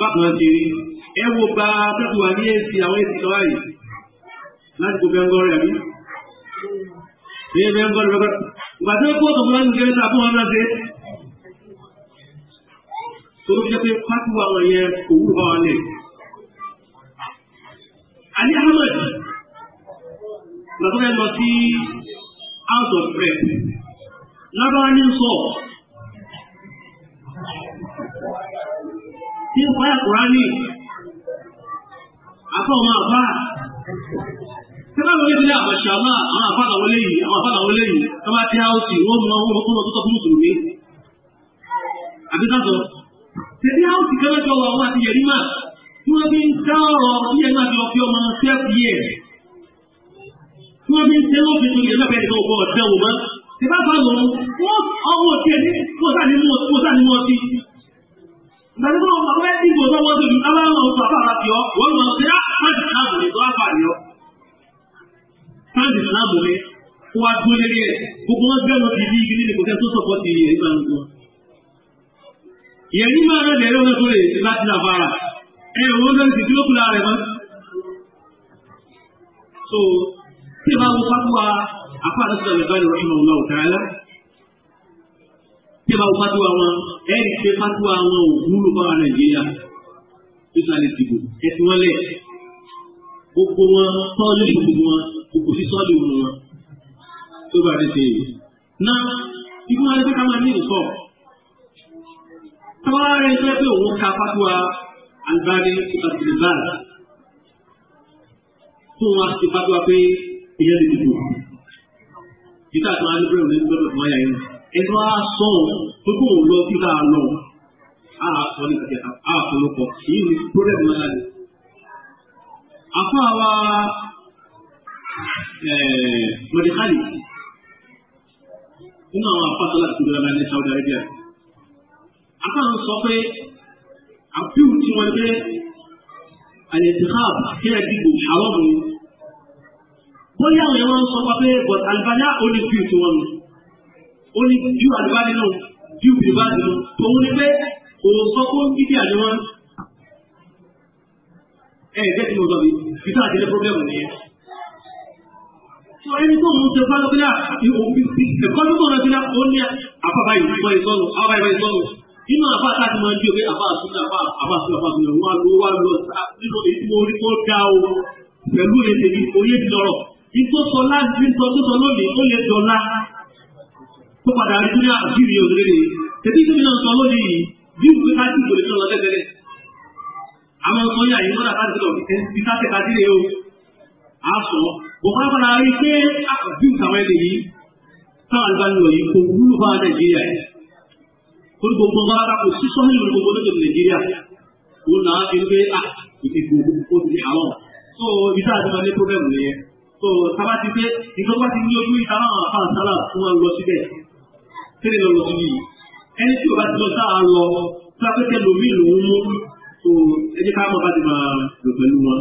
bákan ti rí ẹ wo gba pẹ́pù wa ní èsì àwọn èsì lọ́wọ́ yìí láti kó bẹ́ńgọ́rì àbí. ní bẹ́ńgọ́rì bẹ́ńgọ́rì ìgbà tí ó kó tó fún ẹnìkan níta fún wọn náà ṣe. torí jẹ́ pé pátí wa wọ̀nyí yẹn kò wú bá wọn lè. àní ahmed lọ́tọ́ ẹ lọ sí out of breath. Labani saw. Tí ń fáyà Kùránì, àfọ́ ọmọ àfá. Tẹ́lá wọlé ti ní àbàṣà máa àwọn àfádà wọlé yìí, àwọn àfádà wọlé yìí, tó bá tí a ó sì wọ́n mú àwọn ọmọ tó tọ́ fún Mùsùlùmí. Àbíkásọ, tẹ̀lé a ó sì kẹ́lẹ́kọ̀ọ́ àwọn àti Yẹ̀rí máa, tí wọ́n fi ń dá ọ̀rọ̀ tí yẹn náà fi ọ̀fẹ́ ọmọ sẹ́ẹ̀fì yẹ̀. ti tún yẹn lọ́pẹ́ ẹnìkan òkú ọ̀dẹ́ wò mọ́ tí bá bá lòun wọ́n ọwọ́ tiẹ̀ ní kóòtà ní mọ́ ọtí. Ìgbàlódé wọn bàbá ẹ̀ dìbò sọ́wọ́ tóbi bàbá wọn ò bàbá àbá fi ọ́ wọ́n mọ̀ sí áàpàdì náà lè tó àbá ni ọ́. Sáǹdì náà bò ní kó wá dúró lérí ẹ̀ gbogbo wọn gbé wọn ti di igi nínú ìkọ̀tẹ́ tó sọ̀kọ́ ti yẹ̀ nígbà wọn. Ìyẹn ní máa rẹ̀ lẹ́rọ̀ náà tó lè láti nà fara. Ẹ tí ìmọ̀ àwọn fatuwa afa àdásílẹ̀ lẹ́gbẹ̀ẹ́ ní rọ́ṣìmọ̀ ọ̀la ọ̀tàlá tí ìmọ̀ àwọn fatuwa wọn ẹ̀rí pé fatuwa wọn ò wúlò bá wa nàìjíríà ìsàlẹ̀ ìdìbò ẹ̀sìn wọn lẹ̀ gbogbo wọn tọ́lú gbogbo wọn gbogbo sí sọ́ọ̀lù wọn tó bá dé ṣe yìí. na ìfún wa ẹgbẹ́ ká máa ní ìsọ̀ tọ́wọ́ rẹ̀ ṣe pé òun ka fatuwa albani ìtàkùnrin báyìí tó wọn ti fatuwa pé ìyẹn lè dìbò títà tó wáyé pé òun ní gbọ́dọ̀ tó wáyà yẹn ẹni wá sọ ọ pé kó òun lọ títà lọ á sọ ní kàkẹ́ á sọ ló pọ̀ èyí ni pírọ́lẹ́mù náà ni. àfọ àwa mọ̀dékálì nínú àwọn afásọ́lá àti ìgbéra ní Saudi Arabia àfáà ń sọ pé àfíù tí wọ́n gbé àyẹ̀tìkáàbù kí ẹ dìbò àwọn ọmọ yìí bóyá àwọn ẹ̀wọ̀n sọ pa pé but alibana ó ní ju ètò wọn nù ó ní ju alibani nù ju bilibani nù tòun ni pé òun sọ kó bíbí àdéhùn ẹ ẹ gẹ́gẹ́ bí mo sọ bí bíbí àdéhùn pọ́blẹ́mù nìyẹn. sọ ẹni tó ń ṣe fáwọn bílà ẹ̀kọ́ tó ń bílà ó ní àpapà ìfọ̀ ìsọ̀nù àpapà ìfọ̀ ìsọ̀nù nínú àpá àti máa ń jó pé àpá àtúntà àpá àpá àtúntà àpá àtúntà wọn á lọ wá lọ nínú èyí tí mo rí tó dá o pẹ̀lú èdè orí èdè lọ́rọ̀. Ìtò sọlá ju ń sọ tó sọ lónìí ó lè dọ̀la. Tó padà rí dúró àbírí òdúró rè. Tètè ìtòmí náà sọ lónìí yìí bí òkú ká sí ìgbòlè náà lọ́tẹ̀tẹ̀lẹ̀. Àwọn ọmọ yà yìí lọ́dà láti lọ fi sáfẹ́ ká sílẹ̀ o. À sọ, bò bá padà rí pé àbí ìtàwọn ẹlẹ́ yìí táwọn àgbà ń lọ yìí kò wúlò bá Nàìjíríà yìí. Torí gbogbo ọgbà bá kò sísọ́ nínú gbogbo lóde Nàìjíríà. Òun náà fi ń pé à ìdìbò ó ti àwọn. So ìdá àti so sábà ti pé ìjọba ti ní ojú ìta náà àfa àtàlà fún wa lọ síbẹ̀ kéde lọ lọ sí yìí ẹni tí o bá ti lọ sáà lọ sáfẹ́kẹ́ lomi lòún mú so ẹni ká máa bá ti máa lò pẹ̀lú wọn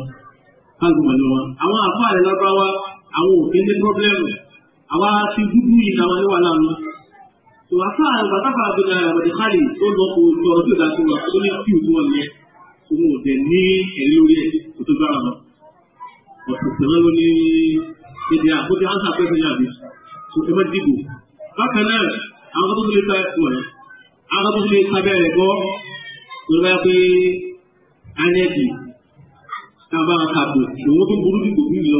ká lò pẹ̀lú wọn àwọn àfa àlẹ́ lábáwá àwọn òfin ní pírọ́blẹ́mù àwa ti dúdú yìí làwọn ẹwà lánàá so àfa àgbàtàfà àbẹ̀dà àbẹ̀dẹ̀kálì tó lọ kó lọ sí ìdásíwà tó ní kíù tó wọn yẹ òun ò dẹ̀ ní ẹ̀rí lórí ẹ̀ tó tó gbára náà. wọ́n ní ìdí àkójọ ánsà pé fún yàrá tó ẹ má dìbò bákan náà àwọn tó lè ta ẹ̀kọ́ rẹ̀ àwọn tó lè ta bẹ́ẹ̀ gbọ́ tó lè bá pé ányẹ́dì tábà kàbò lòun tó burú dìbò bí lọ.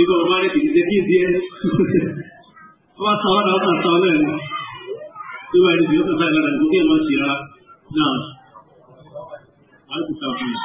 Ibi ọ̀rọ̀ máa ń rẹ̀ kìí ṣe bí ìdíyẹ. Wọ́n á sáwọn náà kàn sáwọn náà ni. Ibi ọ̀rọ̀ ìdíyẹ kàn sáwọn náà ni kò kí ẹ̀ máa ṣe ra náà. Wọ́n á kò sáwọn náà.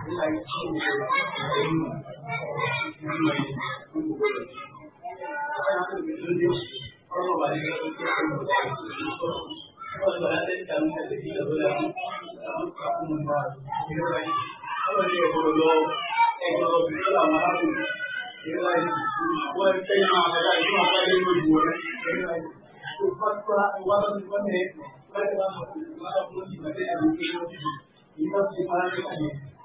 Gracias.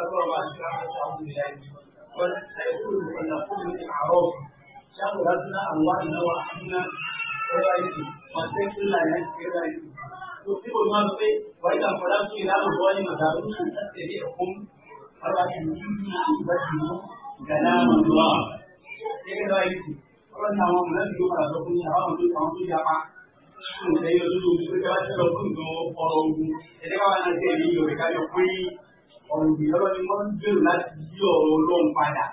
الله وسيقول فلنقول بالمعروف شغلتنا الله ورحمنا وسيقول لا يكفي تصيب المرء واذا فلت الى الظالم دارون ان تتبعهم فلكنني ابدل كلام الله ايه رايك؟ قلنا هو من الذي يقرا لكم يا رب انتم تعملوا يا بعض ṣùgbọ́n ẹ̀yọ́ lójú omi pé kí wọ́n ṣẹlẹ̀ fún ìgbọ̀n ọ̀rọ̀ ogun ẹ̀dẹ́gbàwá náà ṣe èyí yorùbá yọ pé ọ̀rọ̀ ìgbìyànjú ọlọ́ni wọ́n ń gbèrò láti yí ọ̀rọ̀ ọlọ́run padà.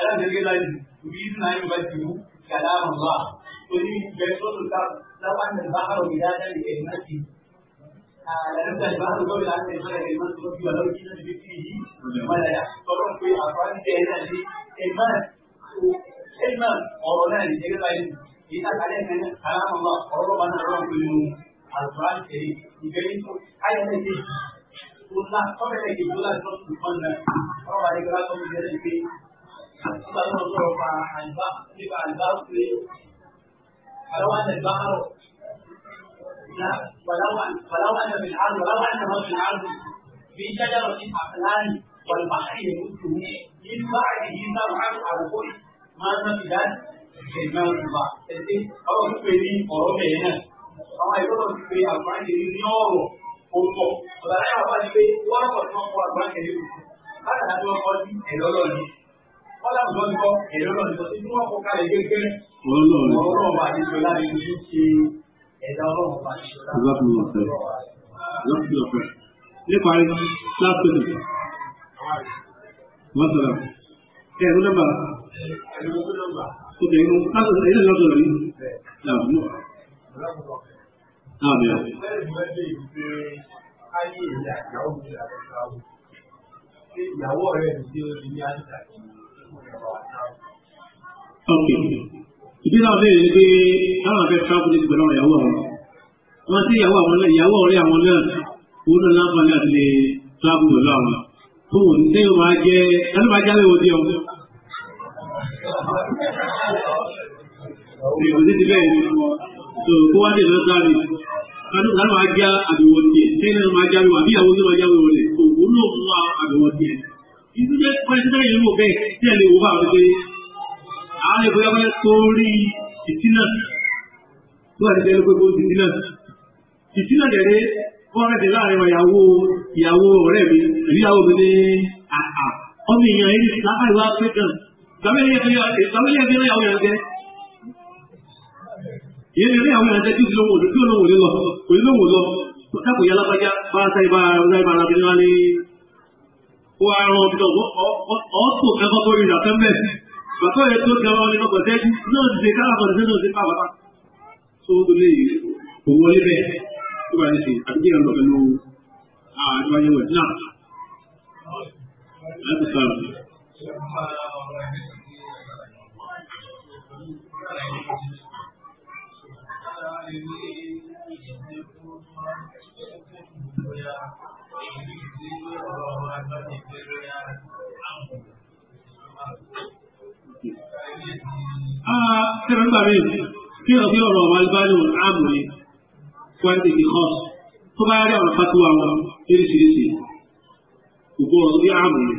ẹlẹ́dẹ̀ẹ́gẹ́ láti rí náà yóò bá ti wú kàlá àmàlà torí ìgbẹ́ sọ́tò ká láwọn àti bá àrò ìdá àtẹ́lẹ̀ kẹ̀ náà ti. àlàyé àti bá àrò lórí àti ìfẹ́ rẹ̀ máa ń tọ́jú ọlọ́run kí náà ti fi yí ìmọ̀láyà tọ́lọ́ pé àfọwọ́n tẹ̀ náà ní ẹ̀gbọ́n ẹ̀gbọ́n ọ̀rọ̀ náà ní ẹgbẹ́ báyìí ìta kalẹ̀ ní kàlá àmàlà ọ̀rọ̀ bá náà ìgbòlá tọ́mẹ̀lẹ̀ ìgbòlá tó ti kọ́ńdà wọ́n wà nígbà tó ti yẹlẹ̀ pé nígbà tó ń sọ̀rọ̀ pa àlùbá nípa àlùbá pé àlọ́wà ní ẹ̀gbá àrọ̀ wàláwà ní ẹ̀mí àrùn wàláwà ní ẹ̀mí àrùn bí jájàrọ̀ ní àkàlárì wàlùbá àyè ló tó ní nínú bá àyè yìí bá wà á àrùkọ́ máa ń nàbì dáàdì ẹ̀gbá àrùbá ẹ̀sìn ọ̀rọ̀ pípé ní ọ̀rọ̀ mẹ́rin náà àwọn ìgbọ́dọ̀ ti pe àgbáyé ní ọ̀rọ̀ ó pọ̀ ọ̀la náà wà ní pé wọ́n kọ̀ tí wọ́n kọ́ àgbà kẹ̀lé o báyà náà tí wọ́n kọ́ sí èrò lọ ni wọ́n láwùjọ lọ ti kọ́ èrò lọ ni wọ́n ti wọ́n kọ́ kalẹ̀ gẹ́gẹ́ ọlọ́run bá ti sọ láti ní ṣe ẹ̀dá ọlọ́run bá ti sọ láti. nípa ẹ̀ last question. wọ́n sọ̀rọ̀ ẹ̀ ló nọ́mbà. ok ẹ̀ ló nọ́mbà rẹ̀ ní. àmì àmì. hali yẹn àyàwó mi là lọ sáwó ṣé ìyàwó ọ̀rẹ́ mi tí ó rí ní àṣà yìí kò ní ọ̀rọ̀ àtàwọn. Okay. ìdí náà lè rí pé táwọn afẹ́ sáwó ní ìgbẹ́ náà ìyàwó àwọn wọn sí ìyàwó àwọn náà ìyàwó ọ̀rẹ́ àwọn náà òun náà láǹfààní àti lè sáwó pẹ̀lú àwọn fóun ní ìwà jẹ́ ẹni máa jálè òde ọ̀ Ìgbésí ti bẹ́ẹ̀ ni, so kó wá dé lọ sáré. kanu kanu aja abi wote tena ma aja abi abi awo ma aja wote ko wono wa abi wote idu je ko tena yi mo be te le wo ba o pe ale boya boya tori ìtinà tó àti tẹ́lẹ̀ pé kó ìtinà ìtinà dẹ̀rẹ́ kó ọ̀rẹ́ tẹ̀ láàrin wa ìyàwó ìyàwó ọ̀rẹ́ mi àbí ìyàwó mi ní àà ọmọ èèyàn yìí lápá ìwà pé kàn tàbí ẹ̀yẹ́ fi náà ìyàwó yẹn jẹ́ yẹn ní àwọn ẹ̀rọ tẹ́tí ló wò lójú olówó lé lọ kò ní lówó lọ káàkó yálà bájá bá a sáyé bá a sáyé bá a lábẹ́ níwá ní. ó wá rán ọbí náà ọ tó kẹ́kọ̀ọ́ tó rìn àfẹ́ mbẹ́ bàtọ́ yẹn tó kẹ́kọ̀ọ́ wọn ní ọkọ̀ tẹ́tí náà ti ṣe káàkó ní sẹ́nu ṣe káàkó náà. tó o lè kò wọlé bẹ́ẹ̀ tó bá yẹn ṣe àdúgbò yẹn lọ pẹ̀lú àdúgbò yẹn náà. láti sọ Thank you. كلام بعيد في غفير الرمال بال عام لي وعند خاص ثم يرجع الفتوى يرسل يرسل وقول يا عام لي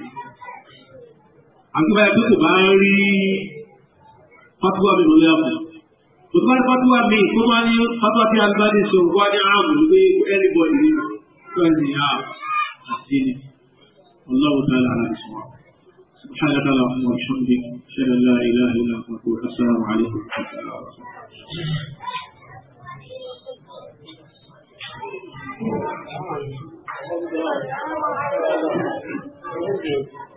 àti báyìí pé kò bá rí fatuwa mi lórí àpò òtún báyìí fatuwa mi tó máa ní fatuwa tí a ń bá ní sọ wá ní ààbò ní pé anybody ní tó ẹ̀ àti ní ọlọ́wọ́ tó àlàyé sọ wọn. سبحانك اللهم وبحمدك اشهد ان لا اله الا انت نقول السلام عليكم ورحمه الله وبركاته